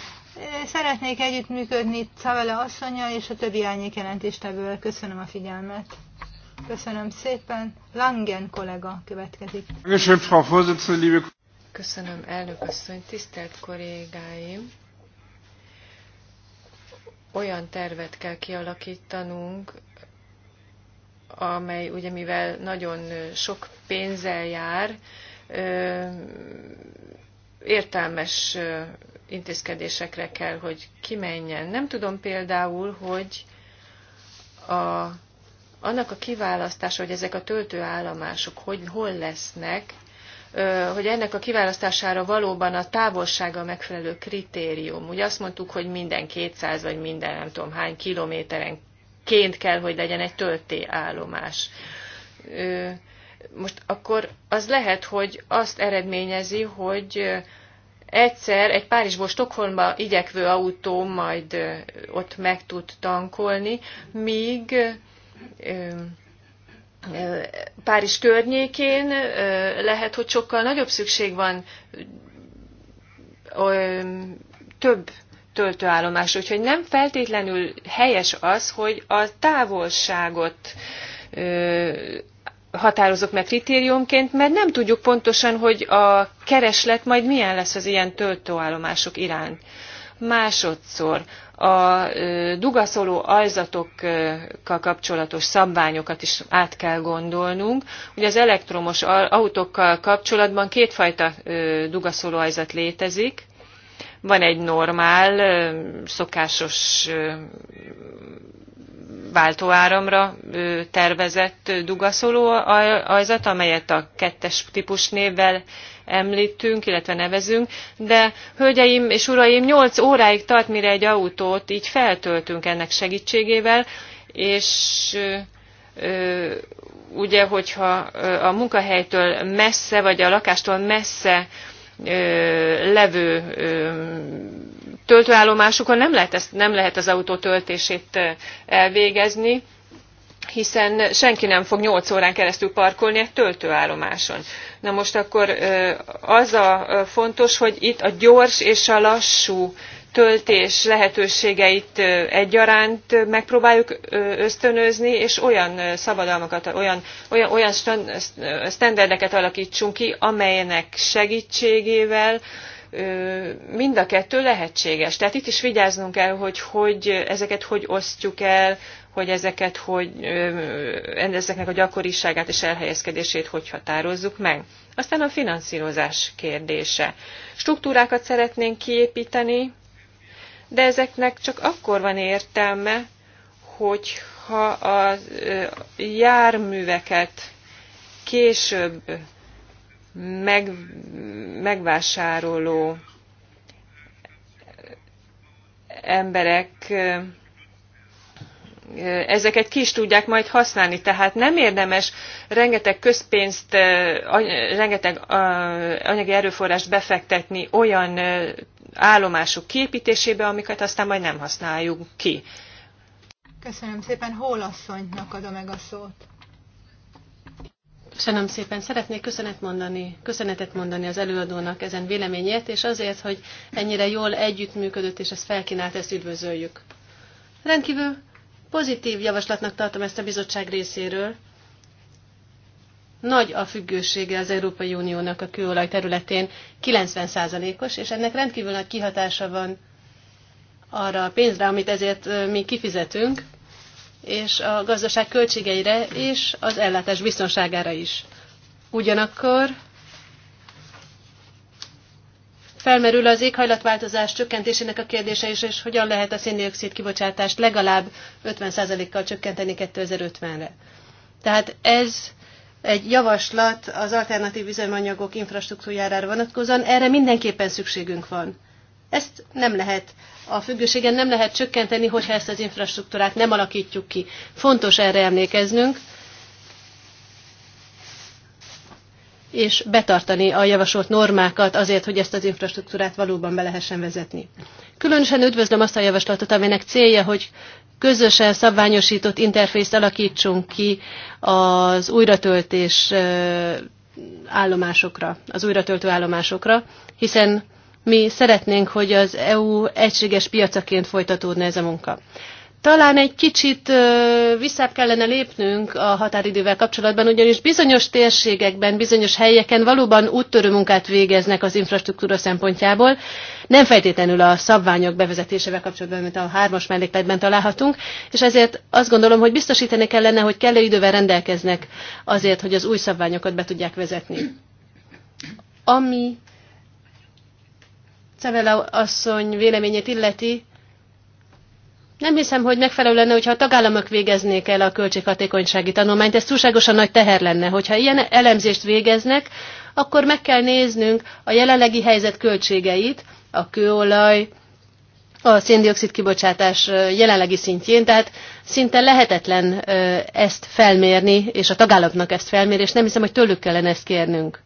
Szeretnék együttműködni Cavele asszonyjal és a többi árnyék jelentéstevővel. Köszönöm a figyelmet. Köszönöm szépen. Langen kollega következik. Köszönöm, elnök asszony, tisztelt kollégáim! olyan tervet kell kialakítanunk, amely ugye mivel nagyon sok pénzzel jár, értelmes intézkedésekre kell, hogy kimenjen. Nem tudom például, hogy a, annak a kiválasztása, hogy ezek a töltőállomások hogy, hol lesznek, hogy ennek a kiválasztására valóban a távolsága megfelelő kritérium. Ugye azt mondtuk, hogy minden 200 vagy minden nem tudom hány kilométerenként kell, hogy legyen egy töltéállomás. Most akkor az lehet, hogy azt eredményezi, hogy egyszer egy Párizsból Stockholmba igyekvő autó majd ott meg tud tankolni, míg Párizs környékén lehet, hogy sokkal nagyobb szükség van több töltőállomásra, úgyhogy nem feltétlenül helyes az, hogy a távolságot határozok meg kritériumként, mert nem tudjuk pontosan, hogy a kereslet majd milyen lesz az ilyen töltőállomások iránt. Másodszor, a dugaszoló aljzatokkal kapcsolatos szabványokat is át kell gondolnunk. Ugye az elektromos autókkal kapcsolatban kétfajta dugaszoló aljzat létezik. Van egy normál, szokásos váltóáramra tervezett dugaszoló aljzat, amelyet a kettes típus névvel említünk, illetve nevezünk, de hölgyeim és uraim, 8 óráig tart, mire egy autót így feltöltünk ennek segítségével, és ugye, hogyha a munkahelytől messze, vagy a lakástól messze levő töltőállomásukon nem lehet, ezt, nem lehet az autó töltését elvégezni, hiszen senki nem fog 8 órán keresztül parkolni egy töltőállomáson. Na most akkor az a fontos, hogy itt a gyors és a lassú töltés lehetőségeit egyaránt megpróbáljuk ösztönözni, és olyan szabadalmakat, olyan, olyan, olyan sztenderdeket alakítsunk ki, amelynek segítségével mind a kettő lehetséges. Tehát itt is vigyáznunk kell, hogy, hogy ezeket hogy osztjuk el, hogy ezeket, hogy ezeknek a gyakoriságát és elhelyezkedését hogy határozzuk meg. Aztán a finanszírozás kérdése. Struktúrákat szeretnénk kiépíteni, de ezeknek csak akkor van értelme, hogyha a járműveket később meg, megvásároló emberek ezeket ki is tudják majd használni. Tehát nem érdemes rengeteg közpénzt, rengeteg anyagi erőforrást befektetni olyan állomások kiépítésébe, amiket aztán majd nem használjuk ki. Köszönöm szépen, Hólasszonynak adom meg a szót. Köszönöm szépen. Szeretnék köszönet mondani, köszönetet mondani az előadónak ezen véleményét, és azért, hogy ennyire jól együttműködött, és ezt felkínált, ezt üdvözöljük. Rendkívül Pozitív javaslatnak tartom ezt a bizottság részéről. Nagy a függősége az Európai Uniónak a kőolaj területén, 90%-os, és ennek rendkívül nagy kihatása van arra a pénzre, amit ezért mi kifizetünk, és a gazdaság költségeire, és az ellátás biztonságára is. Ugyanakkor felmerül az éghajlatváltozás csökkentésének a kérdése is, és hogyan lehet a széndiokszid kibocsátást legalább 50%-kal csökkenteni 2050-re. Tehát ez egy javaslat az alternatív üzemanyagok infrastruktúrájára vonatkozóan, erre mindenképpen szükségünk van. Ezt nem lehet, a függőségen nem lehet csökkenteni, hogyha ezt az infrastruktúrát nem alakítjuk ki. Fontos erre emlékeznünk, és betartani a javasolt normákat azért, hogy ezt az infrastruktúrát valóban be lehessen vezetni. Különösen üdvözlöm azt a javaslatot, aminek célja, hogy közösen szabványosított interfészt alakítsunk ki az újratöltés állomásokra, az újratöltő állomásokra, hiszen mi szeretnénk, hogy az EU egységes piacaként folytatódna ez a munka. Talán egy kicsit visszább kellene lépnünk a határidővel kapcsolatban, ugyanis bizonyos térségekben, bizonyos helyeken valóban úttörő munkát végeznek az infrastruktúra szempontjából, nem feltétlenül a szabványok bevezetésével kapcsolatban, mint a hármas mellékletben találhatunk, és ezért azt gondolom, hogy biztosítani kellene, hogy kellő idővel rendelkeznek azért, hogy az új szabványokat be tudják vezetni. Ami Cevela asszony véleményét illeti, nem hiszem, hogy megfelelő lenne, hogyha a tagállamok végeznék el a költséghatékonysági tanulmányt. Ez túlságosan nagy teher lenne. Hogyha ilyen elemzést végeznek, akkor meg kell néznünk a jelenlegi helyzet költségeit, a kőolaj, a széndiokszid kibocsátás jelenlegi szintjén, tehát szinte lehetetlen ezt felmérni, és a tagállamnak ezt felmérni, és nem hiszem, hogy tőlük kellene ezt kérnünk.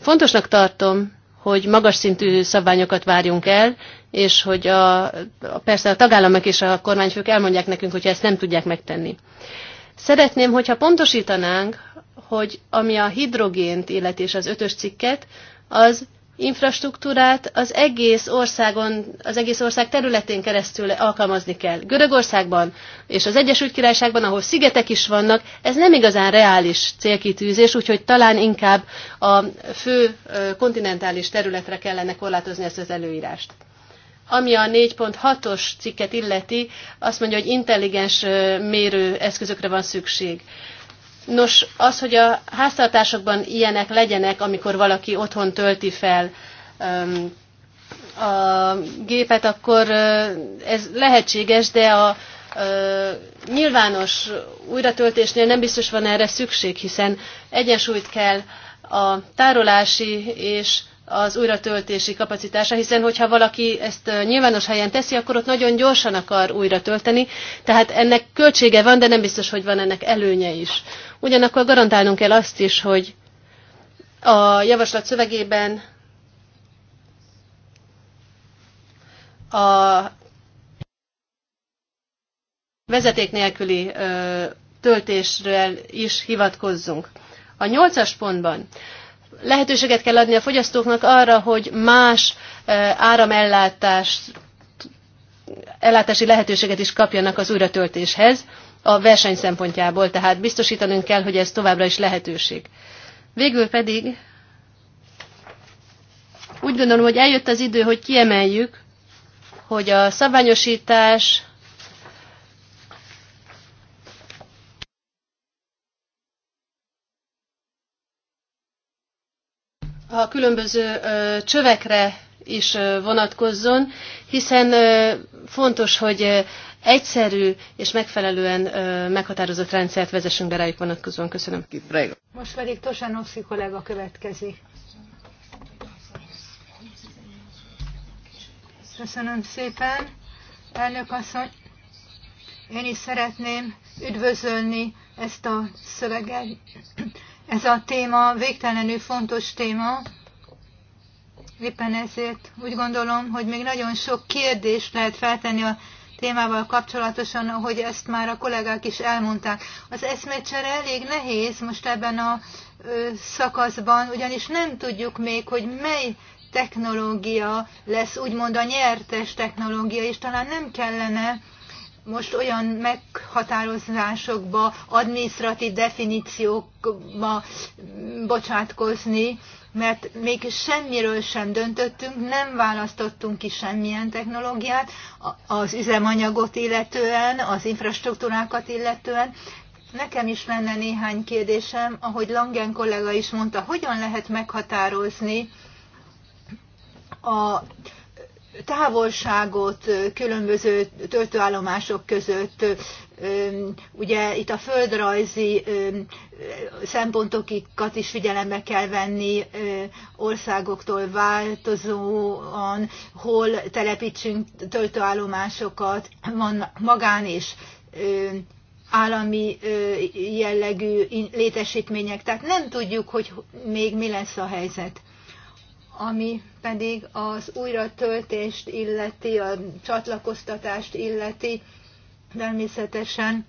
Fontosnak tartom, hogy magas szintű szabványokat várjunk el, és hogy a, a, persze a tagállamok és a kormányfők elmondják nekünk, hogyha ezt nem tudják megtenni. Szeretném, hogyha pontosítanánk, hogy ami a hidrogént illeti és az ötös cikket, az infrastruktúrát az egész országon, az egész ország területén keresztül alkalmazni kell. Görögországban és az Egyesült Királyságban, ahol szigetek is vannak, ez nem igazán reális célkitűzés, úgyhogy talán inkább a fő kontinentális területre kellene korlátozni ezt az előírást. Ami a 4.6-os cikket illeti, azt mondja, hogy intelligens mérőeszközökre van szükség. Nos, az, hogy a háztartásokban ilyenek legyenek, amikor valaki otthon tölti fel a gépet, akkor ez lehetséges, de a nyilvános újratöltésnél nem biztos van erre szükség, hiszen egyensúlyt kell a tárolási és az újratöltési kapacitása, hiszen hogyha valaki ezt nyilvános helyen teszi, akkor ott nagyon gyorsan akar újra tölteni, tehát ennek költsége van, de nem biztos, hogy van ennek előnye is. Ugyanakkor garantálnunk kell azt is, hogy a javaslat szövegében a vezeték nélküli töltésről is hivatkozzunk. A nyolcas pontban lehetőséget kell adni a fogyasztóknak arra, hogy más áramellátást ellátási lehetőséget is kapjanak az újratöltéshez a verseny szempontjából, tehát biztosítanunk kell, hogy ez továbbra is lehetőség. Végül pedig úgy gondolom, hogy eljött az idő, hogy kiemeljük, hogy a szabványosítás a különböző csövekre is vonatkozzon, hiszen fontos, hogy egyszerű és megfelelően meghatározott rendszert vezessünk be rájuk vonatkozóan. Köszönöm. Most pedig Tosanovszki kollega következik. Köszönöm szépen, elnök asszony. Én is szeretném üdvözölni ezt a szöveget. Ez a téma végtelenül fontos téma. Éppen ezért úgy gondolom, hogy még nagyon sok kérdést lehet feltenni a témával kapcsolatosan, ahogy ezt már a kollégák is elmondták. Az eszmecsere elég nehéz most ebben a szakaszban, ugyanis nem tudjuk még, hogy mely technológia lesz úgymond a nyertes technológia, és talán nem kellene most olyan meghatározásokba, adminisztratív definíciókba bocsátkozni, mert még semmiről sem döntöttünk, nem választottunk ki semmilyen technológiát az üzemanyagot illetően, az infrastruktúrákat illetően. Nekem is lenne néhány kérdésem, ahogy Langen kollega is mondta, hogyan lehet meghatározni a távolságot különböző töltőállomások között, ugye itt a földrajzi szempontokat is figyelembe kell venni országoktól változóan, hol telepítsünk töltőállomásokat, van magán és állami jellegű létesítmények, tehát nem tudjuk, hogy még mi lesz a helyzet ami pedig az újratöltést illeti, a csatlakoztatást illeti, természetesen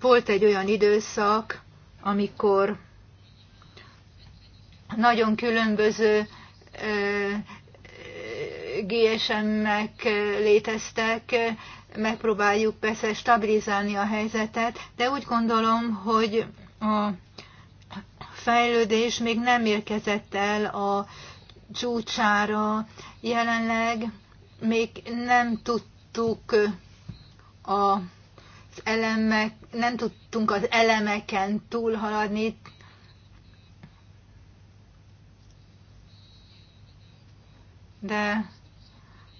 volt egy olyan időszak, amikor nagyon különböző GSM-ek léteztek, megpróbáljuk persze stabilizálni a helyzetet, de úgy gondolom, hogy a fejlődés még nem érkezett el a csúcsára. Jelenleg még nem tudtuk a az elemek, nem tudtunk az elemeken túlhaladni. De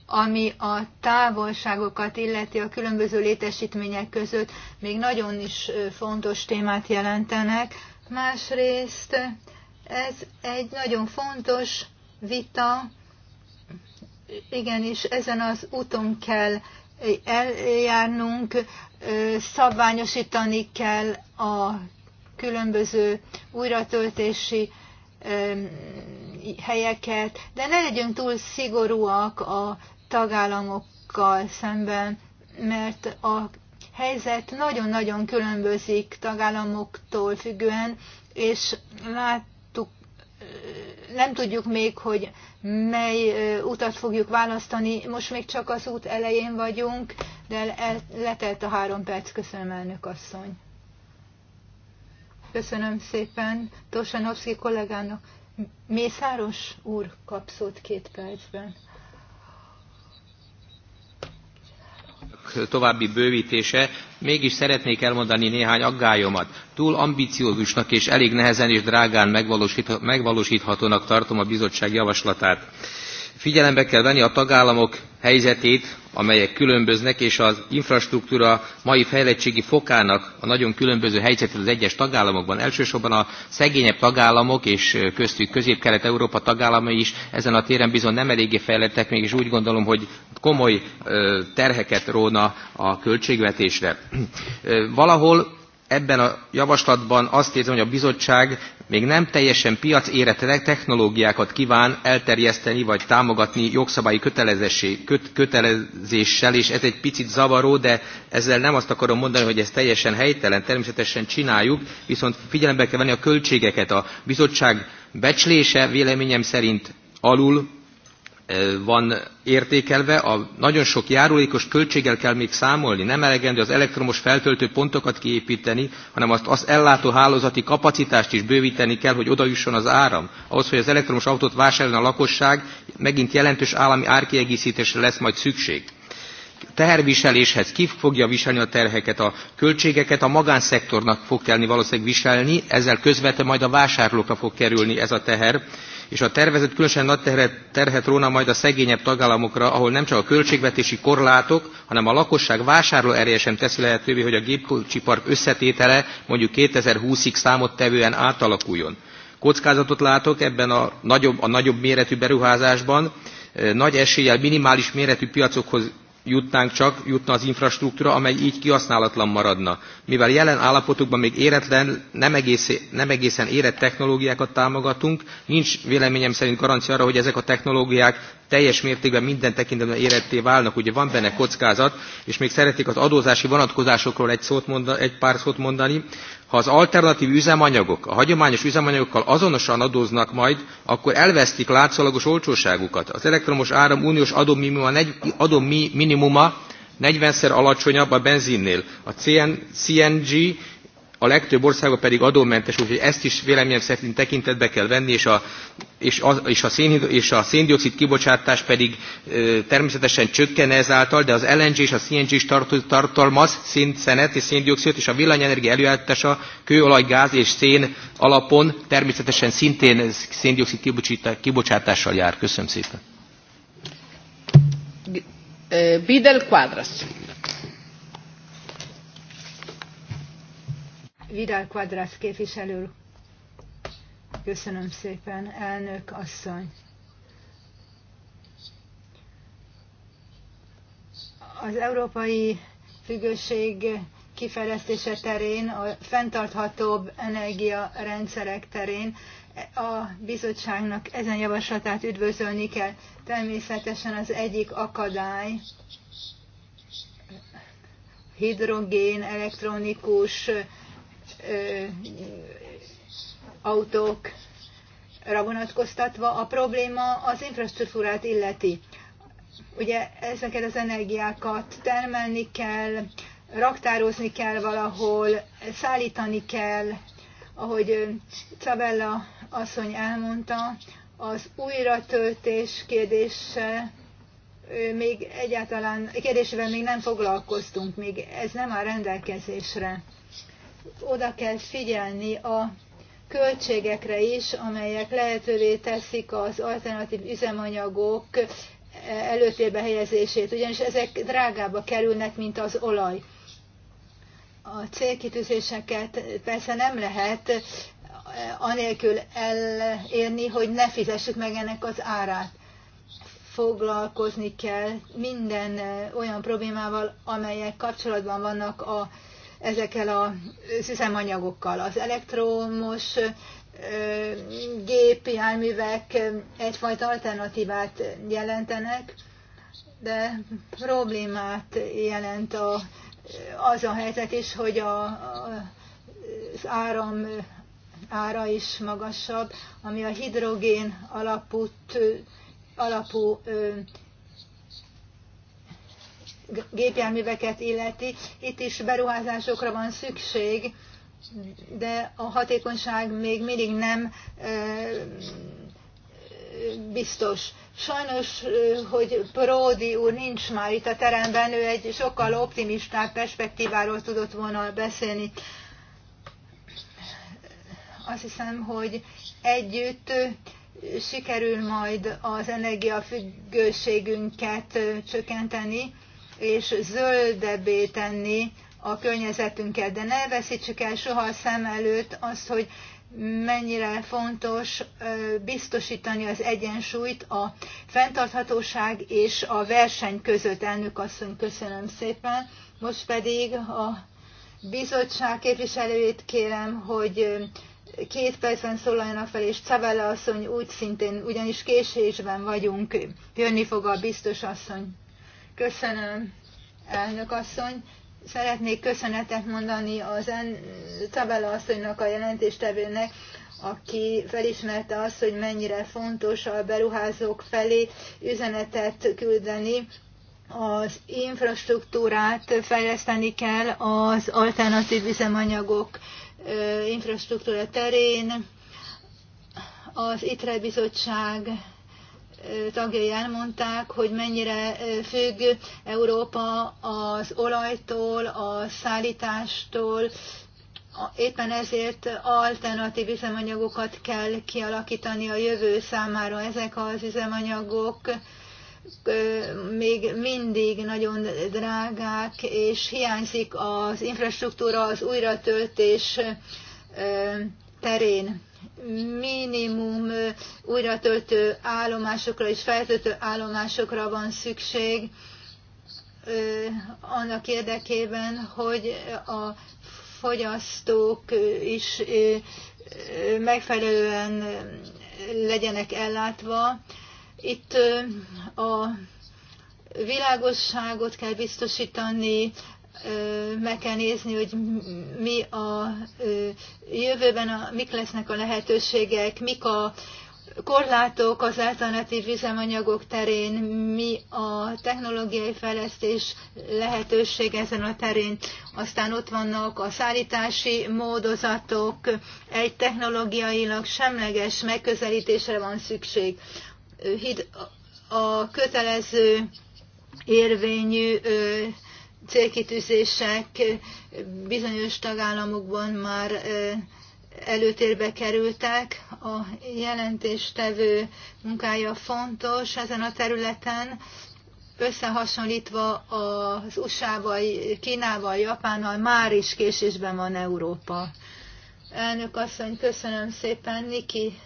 ami a távolságokat illeti a különböző létesítmények között, még nagyon is fontos témát jelentenek. Másrészt ez egy nagyon fontos vita, igenis ezen az úton kell eljárnunk, szabványosítani kell a különböző újratöltési helyeket, de ne legyünk túl szigorúak a tagállamokkal szemben, mert a helyzet nagyon-nagyon különbözik tagállamoktól függően, és láttuk, nem tudjuk még, hogy mely utat fogjuk választani. Most még csak az út elején vagyunk, de letelt a három perc. Köszönöm, elnök asszony. Köszönöm szépen Tosanovszki kollégának. Mészáros úr kapszott két percben. további bővítése, mégis szeretnék elmondani néhány aggályomat. Túl ambiciózusnak és elég nehezen és drágán megvalósíthatónak tartom a bizottság javaslatát Figyelembe kell venni a tagállamok helyzetét, amelyek különböznek, és az infrastruktúra mai fejlettségi fokának a nagyon különböző helyzetét az egyes tagállamokban. Elsősorban a szegényebb tagállamok, és köztük közép-kelet-európa tagállamai is ezen a téren bizony nem eléggé fejlettek, mégis úgy gondolom, hogy komoly terheket róna a költségvetésre. Valahol ebben a javaslatban azt érzem, hogy a bizottság még nem teljesen piac érett technológiákat kíván elterjeszteni vagy támogatni jogszabályi köt, kötelezéssel, és ez egy picit zavaró, de ezzel nem azt akarom mondani, hogy ez teljesen helytelen, természetesen csináljuk, viszont figyelembe kell venni a költségeket. A bizottság becslése véleményem szerint alul van értékelve, a nagyon sok járulékos költséggel kell még számolni. Nem elegendő az elektromos feltöltő pontokat kiépíteni, hanem azt, azt ellátó hálózati kapacitást is bővíteni kell, hogy odajusson az áram. Ahhoz, hogy az elektromos autót vásároljon a lakosság, megint jelentős állami árkiegészítésre lesz majd szükség teherviseléshez ki fogja viselni a terheket, a költségeket a magánszektornak fog kellni valószínűleg viselni, ezzel közvetve majd a vásárlókra fog kerülni ez a teher, és a tervezet különösen nagy terhet, terhet róna majd a szegényebb tagállamokra, ahol nem csak a költségvetési korlátok, hanem a lakosság vásárlóereje sem teszi lehetővé, hogy a gépkocsipark összetétele mondjuk 2020-ig számottevően átalakuljon. Kockázatot látok ebben a nagyobb, a nagyobb méretű beruházásban, nagy eséllyel minimális méretű piacokhoz jutnánk csak, jutna az infrastruktúra, amely így kihasználatlan maradna, mivel jelen állapotukban még éretlen, nem, egész, nem egészen érett technológiákat támogatunk, nincs véleményem szerint garancia arra, hogy ezek a technológiák teljes mértékben minden tekintetben éretté válnak, ugye van benne kockázat, és még szeretnék az adózási vonatkozásokról egy, szót mondani, egy pár szót mondani ha az alternatív üzemanyagok a hagyományos üzemanyagokkal azonosan adóznak majd, akkor elvesztik látszólagos olcsóságukat. Az elektromos áram uniós adóminimuma 40-szer alacsonyabb a benzinnél. A CNG a legtöbb országa pedig adómentes, úgyhogy ezt is véleményem szerint tekintetbe kell venni, és a, és a, és a, szén, és a széndiokszid kibocsátás pedig e, természetesen csökken ezáltal, de az LNG és a CNG is tartalmaz szint, szenet és széndiokszidot, és a villanyenergia előállítása kőolaj, gáz és szén alapon természetesen szintén széndiokszid kibocsátással jár. Köszönöm szépen. Bidel Quadras. Vidal Quadras képviselő. Köszönöm szépen, elnök asszony. Az európai függőség kifejlesztése terén, a fenntarthatóbb energiarendszerek terén a bizottságnak ezen javaslatát üdvözölni kell. Természetesen az egyik akadály hidrogén, elektronikus autókra vonatkoztatva a probléma az infrastruktúrát illeti. Ugye ezeket az energiákat termelni kell, raktározni kell valahol, szállítani kell, ahogy Csabella asszony elmondta, az újratöltés kérdése még egyáltalán kérdésével még nem foglalkoztunk, még ez nem a rendelkezésre oda kell figyelni a költségekre is, amelyek lehetővé teszik az alternatív üzemanyagok előtérbe helyezését, ugyanis ezek drágába kerülnek, mint az olaj. A célkitűzéseket persze nem lehet anélkül elérni, hogy ne fizessük meg ennek az árát. Foglalkozni kell minden olyan problémával, amelyek kapcsolatban vannak a ezekkel az üzemanyagokkal. Az elektromos járművek egyfajta alternatívát jelentenek, de problémát jelent a, az a helyzet is, hogy a, az áram ára is magasabb, ami a hidrogén alapút, alapú gépjárműveket illeti, itt is beruházásokra van szükség, de a hatékonyság még mindig nem biztos. Sajnos, hogy Pródi úr nincs már itt a teremben, ő egy sokkal optimistább perspektíváról tudott volna beszélni. Azt hiszem, hogy együtt sikerül majd az energiafüggőségünket csökkenteni és zöldebbé tenni a környezetünket, de ne veszítsük el soha a szem előtt azt, hogy mennyire fontos biztosítani az egyensúlyt a fenntarthatóság és a verseny között. Elnök asszony, köszönöm szépen. Most pedig a bizottság képviselőjét kérem, hogy két percben szólaljanak fel, és Cavella asszony úgy szintén, ugyanis késésben vagyunk, jönni fog a biztos asszony. Köszönöm, elnök asszony. Szeretnék köszönetet mondani az en, Tabela asszonynak, a jelentéstevőnek, aki felismerte azt, hogy mennyire fontos a beruházók felé üzenetet küldeni, az infrastruktúrát fejleszteni kell az alternatív üzemanyagok infrastruktúra terén. Az ITRE bizottság tagjai elmondták, hogy mennyire függ Európa az olajtól, a szállítástól, éppen ezért alternatív üzemanyagokat kell kialakítani a jövő számára. Ezek az üzemanyagok még mindig nagyon drágák, és hiányzik az infrastruktúra az újratöltés terén minimum újratöltő állomásokra és feltöltő állomásokra van szükség annak érdekében, hogy a fogyasztók is megfelelően legyenek ellátva. Itt a világosságot kell biztosítani, meg kell nézni, hogy mi a jövőben, a, mik lesznek a lehetőségek, mik a korlátok az alternatív üzemanyagok terén, mi a technológiai fejlesztés lehetőség ezen a terén. Aztán ott vannak a szállítási módozatok, egy technológiailag semleges megközelítésre van szükség. A kötelező érvényű célkitűzések bizonyos tagállamokban már előtérbe kerültek. A jelentéstevő munkája fontos ezen a területen, összehasonlítva az USA-val, Kínával, Japánnal már is késésben van Európa. Elnök asszony, köszönöm szépen. Niki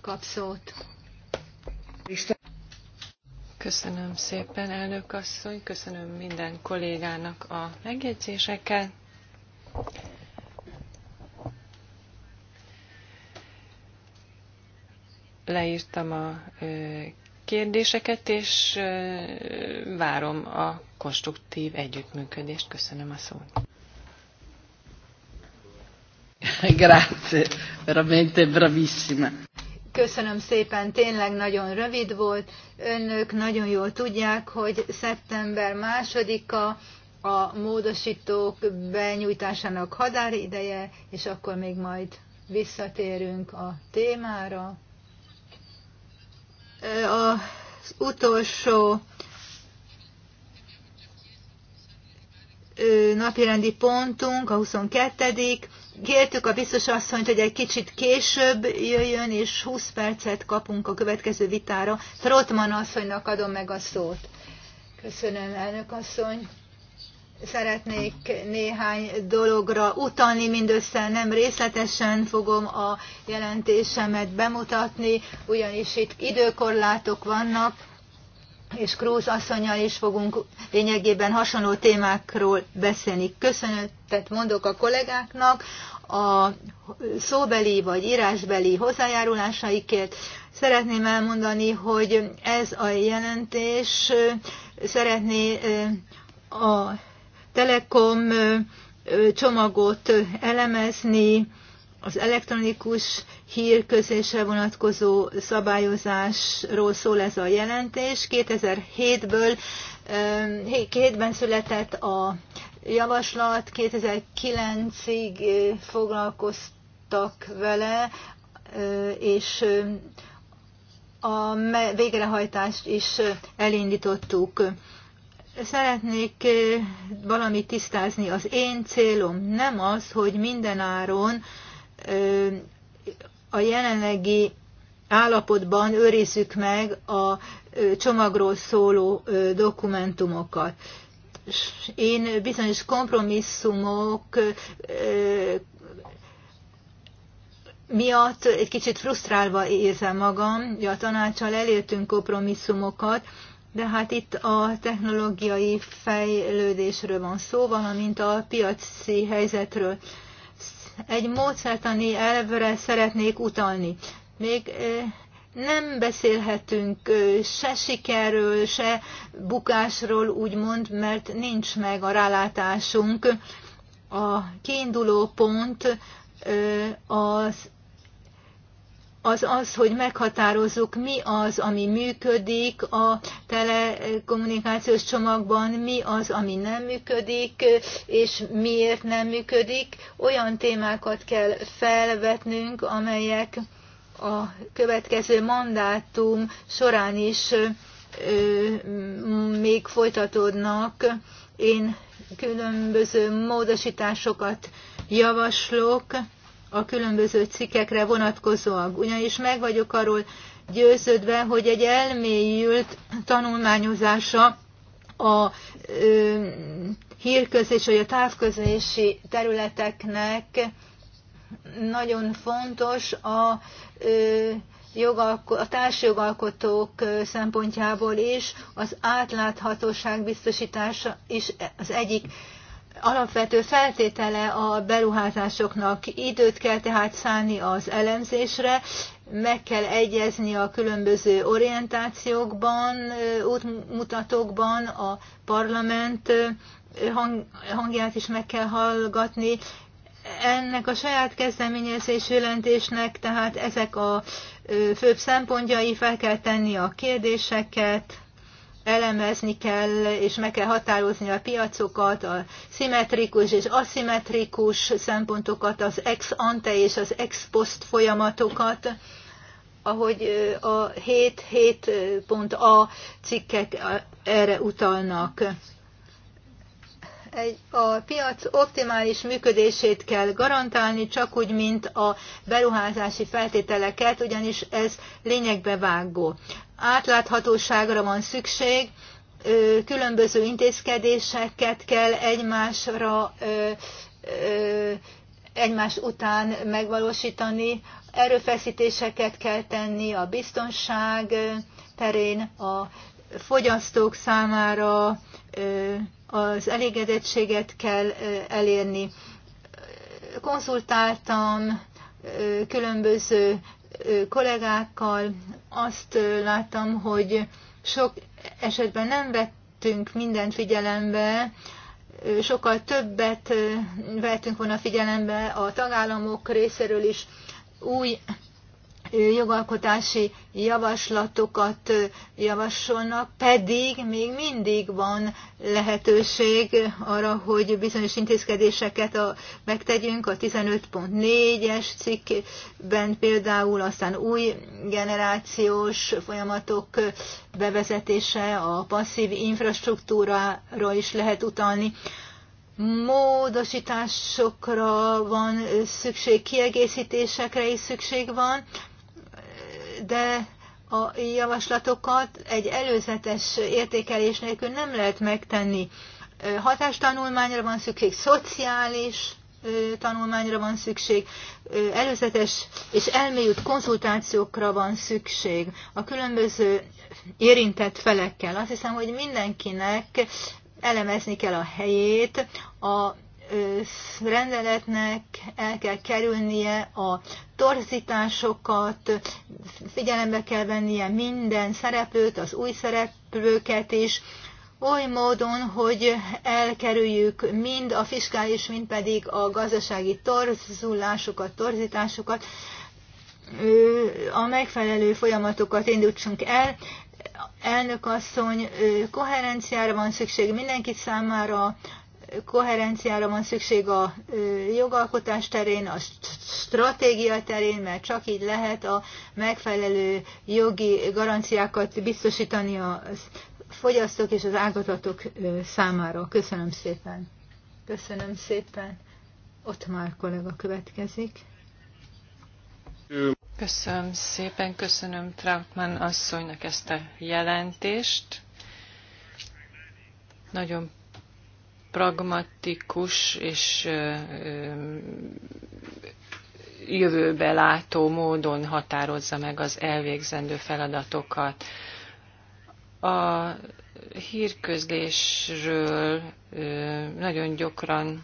kapszót. Köszönöm szépen, elnök asszony, köszönöm minden kollégának a megjegyzéseket. Leírtam a kérdéseket, és várom a konstruktív együttműködést. Köszönöm a szót. Grazie, veramente bravissima. Köszönöm szépen, tényleg nagyon rövid volt. Önök nagyon jól tudják, hogy szeptember másodika a módosítók benyújtásának határideje, és akkor még majd visszatérünk a témára. Az utolsó napirendi pontunk, a 22 kértük a biztos asszonyt, hogy egy kicsit később jöjjön, és 20 percet kapunk a következő vitára. Trotman asszonynak adom meg a szót. Köszönöm, elnök asszony. Szeretnék néhány dologra utalni, mindössze nem részletesen fogom a jelentésemet bemutatni, ugyanis itt időkorlátok vannak és Krúz asszonya is fogunk lényegében hasonló témákról beszélni. Köszönetet mondok a kollégáknak a szóbeli vagy írásbeli hozzájárulásaikért. Szeretném elmondani, hogy ez a jelentés szeretné a Telekom csomagot elemezni, az elektronikus hírközésre vonatkozó szabályozásról szól ez a jelentés. 2007-ből 2007-ben született a javaslat, 2009-ig eh, foglalkoztak vele, eh, és eh, a végrehajtást is elindítottuk. Szeretnék valamit tisztázni. Az én célom nem az, hogy mindenáron a jelenlegi állapotban őrizzük meg a csomagról szóló dokumentumokat. Én bizonyos kompromisszumok miatt egy kicsit frusztrálva érzem magam, hogy a tanácsal elértünk kompromisszumokat, de hát itt a technológiai fejlődésről van szó, valamint a piaci helyzetről egy módszertani elvre szeretnék utalni. Még nem beszélhetünk se sikerről, se bukásról, úgymond, mert nincs meg a rálátásunk. A kiinduló pont az az az, hogy meghatározzuk, mi az, ami működik a telekommunikációs csomagban, mi az, ami nem működik, és miért nem működik. Olyan témákat kell felvetnünk, amelyek a következő mandátum során is még folytatódnak. Én különböző módosításokat javaslok a különböző cikkekre vonatkozóak. Ugyanis meg vagyok arról győződve, hogy egy elmélyült tanulmányozása a ö, hírközés vagy a távközlési területeknek nagyon fontos a, ö, jogalko, a társjogalkotók szempontjából is az átláthatóság biztosítása is az egyik alapvető feltétele a beruházásoknak. Időt kell tehát szállni az elemzésre, meg kell egyezni a különböző orientációkban, útmutatókban, a parlament hangját is meg kell hallgatni. Ennek a saját kezdeményezés jelentésnek tehát ezek a főbb szempontjai, fel kell tenni a kérdéseket, elemezni kell, és meg kell határozni a piacokat, a szimmetrikus és aszimmetrikus szempontokat, az ex ante és az ex post folyamatokat, ahogy a 7.7.a cikkek erre utalnak egy, a piac optimális működését kell garantálni, csak úgy, mint a beruházási feltételeket, ugyanis ez lényegbe vágó. Átláthatóságra van szükség, különböző intézkedéseket kell egymásra egymás után megvalósítani, erőfeszítéseket kell tenni a biztonság terén, a fogyasztók számára, az elégedettséget kell elérni. Konzultáltam különböző kollégákkal, azt láttam, hogy sok esetben nem vettünk mindent figyelembe, sokkal többet vettünk volna figyelembe a tagállamok részéről is új jogalkotási javaslatokat javasolnak, pedig még mindig van lehetőség arra, hogy bizonyos intézkedéseket a, megtegyünk. A 15.4-es cikkben például aztán új generációs folyamatok bevezetése, a passzív infrastruktúrára is lehet utalni módosításokra van szükség, kiegészítésekre is szükség van, de a javaslatokat egy előzetes értékelés nélkül nem lehet megtenni. Hatástanulmányra van szükség, szociális tanulmányra van szükség, előzetes és elmélyült konzultációkra van szükség a különböző érintett felekkel. Azt hiszem, hogy mindenkinek elemezni kell a helyét, a rendeletnek el kell kerülnie a torzításokat, figyelembe kell vennie minden szereplőt, az új szereplőket is, oly módon, hogy elkerüljük mind a fiskális, mind pedig a gazdasági torzulásokat, torzításokat, a megfelelő folyamatokat indítsunk el. Elnök asszony, koherenciára van szükség mindenki számára, koherenciára van szükség a jogalkotás terén, a stratégia terén, mert csak így lehet a megfelelő jogi garanciákat biztosítani a fogyasztók és az ágazatok számára. Köszönöm szépen. Köszönöm szépen. Ott már kollega következik. Köszönöm szépen, köszönöm Trautmann asszonynak ezt a jelentést. Nagyon pragmatikus és jövőbe látó módon határozza meg az elvégzendő feladatokat. A hírközlésről nagyon gyakran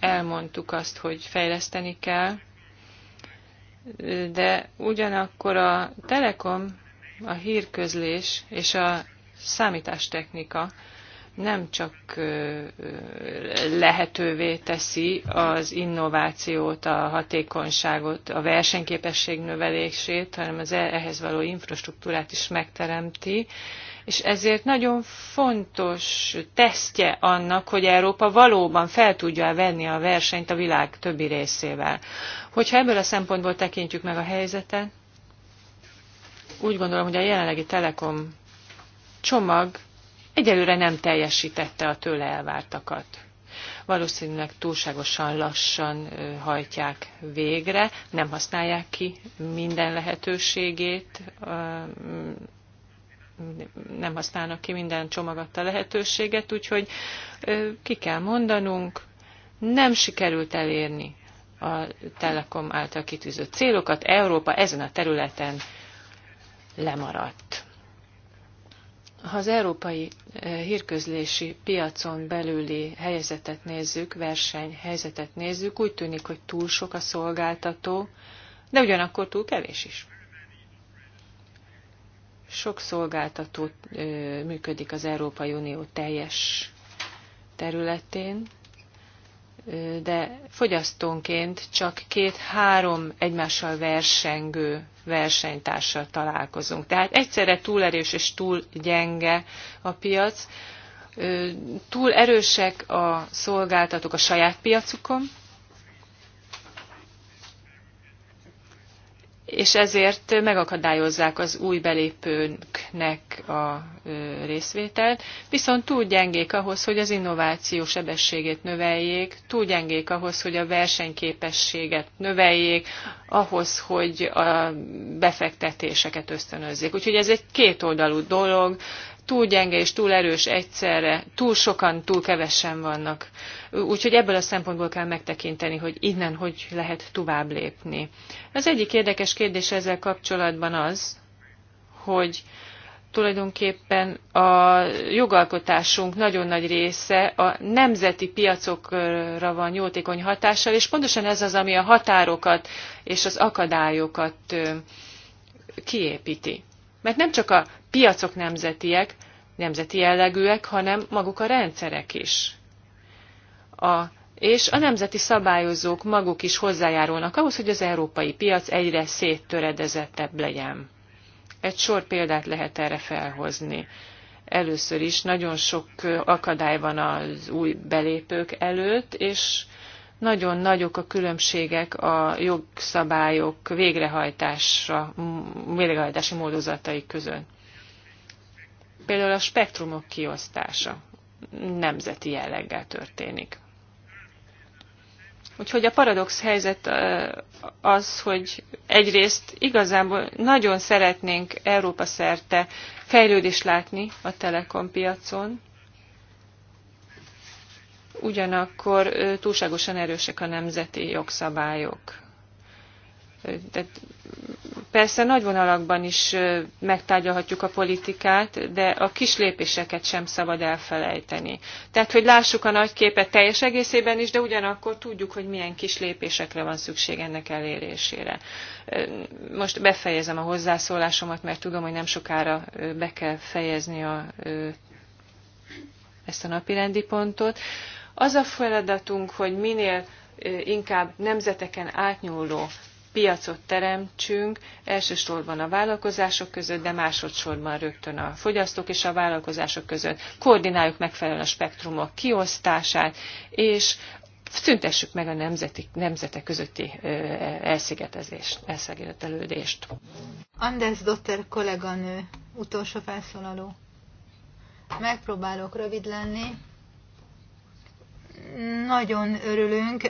elmondtuk azt, hogy fejleszteni kell, de ugyanakkor a telekom, a hírközlés és a számítástechnika nem csak lehetővé teszi az innovációt, a hatékonyságot, a versenyképesség növelését, hanem az ehhez való infrastruktúrát is megteremti, és ezért nagyon fontos tesztje annak, hogy Európa valóban fel tudja venni a versenyt a világ többi részével. Hogyha ebből a szempontból tekintjük meg a helyzetet, úgy gondolom, hogy a jelenlegi Telekom csomag egyelőre nem teljesítette a tőle elvártakat. Valószínűleg túlságosan lassan hajtják végre, nem használják ki minden lehetőségét, nem használnak ki minden csomagatta lehetőséget, úgyhogy ki kell mondanunk, nem sikerült elérni a Telekom által kitűzött célokat, Európa ezen a területen lemaradt. Ha az európai e, hírközlési piacon belüli helyzetet nézzük, versenyhelyzetet nézzük, úgy tűnik, hogy túl sok a szolgáltató, de ugyanakkor túl kevés is. Sok szolgáltató e, működik az Európai Unió teljes területén, e, de fogyasztónként csak két-három egymással versengő versenytársal találkozunk. Tehát egyszerre túl erős és túl gyenge a piac. Túl erősek a szolgáltatók a saját piacukon, és ezért megakadályozzák az új belépőnknek a részvételt, viszont túl gyengék ahhoz, hogy az innováció sebességét növeljék, túl gyengék ahhoz, hogy a versenyképességet növeljék, ahhoz, hogy a befektetéseket ösztönözzék. Úgyhogy ez egy kétoldalú dolog, túl gyenge és túl erős egyszerre, túl sokan, túl kevesen vannak. Úgyhogy ebből a szempontból kell megtekinteni, hogy innen hogy lehet tovább lépni. Az egyik érdekes kérdés ezzel kapcsolatban az, hogy tulajdonképpen a jogalkotásunk nagyon nagy része a nemzeti piacokra van jótékony hatással, és pontosan ez az, ami a határokat és az akadályokat kiépíti. Mert nem csak a piacok nemzetiek, nemzeti jellegűek, hanem maguk a rendszerek is. A, és a nemzeti szabályozók maguk is hozzájárulnak ahhoz, hogy az európai piac egyre széttöredezettebb legyen. Egy sor példát lehet erre felhozni. Először is nagyon sok akadály van az új belépők előtt, és nagyon nagyok a különbségek a jogszabályok végrehajtása, végrehajtási módozatai között. Például a spektrumok kiosztása nemzeti jelleggel történik. Úgyhogy a paradox helyzet az, hogy egyrészt igazából nagyon szeretnénk Európa szerte fejlődést látni a telekompiacon, ugyanakkor túlságosan erősek a nemzeti jogszabályok. Tehát persze nagy vonalakban is megtárgyalhatjuk a politikát, de a kis lépéseket sem szabad elfelejteni. Tehát, hogy lássuk a nagy képet teljes egészében is, de ugyanakkor tudjuk, hogy milyen kis lépésekre van szükség ennek elérésére. Most befejezem a hozzászólásomat, mert tudom, hogy nem sokára be kell fejezni a, ezt a napirendi pontot. Az a feladatunk, hogy minél inkább nemzeteken átnyúló piacot teremtsünk, elsősorban a vállalkozások között, de másodszorban rögtön a fogyasztók és a vállalkozások között. Koordináljuk megfelelően a spektrumok kiosztását, és szüntessük meg a nemzeti, nemzetek közötti elszigetezést, elszigetelődést. Anders Dotter kolléganő, utolsó felszólaló. Megpróbálok rövid lenni nagyon örülünk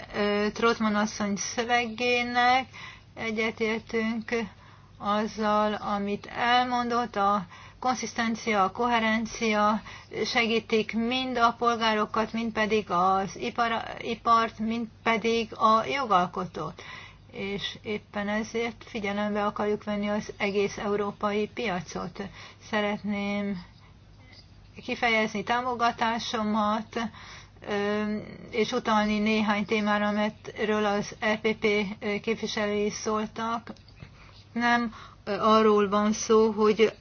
Trotman asszony szövegének, egyetértünk azzal, amit elmondott, a konszisztencia, a koherencia segítik mind a polgárokat, mind pedig az ipar, ipart, mind pedig a jogalkotót. És éppen ezért figyelembe akarjuk venni az egész európai piacot. Szeretném kifejezni támogatásomat és utalni néhány témára, ametről az EPP képviselői szóltak. Nem arról van szó, hogy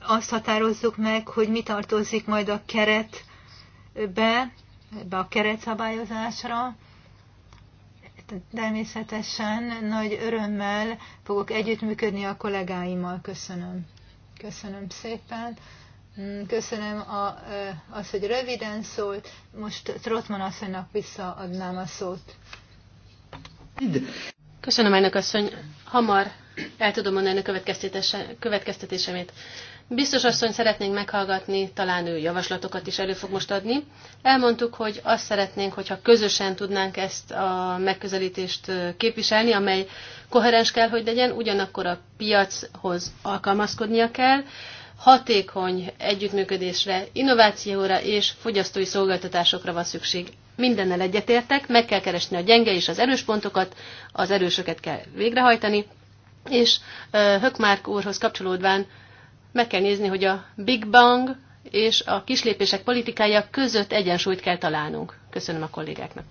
azt határozzuk meg, hogy mi tartozik majd a keretbe, ebbe a keretszabályozásra. Természetesen nagy örömmel fogok együttműködni a kollégáimmal. Köszönöm. Köszönöm szépen. Mm, köszönöm a, az, hogy röviden szólt. Most Trotman asszonynak visszaadnám a szót. Köszönöm, elnök asszony. Hamar el tudom mondani a következtetésemét. Biztos asszony szeretnénk meghallgatni, talán ő javaslatokat is elő fog most adni. Elmondtuk, hogy azt szeretnénk, hogyha közösen tudnánk ezt a megközelítést képviselni, amely koherens kell, hogy legyen, ugyanakkor a piachoz alkalmazkodnia kell, hatékony együttműködésre, innovációra és fogyasztói szolgáltatásokra van szükség. Mindennel egyetértek, meg kell keresni a gyenge és az erős pontokat, az erősöket kell végrehajtani, és Hökmárk úrhoz kapcsolódván meg kell nézni, hogy a Big Bang és a kislépések politikája között egyensúlyt kell találnunk. Köszönöm a kollégáknak.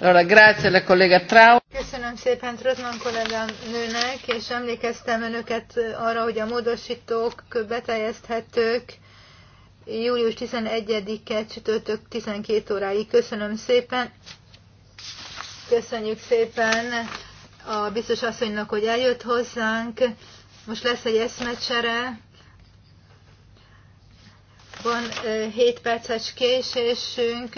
Allora, grazie collega Trau. Köszönöm szépen Trotman kolléganőnek, és emlékeztem önöket arra, hogy a módosítók beteljeszthetők július 11-e csütörtök 12 óráig. Köszönöm szépen. Köszönjük szépen a biztos asszonynak, hogy eljött hozzánk. Most lesz egy eszmecsere. Van 7 eh, perces késésünk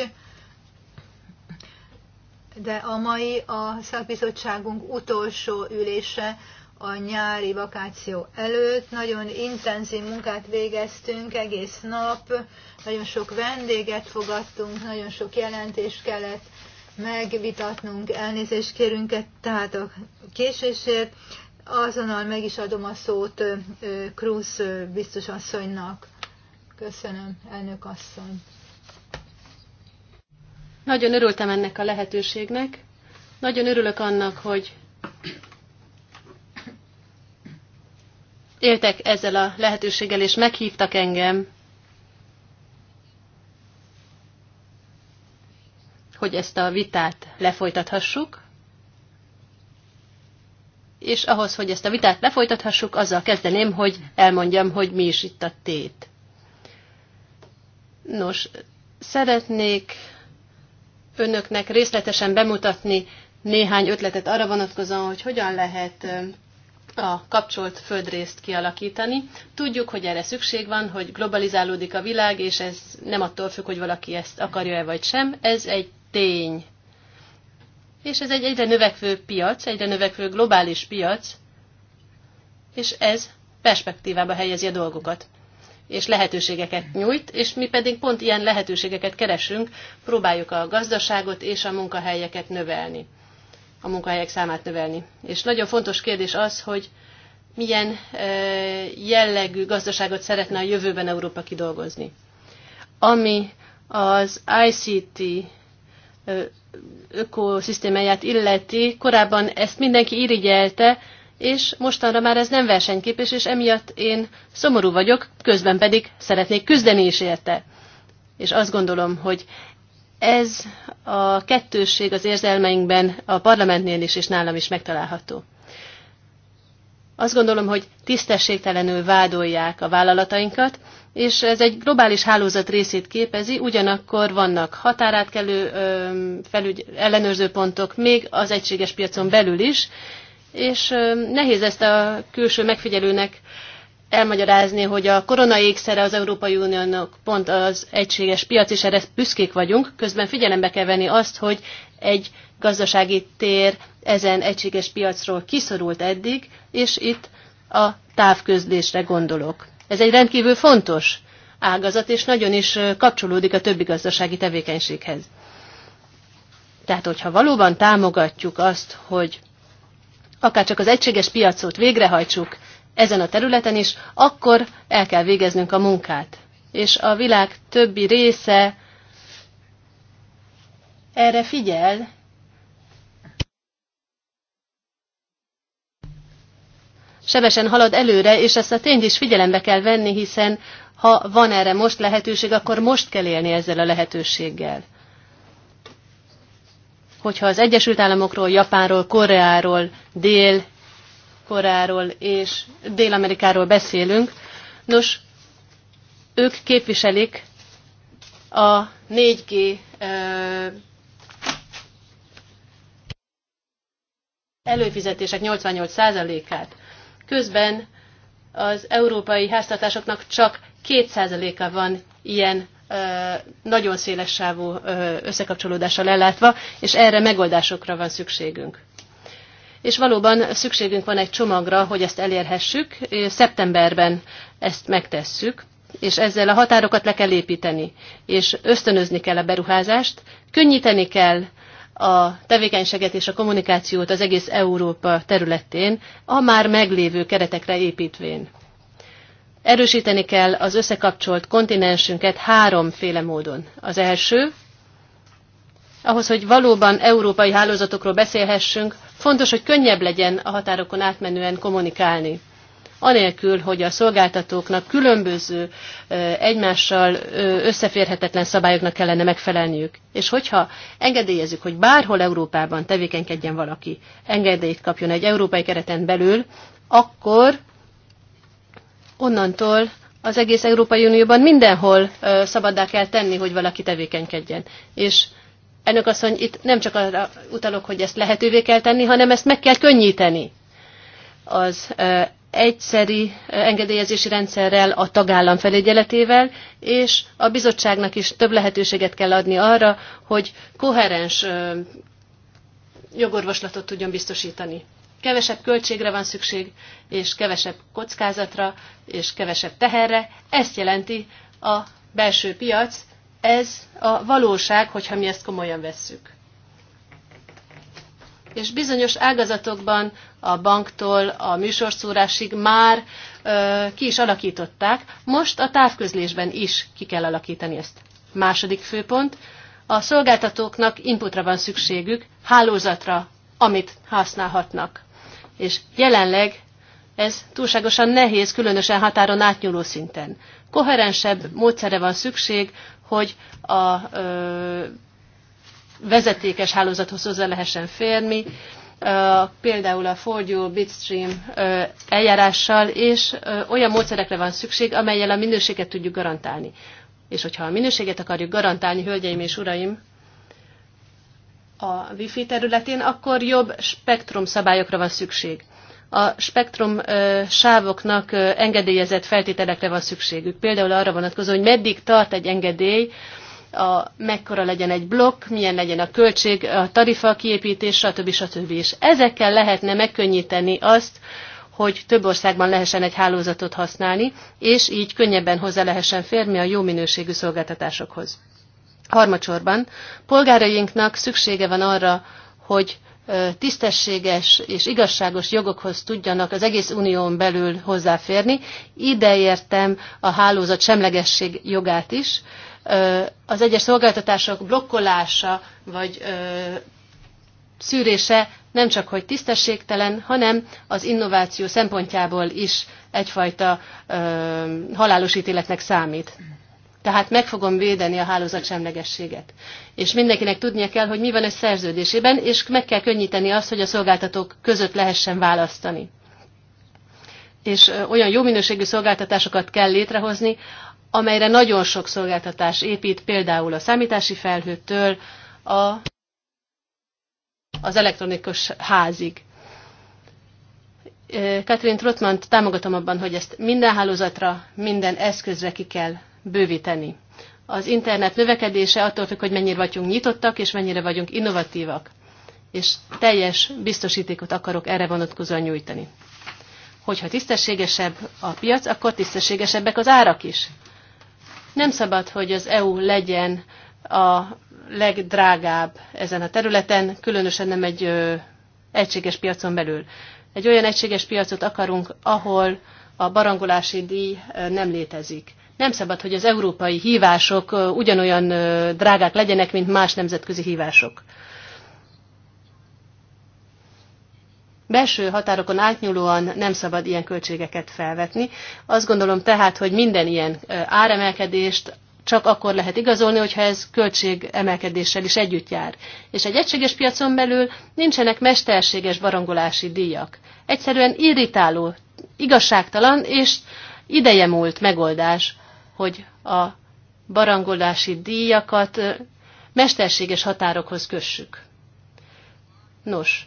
de a mai a szakbizottságunk utolsó ülése a nyári vakáció előtt. Nagyon intenzív munkát végeztünk egész nap, nagyon sok vendéget fogadtunk, nagyon sok jelentést kellett megvitatnunk, elnézést kérünk tehát a késésért. Azonnal meg is adom a szót Krusz biztos asszonynak. Köszönöm, elnök asszony. Nagyon örültem ennek a lehetőségnek. Nagyon örülök annak, hogy éltek ezzel a lehetőséggel, és meghívtak engem, hogy ezt a vitát lefolytathassuk. És ahhoz, hogy ezt a vitát lefolytathassuk, azzal kezdeném, hogy elmondjam, hogy mi is itt a tét. Nos, szeretnék önöknek részletesen bemutatni néhány ötletet arra vonatkozóan, hogy hogyan lehet a kapcsolt földrészt kialakítani. Tudjuk, hogy erre szükség van, hogy globalizálódik a világ, és ez nem attól függ, hogy valaki ezt akarja-e vagy sem, ez egy tény. És ez egy egyre növekvő piac, egyre növekvő globális piac, és ez perspektívába helyezi a dolgokat és lehetőségeket nyújt, és mi pedig pont ilyen lehetőségeket keresünk, próbáljuk a gazdaságot és a munkahelyeket növelni, a munkahelyek számát növelni. És nagyon fontos kérdés az, hogy milyen jellegű gazdaságot szeretne a jövőben Európa kidolgozni. Ami az ICT ökoszisztémáját illeti, korábban ezt mindenki irigyelte, és mostanra már ez nem versenyképes, és emiatt én szomorú vagyok, közben pedig szeretnék küzdeni is érte. És azt gondolom, hogy ez a kettősség az érzelmeinkben a parlamentnél is és nálam is megtalálható. Azt gondolom, hogy tisztességtelenül vádolják a vállalatainkat, és ez egy globális hálózat részét képezi, ugyanakkor vannak határátkelő felügy, ellenőrző pontok még az egységes piacon belül is, és nehéz ezt a külső megfigyelőnek elmagyarázni, hogy a korona égszere az Európai Uniónak pont az egységes piac, és erre büszkék vagyunk, közben figyelembe kell venni azt, hogy egy gazdasági tér ezen egységes piacról kiszorult eddig, és itt a távközlésre gondolok. Ez egy rendkívül fontos ágazat, és nagyon is kapcsolódik a többi gazdasági tevékenységhez. Tehát, hogyha valóban támogatjuk azt, hogy akár csak az egységes piacot végrehajtsuk ezen a területen is, akkor el kell végeznünk a munkát. És a világ többi része erre figyel, sebesen halad előre, és ezt a tényt is figyelembe kell venni, hiszen ha van erre most lehetőség, akkor most kell élni ezzel a lehetőséggel hogyha az Egyesült Államokról, Japánról, Koreáról, Dél-Koreáról és Dél-Amerikáról beszélünk, nos, ők képviselik a 4G előfizetések 88%-át. Közben az európai háztartásoknak csak 2%-a van ilyen nagyon széles sávú összekapcsolódással ellátva, és erre megoldásokra van szükségünk. És valóban szükségünk van egy csomagra, hogy ezt elérhessük. Szeptemberben ezt megtesszük, és ezzel a határokat le kell építeni, és ösztönözni kell a beruházást, könnyíteni kell a tevékenységet és a kommunikációt az egész Európa területén, a már meglévő keretekre építvén. Erősíteni kell az összekapcsolt kontinensünket háromféle módon. Az első, ahhoz, hogy valóban európai hálózatokról beszélhessünk, fontos, hogy könnyebb legyen a határokon átmenően kommunikálni. Anélkül, hogy a szolgáltatóknak különböző, egymással összeférhetetlen szabályoknak kellene megfelelniük. És hogyha engedélyezzük, hogy bárhol Európában tevékenykedjen valaki, engedélyt kapjon egy európai kereten belül, akkor onnantól az egész Európai Unióban mindenhol ö, szabaddá kell tenni, hogy valaki tevékenykedjen. És ennek asszony, itt nem csak arra utalok, hogy ezt lehetővé kell tenni, hanem ezt meg kell könnyíteni. Az ö, egyszeri engedélyezési rendszerrel, a tagállam felügyeletével, és a bizottságnak is több lehetőséget kell adni arra, hogy koherens jogorvoslatot tudjon biztosítani kevesebb költségre van szükség, és kevesebb kockázatra, és kevesebb teherre. Ezt jelenti a belső piac, ez a valóság, hogyha mi ezt komolyan vesszük. És bizonyos ágazatokban a banktól a műsorszórásig már ö, ki is alakították, most a távközlésben is ki kell alakítani ezt. Második főpont, a szolgáltatóknak inputra van szükségük, hálózatra, amit használhatnak és jelenleg ez túlságosan nehéz, különösen határon átnyúló szinten. Koherensebb módszere van szükség, hogy a ö, vezetékes hálózathoz hozzá lehessen férni, ö, például a Fordyó Bitstream ö, eljárással, és ö, olyan módszerekre van szükség, amelyel a minőséget tudjuk garantálni. És hogyha a minőséget akarjuk garantálni, hölgyeim és uraim, a wifi területén, akkor jobb spektrum szabályokra van szükség. A spektrum sávoknak engedélyezett feltételekre van szükségük. Például arra vonatkozó, hogy meddig tart egy engedély, a, mekkora legyen egy blokk, milyen legyen a költség, a tarifa kiépítés, stb. stb. És ezekkel lehetne megkönnyíteni azt, hogy több országban lehessen egy hálózatot használni, és így könnyebben hozzá lehessen férni a jó minőségű szolgáltatásokhoz. Harmacsorban polgárainknak szüksége van arra, hogy tisztességes és igazságos jogokhoz tudjanak az egész unión belül hozzáférni. Ideértem a hálózat semlegesség jogát is. Az egyes szolgáltatások blokkolása vagy szűrése nem csak hogy tisztességtelen, hanem az innováció szempontjából is egyfajta halálos ítéletnek számít. Tehát meg fogom védeni a hálózat semlegességet. És mindenkinek tudnia kell, hogy mi van egy szerződésében, és meg kell könnyíteni azt, hogy a szolgáltatók között lehessen választani. És olyan jó minőségű szolgáltatásokat kell létrehozni, amelyre nagyon sok szolgáltatás épít, például a számítási felhőtől a, az elektronikus házig. Katrin Trotmant támogatom abban, hogy ezt minden hálózatra, minden eszközre ki kell bővíteni. Az internet növekedése attól függ, hogy mennyire vagyunk nyitottak, és mennyire vagyunk innovatívak. És teljes biztosítékot akarok erre vonatkozóan nyújtani. Hogyha tisztességesebb a piac, akkor tisztességesebbek az árak is. Nem szabad, hogy az EU legyen a legdrágább ezen a területen, különösen nem egy ö, egységes piacon belül. Egy olyan egységes piacot akarunk, ahol a barangolási díj nem létezik. Nem szabad, hogy az európai hívások ugyanolyan drágák legyenek, mint más nemzetközi hívások. Belső határokon átnyúlóan nem szabad ilyen költségeket felvetni. Azt gondolom tehát, hogy minden ilyen áremelkedést csak akkor lehet igazolni, hogyha ez költségemelkedéssel is együtt jár. És egy egységes piacon belül nincsenek mesterséges barangolási díjak. Egyszerűen irritáló, igazságtalan és ideje múlt megoldás, hogy a barangolási díjakat mesterséges határokhoz kössük. Nos,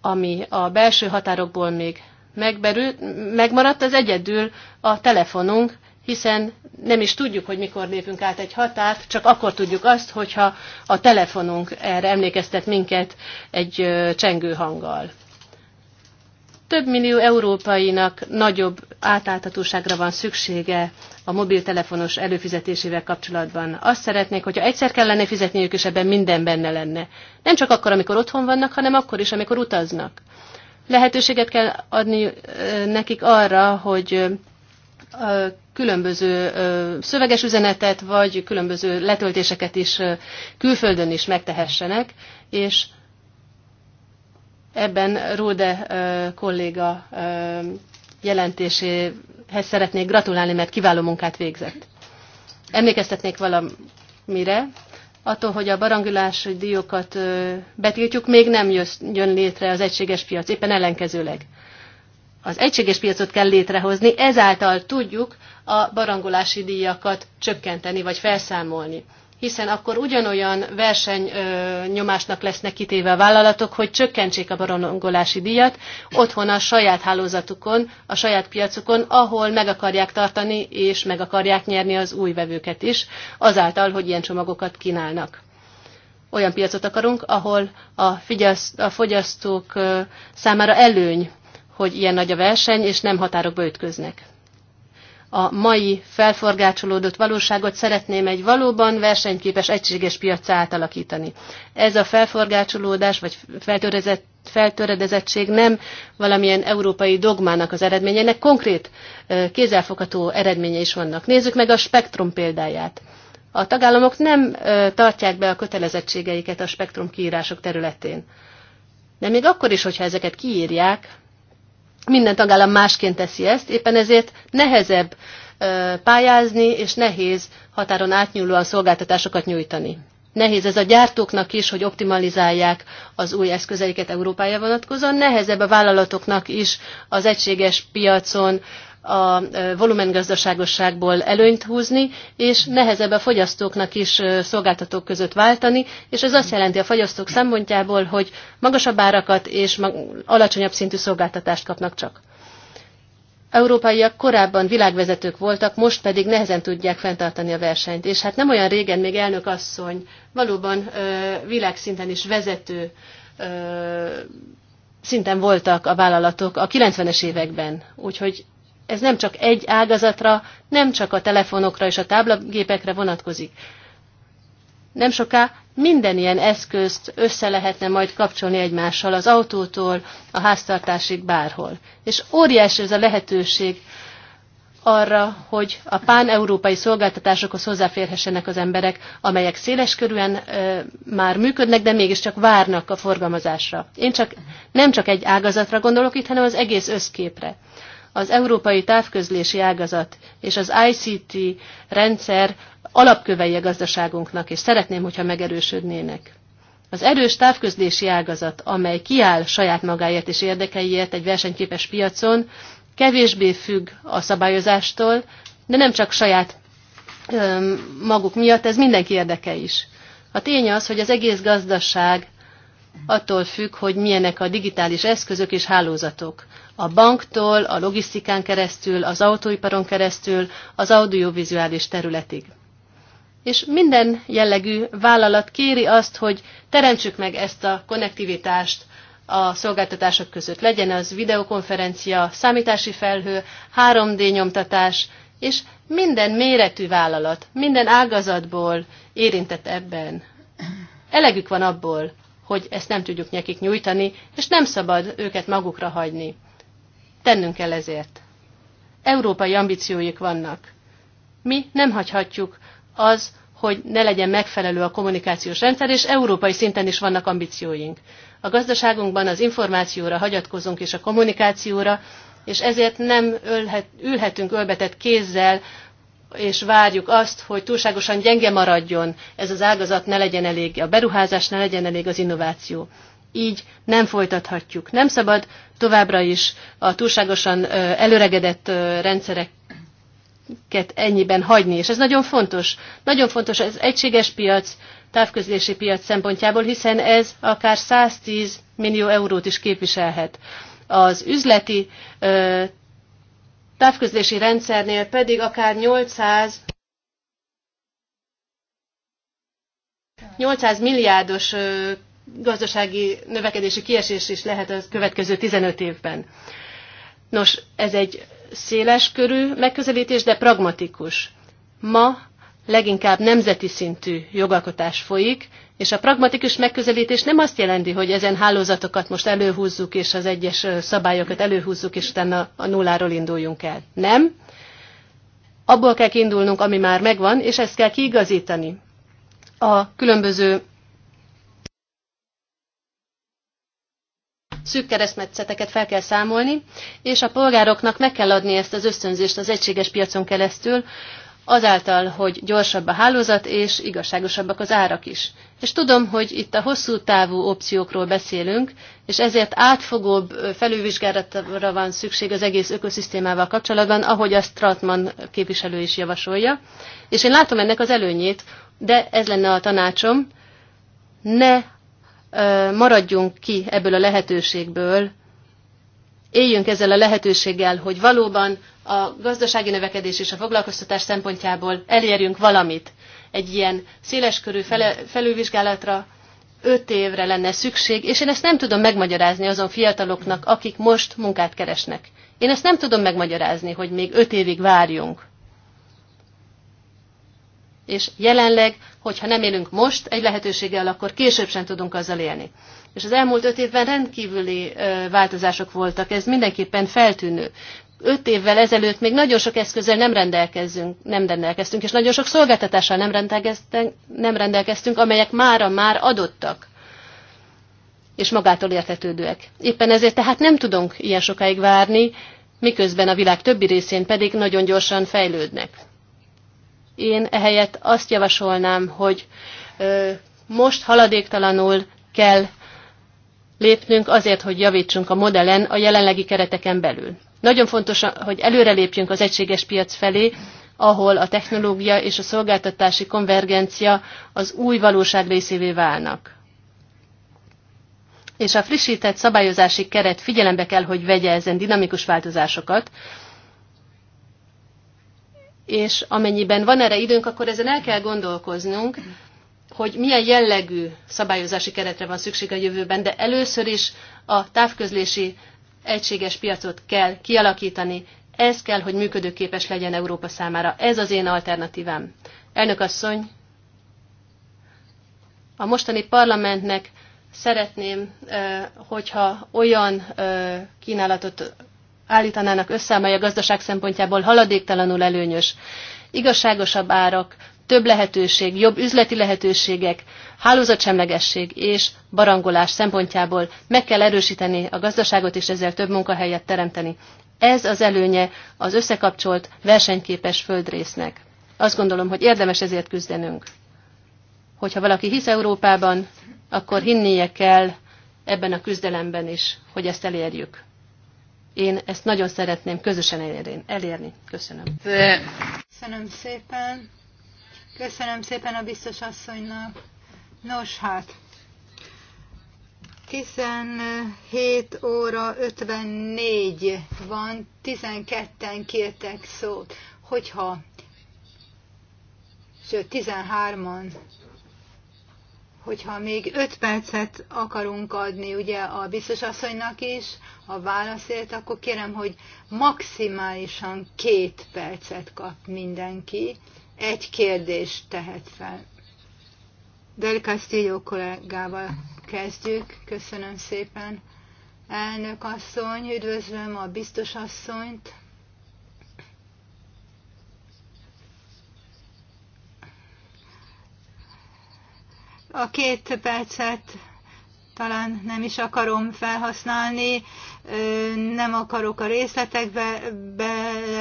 ami a belső határokból még megberül, megmaradt, az egyedül a telefonunk, hiszen nem is tudjuk, hogy mikor lépünk át egy határt, csak akkor tudjuk azt, hogyha a telefonunk erre emlékeztet minket egy csengő hanggal. Több millió európainak nagyobb átláthatóságra van szüksége a mobiltelefonos előfizetésével kapcsolatban. Azt szeretnék, hogyha egyszer kellene fizetniük, és ebben minden benne lenne. Nem csak akkor, amikor otthon vannak, hanem akkor is, amikor utaznak. Lehetőséget kell adni nekik arra, hogy különböző szöveges üzenetet, vagy különböző letöltéseket is külföldön is megtehessenek, és Ebben Róde kolléga jelentéséhez szeretnék gratulálni, mert kiváló munkát végzett. Emlékeztetnék valamire, attól, hogy a barangulás díjokat betiltjuk, még nem jön létre az egységes piac, éppen ellenkezőleg. Az egységes piacot kell létrehozni, ezáltal tudjuk a barangolási díjakat csökkenteni vagy felszámolni hiszen akkor ugyanolyan versenynyomásnak lesznek kitéve a vállalatok, hogy csökkentsék a barongolási díjat otthon a saját hálózatukon, a saját piacukon, ahol meg akarják tartani és meg akarják nyerni az új vevőket is, azáltal, hogy ilyen csomagokat kínálnak. Olyan piacot akarunk, ahol a, figyelsz, a fogyasztók számára előny, hogy ilyen nagy a verseny, és nem határokba ütköznek a mai felforgácsolódott valóságot szeretném egy valóban versenyképes, egységes piacra átalakítani. Ez a felforgácsolódás vagy feltöredezettség nem valamilyen európai dogmának az eredménye, ennek konkrét kézzelfogható eredménye is vannak. Nézzük meg a spektrum példáját. A tagállamok nem tartják be a kötelezettségeiket a spektrum kiírások területén. De még akkor is, hogyha ezeket kiírják, minden tagállam másként teszi ezt, éppen ezért nehezebb pályázni, és nehéz határon átnyúlóan szolgáltatásokat nyújtani. Nehéz ez a gyártóknak is, hogy optimalizálják az új eszközeiket Európája vonatkozóan, nehezebb a vállalatoknak is az egységes piacon a volumengazdaságosságból előnyt húzni, és nehezebb a fogyasztóknak is szolgáltatók között váltani, és ez azt jelenti a fogyasztók szempontjából, hogy magasabb árakat és alacsonyabb szintű szolgáltatást kapnak csak. Európaiak korábban világvezetők voltak, most pedig nehezen tudják fenntartani a versenyt. És hát nem olyan régen még elnök asszony valóban ö, világszinten is vezető ö, szinten voltak a vállalatok a 90-es években. Úgyhogy ez nem csak egy ágazatra, nem csak a telefonokra és a táblagépekre vonatkozik. Nem soká minden ilyen eszközt össze lehetne majd kapcsolni egymással, az autótól, a háztartásig, bárhol. És óriási ez a lehetőség arra, hogy a pán-európai szolgáltatásokhoz hozzáférhessenek az emberek, amelyek széleskörűen e, már működnek, de mégiscsak várnak a forgalmazásra. Én csak, nem csak egy ágazatra gondolok itt, hanem az egész összképre az európai távközlési ágazat és az ICT rendszer alapkövei a gazdaságunknak, és szeretném, hogyha megerősödnének. Az erős távközlési ágazat, amely kiáll saját magáért és érdekeiért egy versenyképes piacon, kevésbé függ a szabályozástól, de nem csak saját maguk miatt, ez mindenki érdeke is. A tény az, hogy az egész gazdaság attól függ, hogy milyenek a digitális eszközök és hálózatok a banktól, a logisztikán keresztül, az autóiparon keresztül, az audiovizuális területig. És minden jellegű vállalat kéri azt, hogy teremtsük meg ezt a konnektivitást a szolgáltatások között. Legyen az videokonferencia, számítási felhő, 3D nyomtatás, és minden méretű vállalat, minden ágazatból érintett ebben. Elegük van abból, hogy ezt nem tudjuk nekik nyújtani, és nem szabad őket magukra hagyni. Tennünk kell ezért. Európai ambícióik vannak. Mi nem hagyhatjuk az, hogy ne legyen megfelelő a kommunikációs rendszer, és európai szinten is vannak ambícióink. A gazdaságunkban az információra hagyatkozunk és a kommunikációra, és ezért nem ölhet, ülhetünk ölbetett kézzel, és várjuk azt, hogy túlságosan gyenge maradjon ez az ágazat, ne legyen elég a beruházás, ne legyen elég az innováció így nem folytathatjuk. Nem szabad továbbra is a túlságosan előregedett rendszerek ennyiben hagyni, és ez nagyon fontos. Nagyon fontos az egységes piac, távközlési piac szempontjából, hiszen ez akár 110 millió eurót is képviselhet. Az üzleti távközlési rendszernél pedig akár 800 800 milliárdos gazdasági növekedési kiesés is lehet a következő 15 évben. Nos, ez egy széles körű megközelítés, de pragmatikus. Ma leginkább nemzeti szintű jogalkotás folyik, és a pragmatikus megközelítés nem azt jelenti, hogy ezen hálózatokat most előhúzzuk, és az egyes szabályokat előhúzzuk, és utána a nulláról induljunk el. Nem. Abból kell kiindulnunk, ami már megvan, és ezt kell kiigazítani a különböző szűk keresztmetszeteket fel kell számolni, és a polgároknak meg kell adni ezt az ösztönzést az egységes piacon keresztül, azáltal, hogy gyorsabb a hálózat, és igazságosabbak az árak is. És tudom, hogy itt a hosszú távú opciókról beszélünk, és ezért átfogóbb felülvizsgálatra van szükség az egész ökoszisztémával kapcsolatban, ahogy a Stratman képviselő is javasolja. És én látom ennek az előnyét, de ez lenne a tanácsom, ne maradjunk ki ebből a lehetőségből, éljünk ezzel a lehetőséggel, hogy valóban a gazdasági növekedés és a foglalkoztatás szempontjából elérjünk valamit. Egy ilyen széleskörű felülvizsgálatra öt évre lenne szükség, és én ezt nem tudom megmagyarázni azon fiataloknak, akik most munkát keresnek. Én ezt nem tudom megmagyarázni, hogy még öt évig várjunk és jelenleg, hogyha nem élünk most egy lehetőséggel, akkor később sem tudunk azzal élni. És az elmúlt öt évben rendkívüli változások voltak, ez mindenképpen feltűnő. Öt évvel ezelőtt még nagyon sok eszközzel nem, rendelkezünk, nem rendelkeztünk, és nagyon sok szolgáltatással nem rendelkeztünk, nem rendelkeztünk amelyek mára már adottak és magától értetődőek. Éppen ezért tehát nem tudunk ilyen sokáig várni, miközben a világ többi részén pedig nagyon gyorsan fejlődnek. Én ehelyett azt javasolnám, hogy most haladéktalanul kell lépnünk azért, hogy javítsunk a modellen a jelenlegi kereteken belül. Nagyon fontos, hogy előrelépjünk az egységes piac felé, ahol a technológia és a szolgáltatási konvergencia az új valóság részévé válnak. És a frissített szabályozási keret figyelembe kell, hogy vegye ezen dinamikus változásokat, és amennyiben van erre időnk, akkor ezen el kell gondolkoznunk, hogy milyen jellegű szabályozási keretre van szükség a jövőben, de először is a távközlési egységes piacot kell kialakítani, ez kell, hogy működőképes legyen Európa számára. Ez az én alternatívám. Elnök asszony, a mostani parlamentnek szeretném, eh, hogyha olyan eh, kínálatot állítanának össze, amely a gazdaság szempontjából haladéktalanul előnyös. Igazságosabb árak, több lehetőség, jobb üzleti lehetőségek, hálózatsemlegesség és barangolás szempontjából meg kell erősíteni a gazdaságot, és ezzel több munkahelyet teremteni. Ez az előnye az összekapcsolt, versenyképes földrésznek. Azt gondolom, hogy érdemes ezért küzdenünk. Hogyha valaki hisz Európában, akkor hinnie kell ebben a küzdelemben is, hogy ezt elérjük. Én ezt nagyon szeretném közösen elérni. Köszönöm. Köszönöm szépen. Köszönöm szépen a biztos asszonynak. Nos hát, 17 óra 54 van, 12-en kértek szót. Hogyha, sőt 13-an hogyha még öt percet akarunk adni ugye a biztos asszonynak is a válaszért, akkor kérem, hogy maximálisan két percet kap mindenki. Egy kérdést tehet fel. Del Castillo kollégával kezdjük. Köszönöm szépen. Elnök asszony, üdvözlöm a biztos asszonyt. A két percet talán nem is akarom felhasználni, nem akarok a részletekbe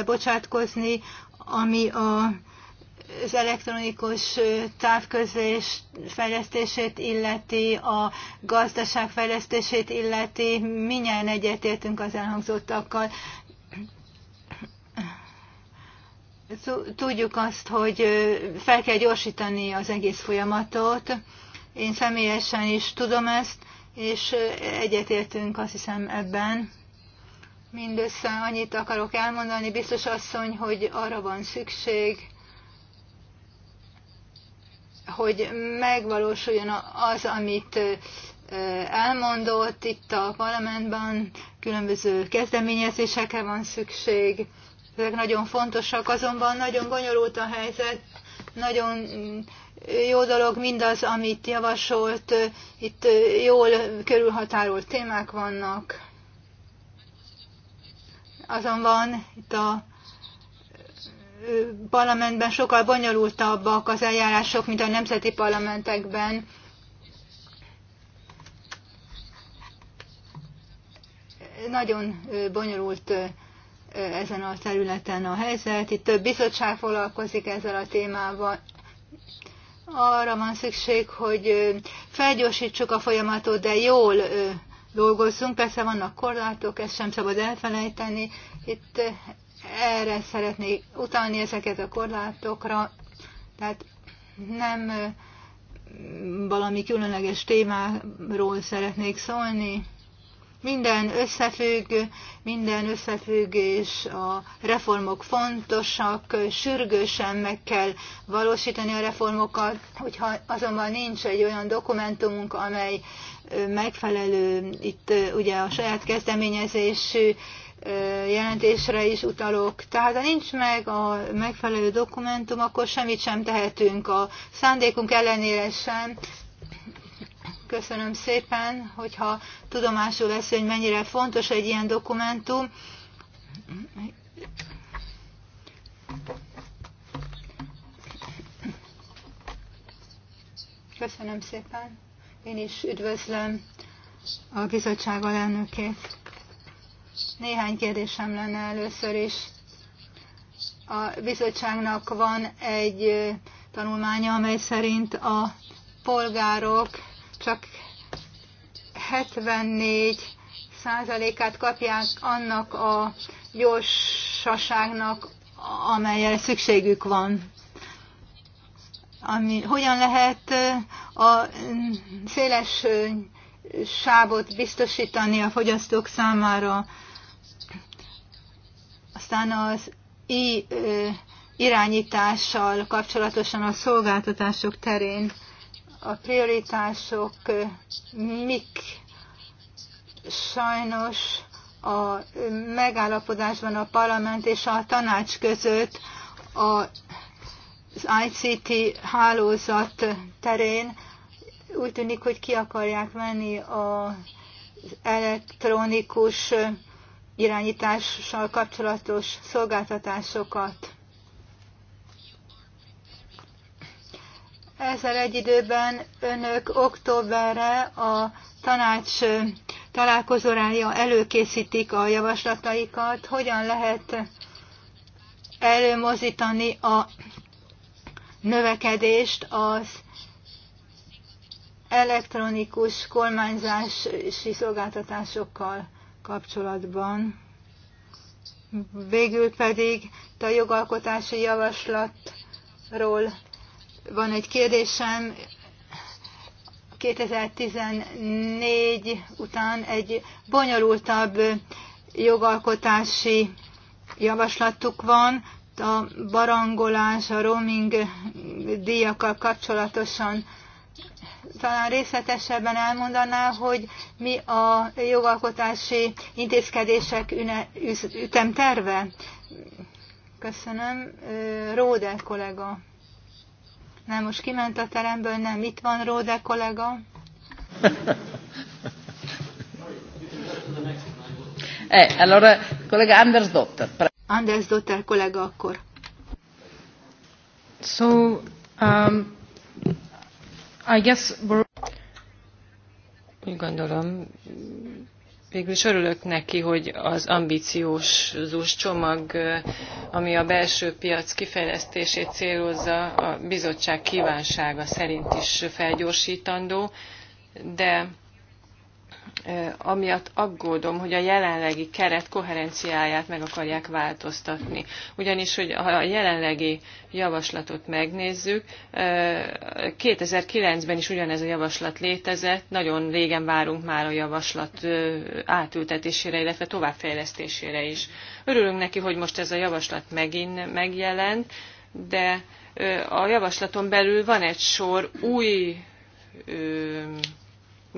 bocsátkozni, ami a, az elektronikus távközlés fejlesztését illeti, a gazdaság fejlesztését illeti, minnyáján egyetértünk az elhangzottakkal. Tudjuk azt, hogy fel kell gyorsítani az egész folyamatot, én személyesen is tudom ezt, és egyetértünk azt hiszem ebben. Mindössze annyit akarok elmondani, biztos asszony, hogy arra van szükség, hogy megvalósuljon az, amit elmondott itt a parlamentben, különböző kezdeményezésekre van szükség, ezek nagyon fontosak, azonban nagyon bonyolult a helyzet, nagyon jó dolog mindaz, amit javasolt, itt jól körülhatárolt témák vannak. Azonban itt a parlamentben sokkal bonyolultabbak az eljárások, mint a nemzeti parlamentekben. Nagyon bonyolult ezen a területen a helyzet. Itt több bizottság foglalkozik ezzel a témával arra van szükség, hogy felgyorsítsuk a folyamatot, de jól dolgozzunk. Persze vannak korlátok, ezt sem szabad elfelejteni. Itt erre szeretnék utalni ezeket a korlátokra. Tehát nem valami különleges témáról szeretnék szólni. Minden összefügg, minden összefügg, és a reformok fontosak, sürgősen meg kell valósítani a reformokat, hogyha azonban nincs egy olyan dokumentumunk, amely megfelelő, itt ugye a saját kezdeményezésű jelentésre is utalok. Tehát ha nincs meg a megfelelő dokumentum, akkor semmit sem tehetünk a szándékunk ellenére sem, Köszönöm szépen, hogyha tudomásul lesz, hogy mennyire fontos egy ilyen dokumentum. Köszönöm szépen. Én is üdvözlöm a bizottság alelnökét. Néhány kérdésem lenne először is. A bizottságnak van egy tanulmánya, amely szerint a polgárok csak 74 százalékát kapják annak a gyorsaságnak, amelyre szükségük van. Ami, hogyan lehet a széles sávot biztosítani a fogyasztók számára. Aztán az i irányítással kapcsolatosan a szolgáltatások terén a prioritások mik. Sajnos a megállapodásban a parlament és a tanács között az ICT hálózat terén úgy tűnik, hogy ki akarják venni az elektronikus irányítással kapcsolatos szolgáltatásokat. Ezzel egy időben önök októberre a tanács találkozórája előkészítik a javaslataikat. Hogyan lehet előmozítani a növekedést az elektronikus kormányzási szolgáltatásokkal kapcsolatban. Végül pedig a jogalkotási javaslatról van egy kérdésem. 2014 után egy bonyolultabb jogalkotási javaslatuk van, a barangolás, a roaming díjakkal kapcsolatosan talán részletesebben elmondaná, hogy mi a jogalkotási intézkedések üne, ütemterve? Köszönöm. Róde kollega. Nem, most kiment a teremből, nem. Itt van Róde kollega. Eh, allora, kollega Anders Dotter. Anders Dotter kollega akkor. So, um, I guess we're... Úgy gondolom, Végül is örülök neki, hogy az ambíciós csomag, ami a belső piac kifejlesztését célozza, a bizottság kívánsága szerint is felgyorsítandó, de amiatt aggódom, hogy a jelenlegi keret koherenciáját meg akarják változtatni. Ugyanis, hogy ha a jelenlegi javaslatot megnézzük, 2009-ben is ugyanez a javaslat létezett, nagyon régen várunk már a javaslat átültetésére, illetve továbbfejlesztésére is. Örülünk neki, hogy most ez a javaslat megint megjelent, de a javaslaton belül van egy sor új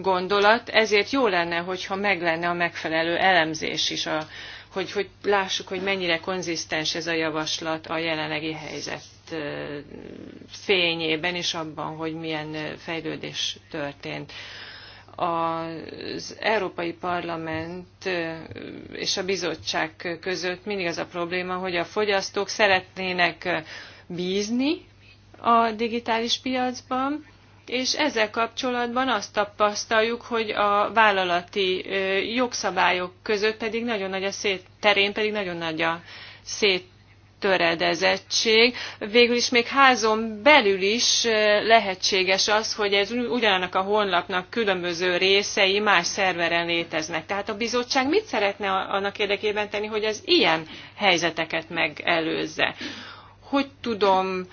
gondolat, ezért jó lenne, hogyha meg lenne a megfelelő elemzés is, a, hogy, hogy lássuk, hogy mennyire konzisztens ez a javaslat a jelenlegi helyzet fényében, és abban, hogy milyen fejlődés történt az Európai Parlament és a bizottság között mindig az a probléma, hogy a fogyasztók szeretnének bízni a digitális piacban, és ezzel kapcsolatban azt tapasztaljuk, hogy a vállalati jogszabályok között pedig nagyon nagy a szét, terén pedig nagyon nagy a szét töredezettség. Végül is még házon belül is lehetséges az, hogy ez ugyanannak a honlapnak különböző részei más szerveren léteznek. Tehát a bizottság mit szeretne annak érdekében tenni, hogy ez ilyen helyzeteket megelőzze? Hogy tudom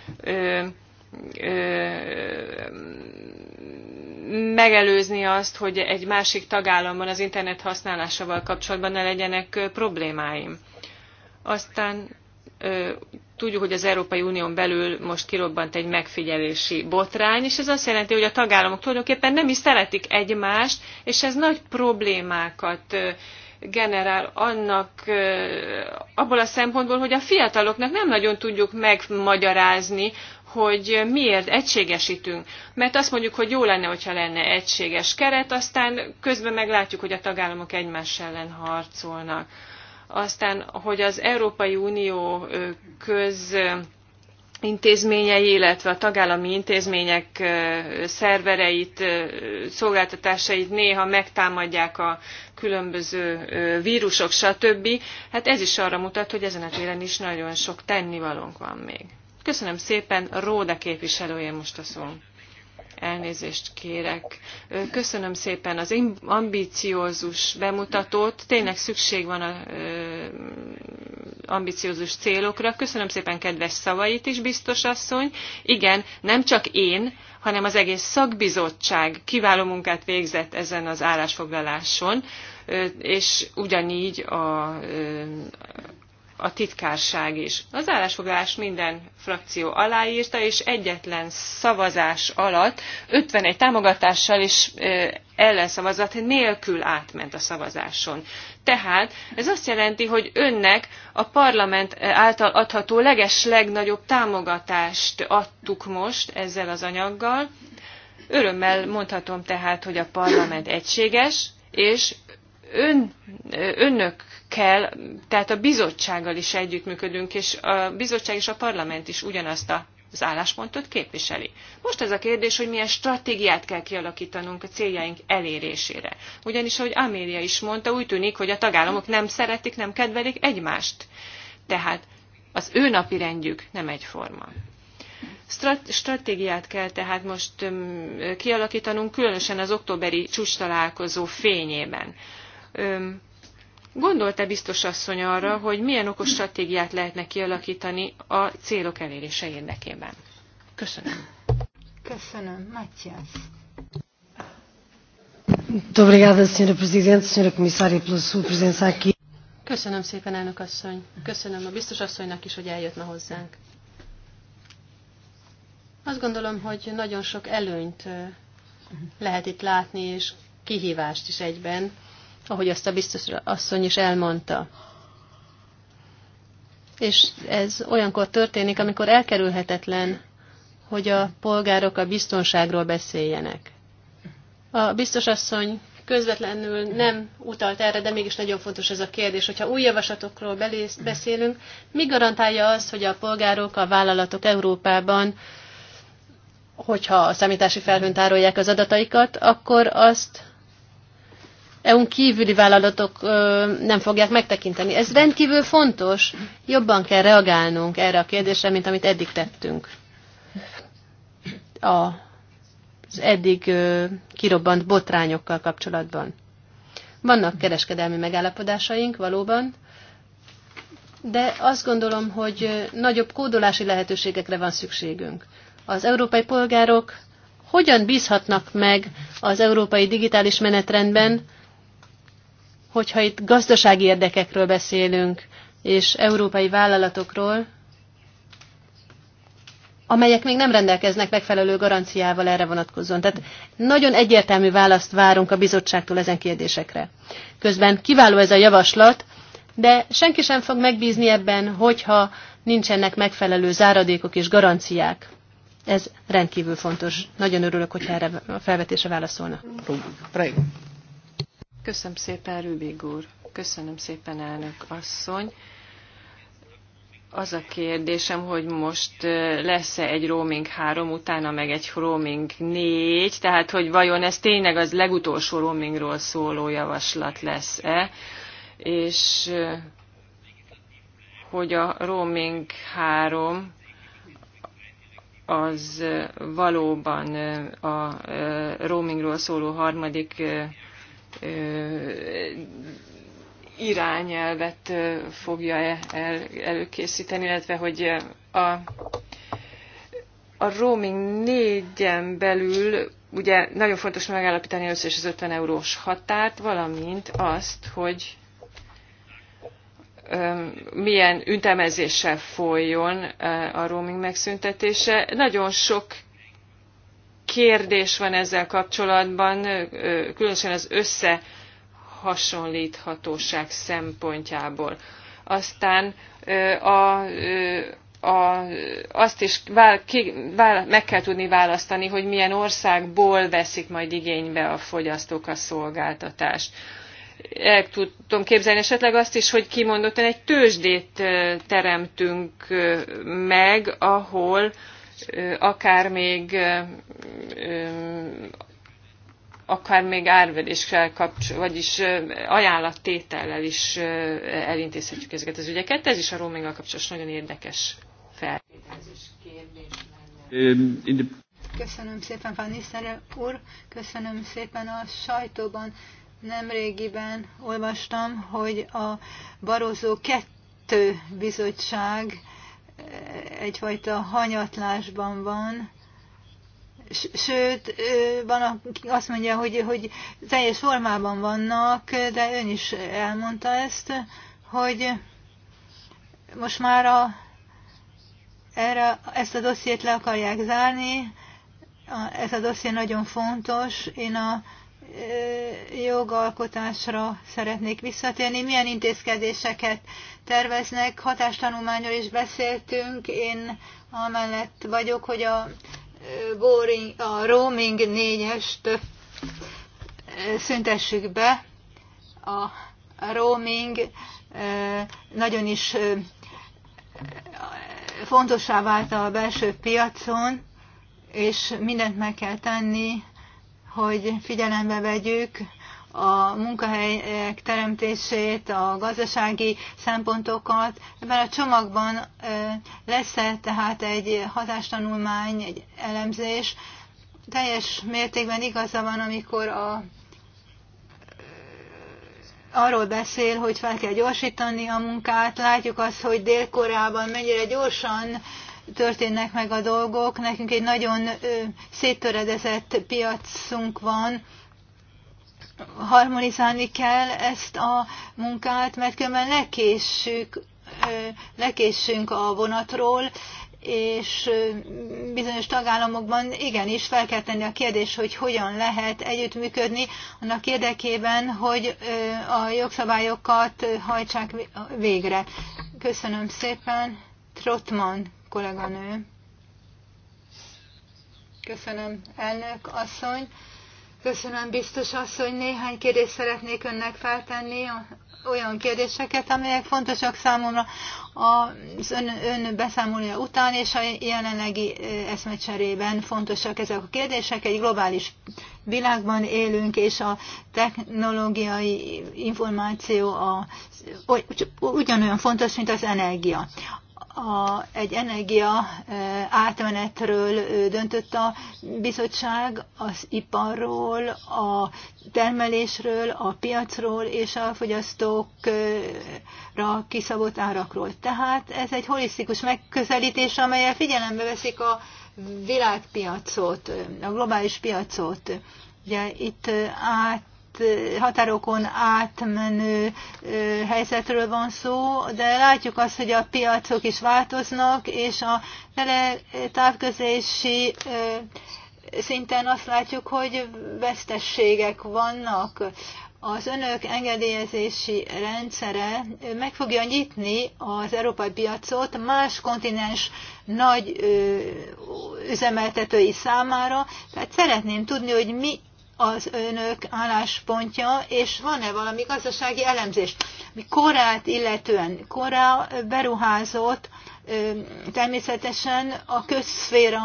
megelőzni azt, hogy egy másik tagállamban az internet használásával kapcsolatban ne legyenek problémáim. Aztán tudjuk, hogy az Európai Unión belül most kirobbant egy megfigyelési botrány, és ez azt jelenti, hogy a tagállamok tulajdonképpen nem is szeretik egymást, és ez nagy problémákat generál annak abból a szempontból, hogy a fiataloknak nem nagyon tudjuk megmagyarázni, hogy miért egységesítünk. Mert azt mondjuk, hogy jó lenne, hogyha lenne egységes keret, aztán közben meglátjuk, hogy a tagállamok egymás ellen harcolnak. Aztán, hogy az Európai Unió köz intézményei, illetve a tagállami intézmények szervereit, szolgáltatásait néha megtámadják a különböző vírusok, stb. Hát ez is arra mutat, hogy ezen a téren is nagyon sok tennivalónk van még. Köszönöm szépen, Róda képviselője most a szó. Elnézést kérek. Köszönöm szépen az ambiciózus bemutatót. Tényleg szükség van a ambiciózus célokra. Köszönöm szépen kedves szavait is, biztos asszony. Igen, nem csak én, hanem az egész szakbizottság kiváló munkát végzett ezen az állásfoglaláson, és ugyanígy a, a titkárság is. Az állásfoglalás minden frakció aláírta, és egyetlen szavazás alatt 51 támogatással is ellenszavazat nélkül átment a szavazáson. Tehát ez azt jelenti, hogy önnek a parlament által adható leges legnagyobb támogatást adtuk most ezzel az anyaggal. Örömmel mondhatom tehát, hogy a parlament egységes, és ön, önök kell, tehát a bizottsággal is együttműködünk, és a bizottság és a parlament is ugyanazt a az álláspontot képviseli. Most ez a kérdés, hogy milyen stratégiát kell kialakítanunk a céljaink elérésére. Ugyanis, ahogy Amélia is mondta, úgy tűnik, hogy a tagállamok nem szeretik, nem kedvelik egymást. Tehát az ő napi rendjük nem egyforma. Strat- stratégiát kell tehát most kialakítanunk, különösen az októberi csúcs találkozó fényében. Gondolta biztos asszony arra, hogy milyen okos stratégiát lehetne kialakítani a célok elérése érdekében? Köszönöm. Köszönöm. Matthias. Muito obrigada, Sra. Presidente, Sra. Comissária, pela sua presença aqui. Köszönöm szépen, elnök asszony. Köszönöm a biztos asszonynak is, hogy eljött ma hozzánk. Azt gondolom, hogy nagyon sok előnyt lehet itt látni, és kihívást is egyben ahogy azt a biztos asszony is elmondta. És ez olyankor történik, amikor elkerülhetetlen, hogy a polgárok a biztonságról beszéljenek. A biztos asszony közvetlenül nem utalt erre, de mégis nagyon fontos ez a kérdés, hogyha új javaslatokról beszélünk, mi garantálja azt, hogy a polgárok, a vállalatok Európában, hogyha a számítási felhőn tárolják az adataikat, akkor azt EU-n kívüli vállalatok nem fogják megtekinteni. Ez rendkívül fontos. Jobban kell reagálnunk erre a kérdésre, mint amit eddig tettünk. A, az eddig kirobbant botrányokkal kapcsolatban. Vannak kereskedelmi megállapodásaink valóban, de azt gondolom, hogy nagyobb kódolási lehetőségekre van szükségünk. Az európai polgárok hogyan bízhatnak meg az európai digitális menetrendben, hogyha itt gazdasági érdekekről beszélünk, és európai vállalatokról, amelyek még nem rendelkeznek megfelelő garanciával erre vonatkozóan. Tehát nagyon egyértelmű választ várunk a bizottságtól ezen kérdésekre. Közben kiváló ez a javaslat, de senki sem fog megbízni ebben, hogyha nincsenek megfelelő záradékok és garanciák. Ez rendkívül fontos. Nagyon örülök, hogy erre a felvetése válaszolna. Prego. Köszönöm szépen, Rübig úr. Köszönöm szépen, elnök asszony. Az a kérdésem, hogy most lesz-e egy roaming 3, utána meg egy roaming 4, tehát hogy vajon ez tényleg az legutolsó roamingról szóló javaslat lesz-e, és hogy a roaming 3 az valóban a roamingról szóló harmadik irányelvet fogja -e el, előkészíteni, illetve hogy a, a roaming négyen belül ugye nagyon fontos megállapítani először is az 50 eurós határt, valamint azt, hogy milyen ütemezéssel folyjon a roaming megszüntetése. Nagyon sok kérdés van ezzel kapcsolatban, különösen az összehasonlíthatóság szempontjából. Aztán a, a, azt is vál, ki, vál, meg kell tudni választani, hogy milyen országból veszik majd igénybe a fogyasztók a szolgáltatást. El tudom képzelni esetleg azt is, hogy kimondottan egy tőzsdét teremtünk meg, ahol akár még akár még árveréssel kapcs, vagyis ajánlattétellel is elintézhetjük ezeket az ügyeket. Ez is a roaming kapcsolatos nagyon érdekes feltételezés kérdés Köszönöm szépen, Van Nisztelő úr, köszönöm szépen a sajtóban. Nemrégiben olvastam, hogy a Barozó 2 bizottság egyfajta hanyatlásban van, sőt, van, azt mondja, hogy, hogy teljes formában vannak, de ön is elmondta ezt, hogy most már a, erre, ezt a dossziét le akarják zárni, ez a dosszié nagyon fontos. Én a jogalkotásra szeretnék visszatérni. Milyen intézkedéseket terveznek? Hatástanulmányról is beszéltünk. Én amellett vagyok, hogy a, boring, a roaming négyest szüntessük be. A roaming nagyon is fontossá vált a belső piacon, és mindent meg kell tenni hogy figyelembe vegyük a munkahelyek teremtését, a gazdasági szempontokat. Ebben a csomagban lesz -e tehát egy hatástanulmány, egy elemzés. Teljes mértékben igaza van, amikor a arról beszél, hogy fel kell gyorsítani a munkát. Látjuk azt, hogy Dél-Koreában mennyire gyorsan történnek meg a dolgok. Nekünk egy nagyon széttöredezett piacunk van, harmonizálni kell ezt a munkát, mert különben lekéssük, lekéssünk a vonatról, és bizonyos tagállamokban igenis fel kell tenni a kérdés, hogy hogyan lehet együttműködni annak érdekében, hogy a jogszabályokat hajtsák végre. Köszönöm szépen. Trotman kolléganő. Köszönöm, elnök asszony. Köszönöm, biztos asszony. Néhány kérdést szeretnék önnek feltenni, olyan kérdéseket, amelyek fontosak számomra az ön, ön beszámolója után és a jelenlegi eszmecserében fontosak ezek a kérdések. Egy globális világban élünk, és a technológiai információ a, ugyanolyan fontos, mint az energia a, egy energia e, átmenetről döntött a bizottság, az iparról, a termelésről, a piacról és a fogyasztókra kiszabott árakról. Tehát ez egy holisztikus megközelítés, amelyel figyelembe veszik a világpiacot, a globális piacot. Ugye itt át határokon átmenő helyzetről van szó, de látjuk azt, hogy a piacok is változnak, és a távközési szinten azt látjuk, hogy vesztességek vannak. Az önök engedélyezési rendszere meg fogja nyitni az európai piacot más kontinens nagy üzemeltetői számára. Tehát szeretném tudni, hogy mi az önök álláspontja, és van-e valami gazdasági elemzés? Mi korát illetően, korá beruházott természetesen a közszféra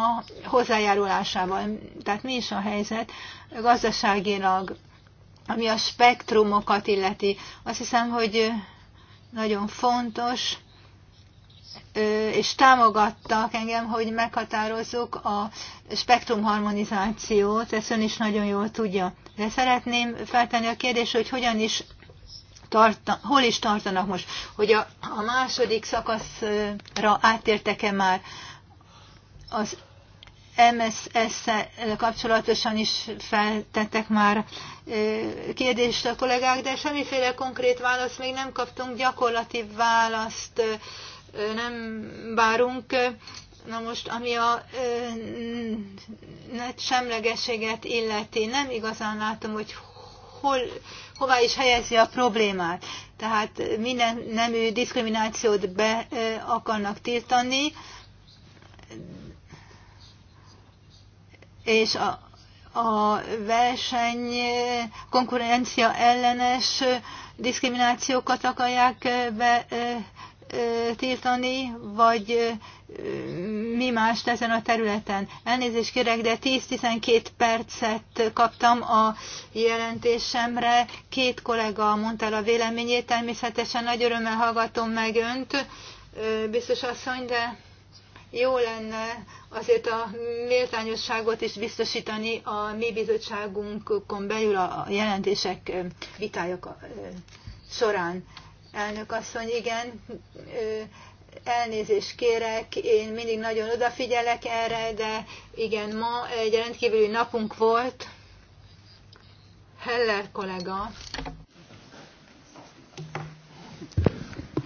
hozzájárulásával. Tehát mi is a helyzet gazdaságilag, ami a spektrumokat illeti. Azt hiszem, hogy nagyon fontos, és támogattak engem, hogy meghatározzuk a spektrumharmonizációt, ezt ön is nagyon jól tudja. De szeretném feltenni a kérdést, hogy hogyan is tartan- hol is tartanak most, hogy a, a második szakaszra átértek-e már az MSS-szel kapcsolatosan is feltettek már kérdést a kollégák, de semmiféle konkrét választ még nem kaptunk, gyakorlati választ nem várunk. Na most, ami a net semlegességet illeti, nem igazán látom, hogy hol, hová is helyezi a problémát. Tehát minden nemű diszkriminációt be akarnak tiltani, és a, a verseny konkurencia ellenes diszkriminációkat akarják be tiltani, vagy mi más ezen a területen. Elnézést kérek, de 10-12 percet kaptam a jelentésemre. Két kollega mondta el a véleményét, természetesen nagy örömmel hallgatom meg önt, biztos asszony, de jó lenne azért a méltányosságot is biztosítani a mi bizottságunkon belül a jelentések vitája során. Elnök asszony, igen, elnézést kérek, én mindig nagyon odafigyelek erre, de igen, ma egy rendkívüli napunk volt. Heller kollega.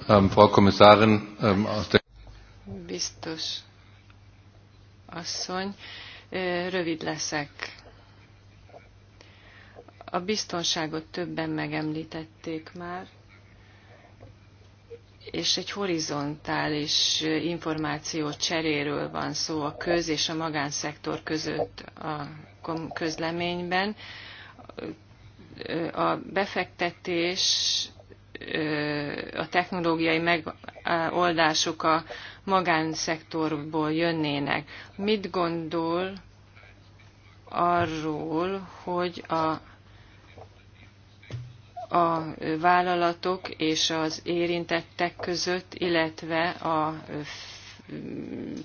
Um, Frau Kommissarin, um, aus der Biztos asszony, rövid leszek. A biztonságot többen megemlítették már és egy horizontális információ cseréről van szó a köz és a magánszektor között a közleményben. A befektetés, a technológiai megoldások a magánszektorból jönnének. Mit gondol arról, hogy a a vállalatok és az érintettek között, illetve a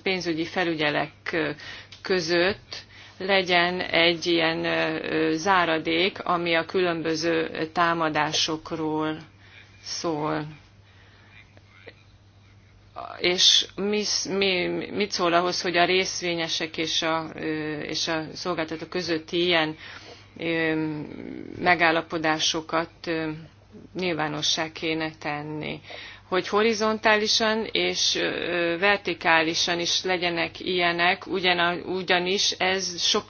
pénzügyi felügyelek között legyen egy ilyen záradék, ami a különböző támadásokról szól. És mi, mi, mit szól ahhoz, hogy a részvényesek és a, és a szolgáltatók közötti ilyen megállapodásokat nyilvánossá kéne tenni. Hogy horizontálisan és vertikálisan is legyenek ilyenek, ugyan, ugyanis ez sok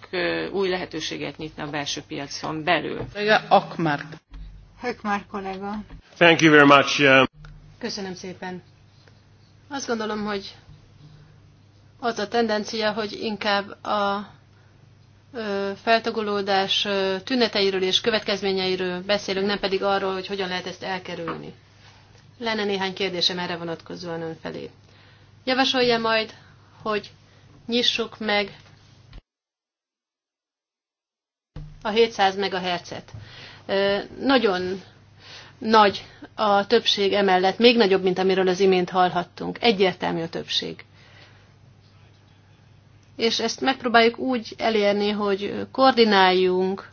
új lehetőséget nyitna a belső piacon belül. Akmar, Hökmár kollega. Thank you very much. Köszönöm szépen. Azt gondolom, hogy az a tendencia, hogy inkább a feltagolódás tüneteiről és következményeiről beszélünk, nem pedig arról, hogy hogyan lehet ezt elkerülni. Lenne néhány kérdésem erre vonatkozóan ön felé. Javasolja majd, hogy nyissuk meg a 700 MHz-et. Nagyon nagy a többség emellett, még nagyobb, mint amiről az imént hallhattunk. Egyértelmű a többség és ezt megpróbáljuk úgy elérni, hogy koordináljunk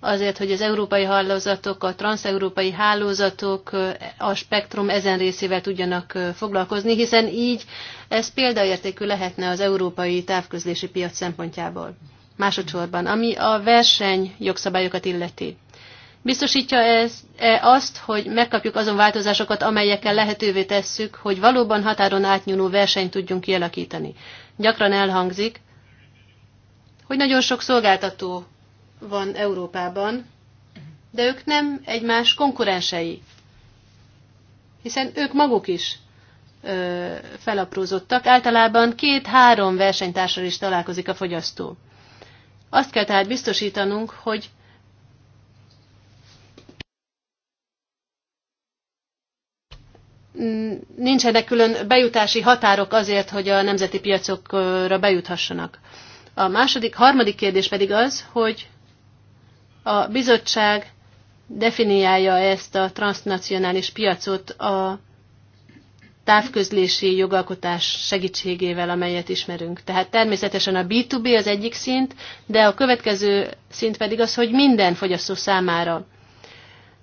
azért, hogy az európai hálózatok, a transeurópai hálózatok a spektrum ezen részével tudjanak foglalkozni, hiszen így ez példaértékű lehetne az európai távközlési piac szempontjából. Másodszorban, ami a verseny jogszabályokat illeti. Biztosítja ez -e azt, hogy megkapjuk azon változásokat, amelyekkel lehetővé tesszük, hogy valóban határon átnyúló versenyt tudjunk kialakítani gyakran elhangzik, hogy nagyon sok szolgáltató van Európában, de ők nem egymás konkurensei, hiszen ők maguk is ö, felaprózottak. Általában két-három versenytársal is találkozik a fogyasztó. Azt kell tehát biztosítanunk, hogy nincsenek külön bejutási határok azért, hogy a nemzeti piacokra bejuthassanak. A második, harmadik kérdés pedig az, hogy a bizottság definiálja ezt a transnacionális piacot a távközlési jogalkotás segítségével, amelyet ismerünk. Tehát természetesen a B2B az egyik szint, de a következő szint pedig az, hogy minden fogyasztó számára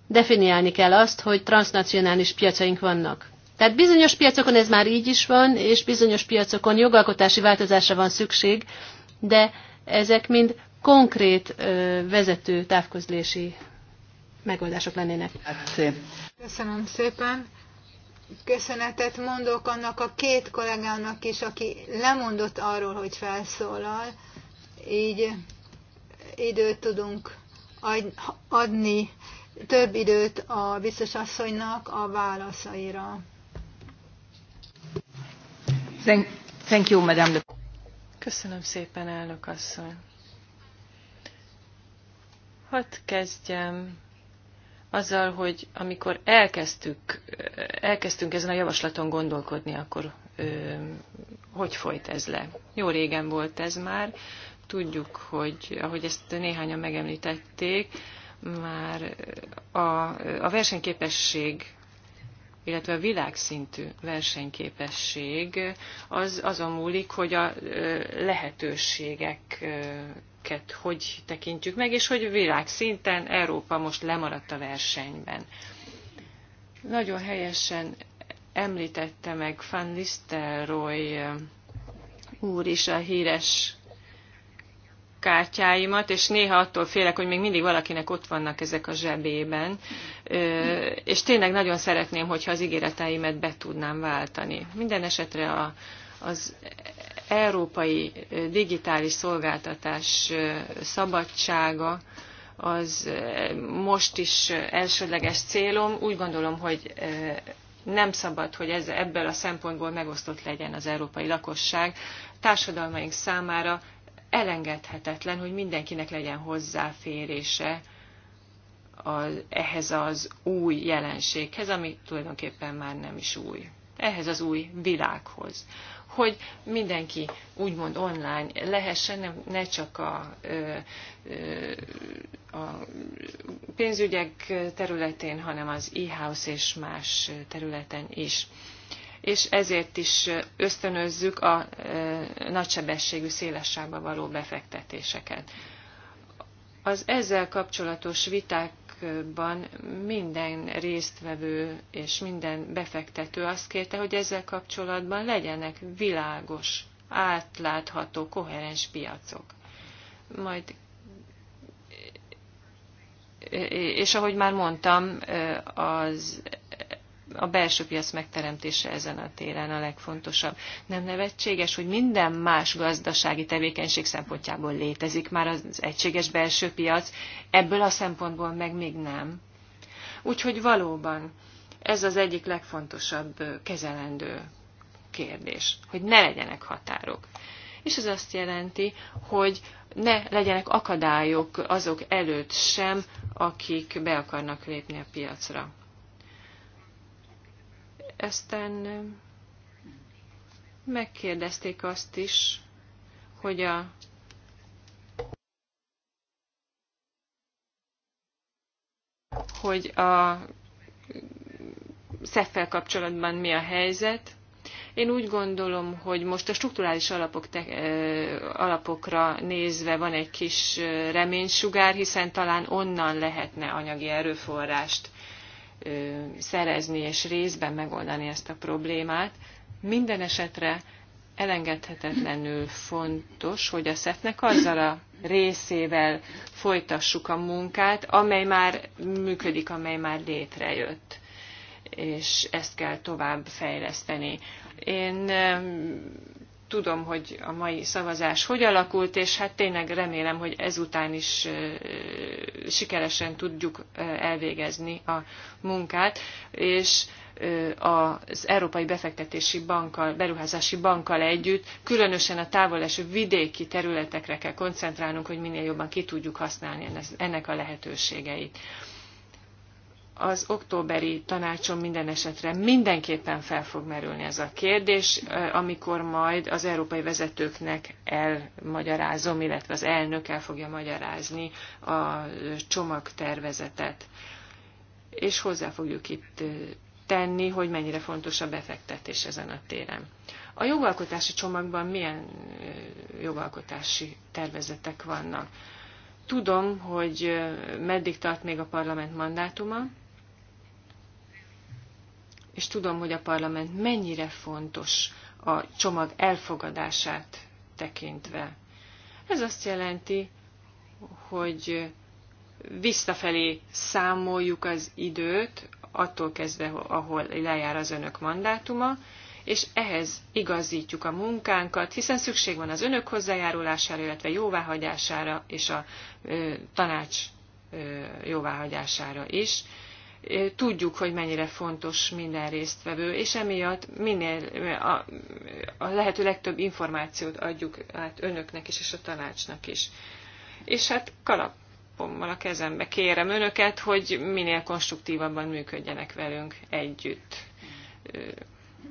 definiálni kell azt, hogy transnacionális piacaink vannak. Tehát bizonyos piacokon ez már így is van, és bizonyos piacokon jogalkotási változásra van szükség, de ezek mind konkrét vezető távközlési megoldások lennének. Köszönöm szépen. Köszönetet mondok annak a két kollégának is, aki lemondott arról, hogy felszólal. Így időt tudunk adni több időt a biztos asszonynak a válaszaira. Thank, thank you, madam. Köszönöm szépen, elnök asszony. Hadd kezdjem azzal, hogy amikor elkezdtük, elkezdtünk ezen a javaslaton gondolkodni, akkor ö, hogy folyt ez le? Jó régen volt ez már, tudjuk, hogy ahogy ezt néhányan megemlítették, már a, a versenyképesség illetve a világszintű versenyképesség az azon múlik, hogy a lehetőségek, hogy tekintjük meg, és hogy világszinten Európa most lemaradt a versenyben. Nagyon helyesen említette meg Van Nistelrooy úr is a híres kártyáimat, és néha attól félek, hogy még mindig valakinek ott vannak ezek a zsebében, és tényleg nagyon szeretném, hogyha az ígéreteimet be tudnám váltani. Minden esetre a, az európai digitális szolgáltatás szabadsága, az most is elsődleges célom. Úgy gondolom, hogy nem szabad, hogy ez ebből a szempontból megosztott legyen az európai lakosság. Társadalmaink számára elengedhetetlen, hogy mindenkinek legyen hozzáférése az, ehhez az új jelenséghez, ami tulajdonképpen már nem is új. Ehhez az új világhoz. Hogy mindenki úgymond online lehessen, nem, ne csak a, a pénzügyek területén, hanem az e-house és más területen is és ezért is ösztönözzük a nagysebességű szélessába való befektetéseket. Az ezzel kapcsolatos vitákban minden résztvevő és minden befektető azt kérte, hogy ezzel kapcsolatban legyenek világos, átlátható, koherens piacok. Majd és ahogy már mondtam, az a belső piac megteremtése ezen a téren a legfontosabb. Nem nevetséges, hogy minden más gazdasági tevékenység szempontjából létezik már az egységes belső piac, ebből a szempontból meg még nem. Úgyhogy valóban ez az egyik legfontosabb kezelendő kérdés, hogy ne legyenek határok. És ez azt jelenti, hogy ne legyenek akadályok azok előtt sem, akik be akarnak lépni a piacra. Aztán megkérdezték azt is, hogy a hogy a szeffel kapcsolatban mi a helyzet. Én úgy gondolom, hogy most a strukturális alapok te, alapokra nézve van egy kis reménysugár, hiszen talán onnan lehetne anyagi erőforrást szerezni és részben megoldani ezt a problémát. Minden esetre elengedhetetlenül fontos, hogy a SZEF-nek azzal a részével folytassuk a munkát, amely már működik, amely már létrejött és ezt kell tovább fejleszteni. Én tudom, hogy a mai szavazás hogy alakult, és hát tényleg remélem, hogy ezután is sikeresen tudjuk elvégezni a munkát, és az Európai Befektetési Bankkal, Beruházási Bankkal együtt, különösen a távoleső vidéki területekre kell koncentrálnunk, hogy minél jobban ki tudjuk használni ennek a lehetőségeit az októberi tanácson minden esetre mindenképpen fel fog merülni ez a kérdés, amikor majd az európai vezetőknek elmagyarázom, illetve az elnök el fogja magyarázni a csomagtervezetet. És hozzá fogjuk itt tenni, hogy mennyire fontos a befektetés ezen a téren. A jogalkotási csomagban milyen jogalkotási tervezetek vannak? Tudom, hogy meddig tart még a parlament mandátuma, és tudom, hogy a parlament mennyire fontos a csomag elfogadását tekintve. Ez azt jelenti, hogy visszafelé számoljuk az időt, attól kezdve, ahol lejár az önök mandátuma, és ehhez igazítjuk a munkánkat, hiszen szükség van az önök hozzájárulására, illetve jóváhagyására és a ö, tanács ö, jóváhagyására is tudjuk, hogy mennyire fontos minden résztvevő, és emiatt minél a, a lehető legtöbb információt adjuk át önöknek is, és a tanácsnak is. És hát kalapommal a kezembe kérem önöket, hogy minél konstruktívabban működjenek velünk együtt,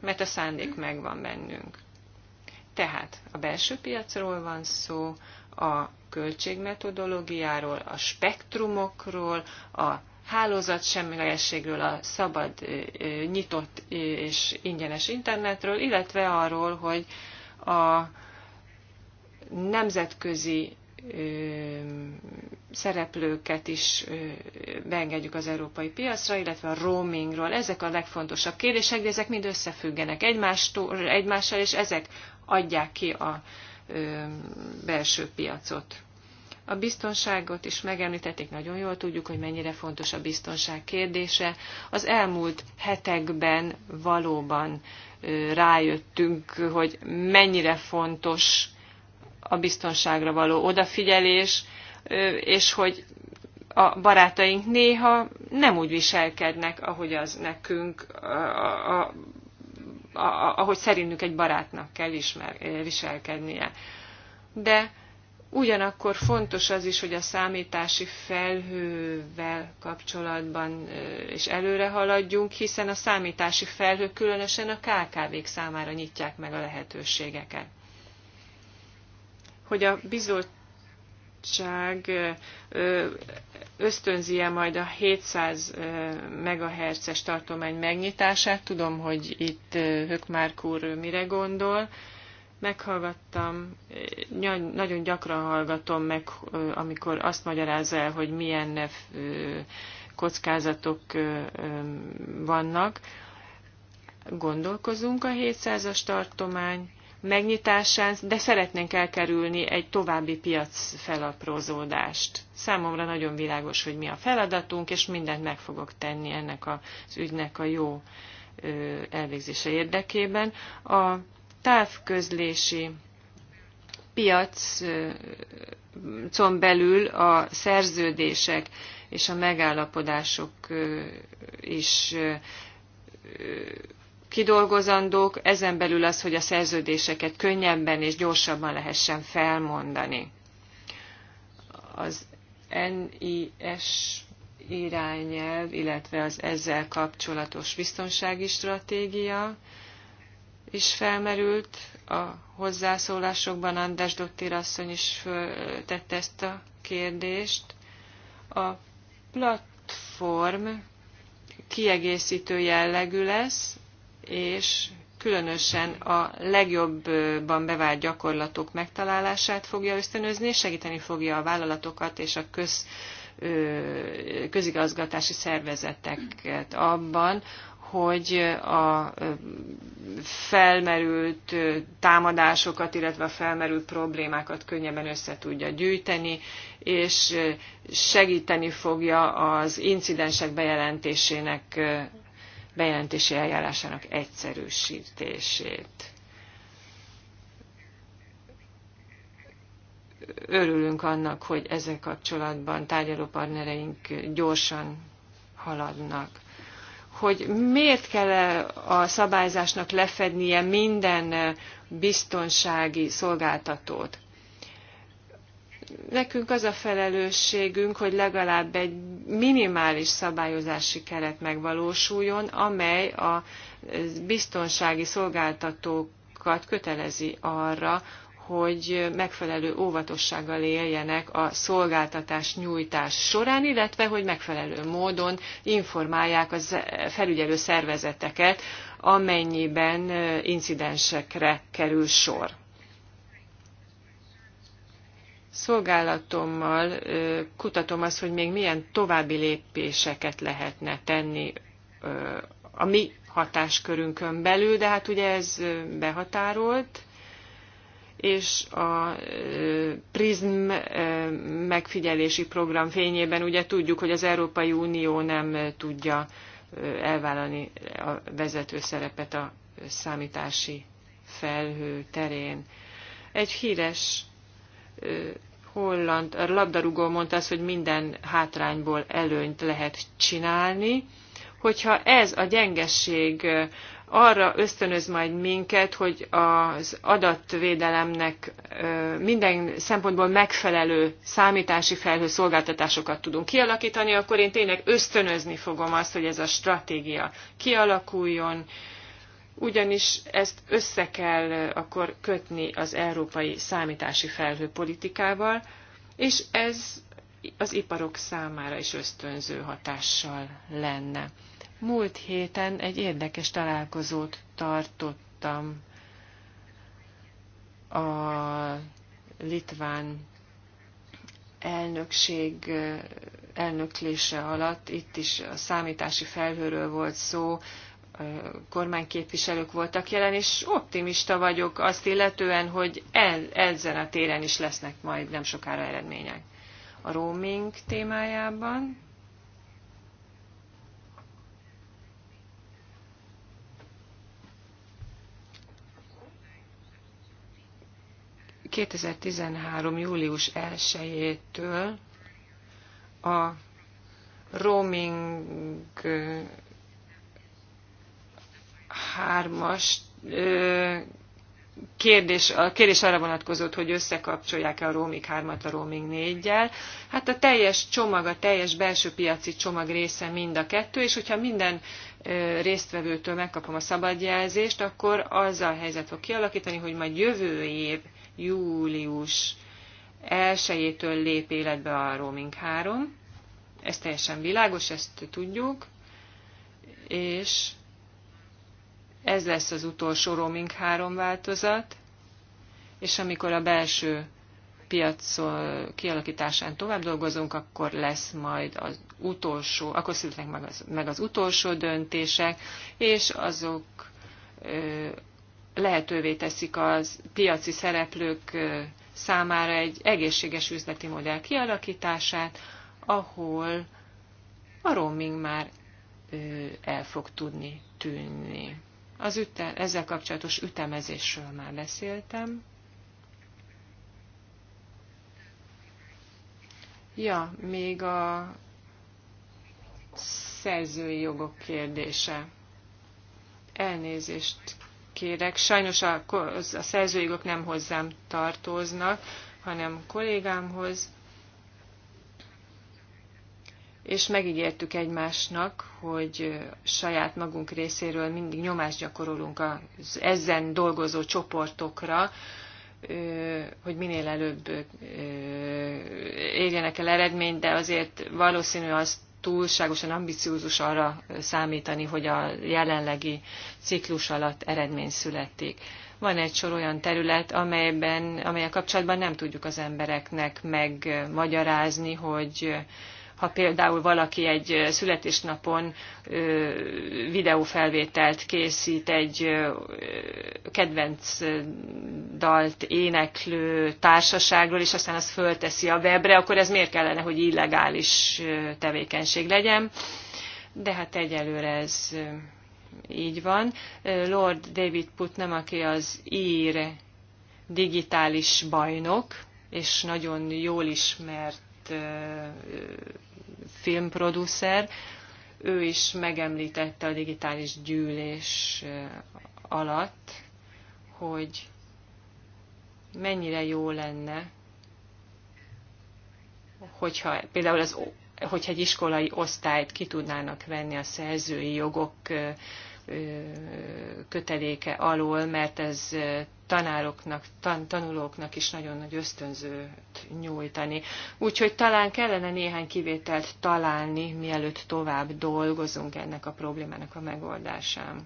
mert a szándék megvan bennünk. Tehát a belső piacról van szó, a költségmetodológiáról, a spektrumokról, a hálózat semlegességről, a szabad, nyitott és ingyenes internetről, illetve arról, hogy a nemzetközi szereplőket is beengedjük az európai piacra, illetve a roamingról. Ezek a legfontosabb kérdések, de ezek mind összefüggenek egymástól, egymással, és ezek adják ki a belső piacot. A biztonságot is megemlítették, nagyon jól tudjuk, hogy mennyire fontos a biztonság kérdése. Az elmúlt hetekben valóban rájöttünk, hogy mennyire fontos a biztonságra való odafigyelés, és hogy a barátaink néha nem úgy viselkednek, ahogy az nekünk, a, a, a, ahogy szerintünk egy barátnak kell ismer, viselkednie. De Ugyanakkor fontos az is, hogy a számítási felhővel kapcsolatban és előre haladjunk, hiszen a számítási felhők különösen a KKV-k számára nyitják meg a lehetőségeket. Hogy a bizottság ösztönzi-e majd a 700 MHz-es tartomány megnyitását, tudom, hogy itt Hökmárk úr mire gondol, meghallgattam, eh, nagyon gyakran hallgatom meg, amikor azt magyarázza el, hogy milyen eh, kockázatok vannak. Gondolkozunk a 700-as tartomány megnyitásán, de szeretnénk elkerülni egy további piac felaprózódást. Számomra nagyon világos, hogy mi a feladatunk, és mindent meg fogok tenni ennek az ügynek a jó elvégzése érdekében. A távközlési piacon belül a szerződések és a megállapodások is kidolgozandók, ezen belül az, hogy a szerződéseket könnyebben és gyorsabban lehessen felmondani. Az NIS irányelv, illetve az ezzel kapcsolatos biztonsági stratégia, is felmerült a hozzászólásokban, András Dottir asszony is tette ezt a kérdést. A platform kiegészítő jellegű lesz, és különösen a legjobban bevált gyakorlatok megtalálását fogja ösztönözni, és segíteni fogja a vállalatokat és a köz, közigazgatási szervezeteket abban, hogy a felmerült támadásokat, illetve a felmerült problémákat könnyebben össze tudja gyűjteni, és segíteni fogja az incidensek bejelentésének, bejelentési eljárásának egyszerűsítését. Örülünk annak, hogy ezzel kapcsolatban tárgyalópartnereink gyorsan haladnak hogy miért kell a szabályzásnak lefednie minden eh, biztonsági szolgáltatót. Nekünk az a felelősségünk, hogy legalább egy minimális szabályozási keret megvalósuljon, amely a eh, biztonsági szolgáltatókat kötelezi arra, hogy megfelelő óvatossággal éljenek a szolgáltatás nyújtás során, illetve hogy megfelelő módon informálják a felügyelő szervezeteket, amennyiben incidensekre kerül sor. Szolgálatommal kutatom azt, hogy még milyen további lépéseket lehetne tenni a mi hatáskörünkön belül, de hát ugye ez behatárolt, és a PRISM megfigyelési program fényében ugye tudjuk, hogy az Európai Unió nem tudja elvállalni a vezető szerepet a számítási felhő terén. Egy híres holland labdarúgó mondta azt, hogy minden hátrányból előnyt lehet csinálni, hogyha ez a gyengesség arra ösztönöz majd minket, hogy az adatvédelemnek minden szempontból megfelelő számítási felhő szolgáltatásokat tudunk kialakítani, akkor én tényleg ösztönözni fogom azt, hogy ez a stratégia kialakuljon, ugyanis ezt össze kell akkor kötni az európai számítási felhő politikával, és ez az iparok számára is ösztönző hatással lenne. Múlt héten egy érdekes találkozót tartottam a litván elnökség elnöklése alatt. Itt is a számítási felhőről volt szó, kormányképviselők voltak jelen, és optimista vagyok azt illetően, hogy el, ezen a téren is lesznek majd nem sokára eredmények. A roaming témájában 2013. július 1-től a roaming 3-as kérdés, a kérdés arra vonatkozott, hogy összekapcsolják-e a roaming 3-at a roaming 4-gel. Hát a teljes csomag, a teljes belső piaci csomag része mind a kettő, és hogyha minden résztvevőtől megkapom a szabadjelzést, akkor azzal a helyzet fog kialakítani, hogy majd jövő év július 1-től lép életbe a roaming 3. Ez teljesen világos, ezt tudjuk, és ez lesz az utolsó roaming 3 változat, és amikor a belső piac kialakításán tovább dolgozunk, akkor lesz majd az utolsó, akkor születnek meg az, meg az utolsó döntések, és azok lehetővé teszik az piaci szereplők számára egy egészséges üzleti modell kialakítását, ahol a roaming már el fog tudni tűnni. Az üte, ezzel kapcsolatos ütemezésről már beszéltem. Ja, még a szerzői jogok kérdése. Elnézést kérek. Sajnos a, a szerzőjogok nem hozzám tartoznak, hanem kollégámhoz. És megígértük egymásnak, hogy saját magunk részéről mindig nyomást gyakorolunk az ezen dolgozó csoportokra, hogy minél előbb érjenek el eredményt, de azért valószínű azt túlságosan ambiciózus arra számítani, hogy a jelenlegi ciklus alatt eredmény születik. Van egy sor olyan terület, amelyben, amelyek kapcsolatban nem tudjuk az embereknek megmagyarázni, hogy ha például valaki egy születésnapon videófelvételt készít egy kedvenc dalt éneklő társaságról, és aztán azt fölteszi a webre, akkor ez miért kellene, hogy illegális tevékenység legyen? De hát egyelőre ez így van. Lord David Putnam, aki az ír digitális bajnok, és nagyon jól ismert filmproducer, ő is megemlítette a digitális gyűlés eh, alatt, hogy mennyire jó lenne, hogyha például az, hogyha egy iskolai osztályt ki tudnának venni a szerzői jogok eh, eh, köteléke alól, mert ez tanároknak, tan tanulóknak is nagyon nagy ösztönzőt nyújtani. Úgyhogy talán kellene néhány kivételt találni, mielőtt tovább dolgozunk ennek a problémának a megoldásán.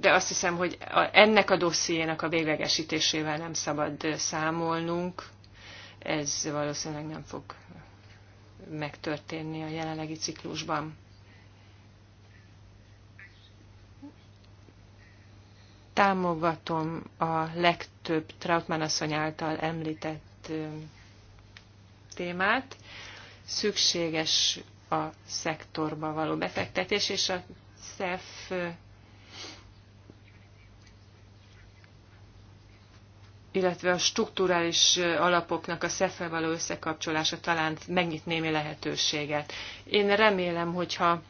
De azt hiszem, hogy ennek a dossziénak a véglegesítésével nem szabad számolnunk. Ez valószínűleg nem fog megtörténni a jelenlegi ciklusban. támogatom a legtöbb Trautmann asszony által említett témát. Szükséges a szektorba való befektetés, és a SZEF illetve a strukturális alapoknak a szef való összekapcsolása talán megnyit némi lehetőséget. Én remélem, hogyha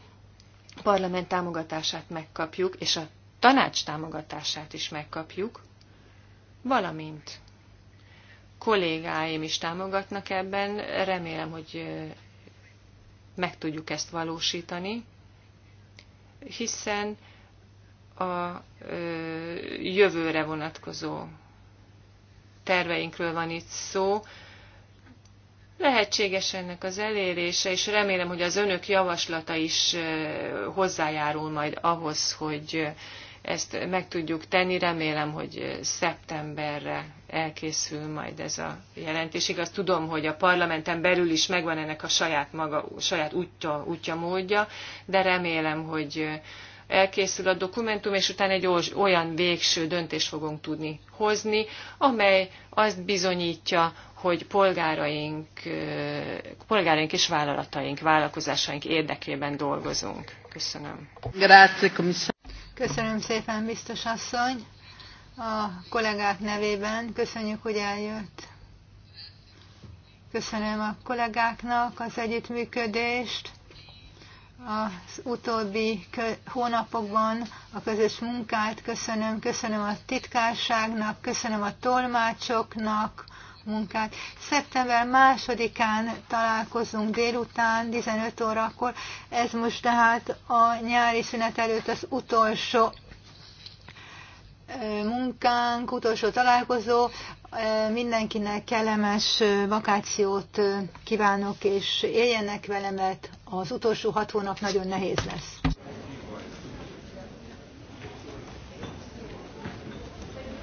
parlament támogatását megkapjuk, és a tanács támogatását is megkapjuk, valamint kollégáim is támogatnak ebben, remélem, hogy meg tudjuk ezt valósítani, hiszen a jövőre vonatkozó terveinkről van itt szó. Lehetséges ennek az elérése, és remélem, hogy az önök javaslata is hozzájárul majd ahhoz, hogy ezt meg tudjuk tenni. Remélem, hogy szeptemberre elkészül majd ez a jelentés. Igaz, tudom, hogy a parlamenten belül is megvan ennek a saját, maga, saját útja, útja, módja, de remélem, hogy elkészül a dokumentum, és utána egy olyan végső döntést fogunk tudni hozni, amely azt bizonyítja, hogy polgáraink, polgáraink és vállalataink, vállalkozásaink érdekében dolgozunk. Köszönöm. Grazie, Köszönöm szépen, biztos asszony. A kollégák nevében köszönjük, hogy eljött. Köszönöm a kollégáknak az együttműködést az utóbbi hónapokban a közös munkát. Köszönöm, köszönöm a titkárságnak, köszönöm a tolmácsoknak, munkát. Szeptember másodikán találkozunk délután, 15 órakor. Ez most tehát a nyári szünet előtt az utolsó munkánk, utolsó találkozó. Mindenkinek kellemes vakációt kívánok, és éljenek velem, mert az utolsó hat hónap nagyon nehéz lesz.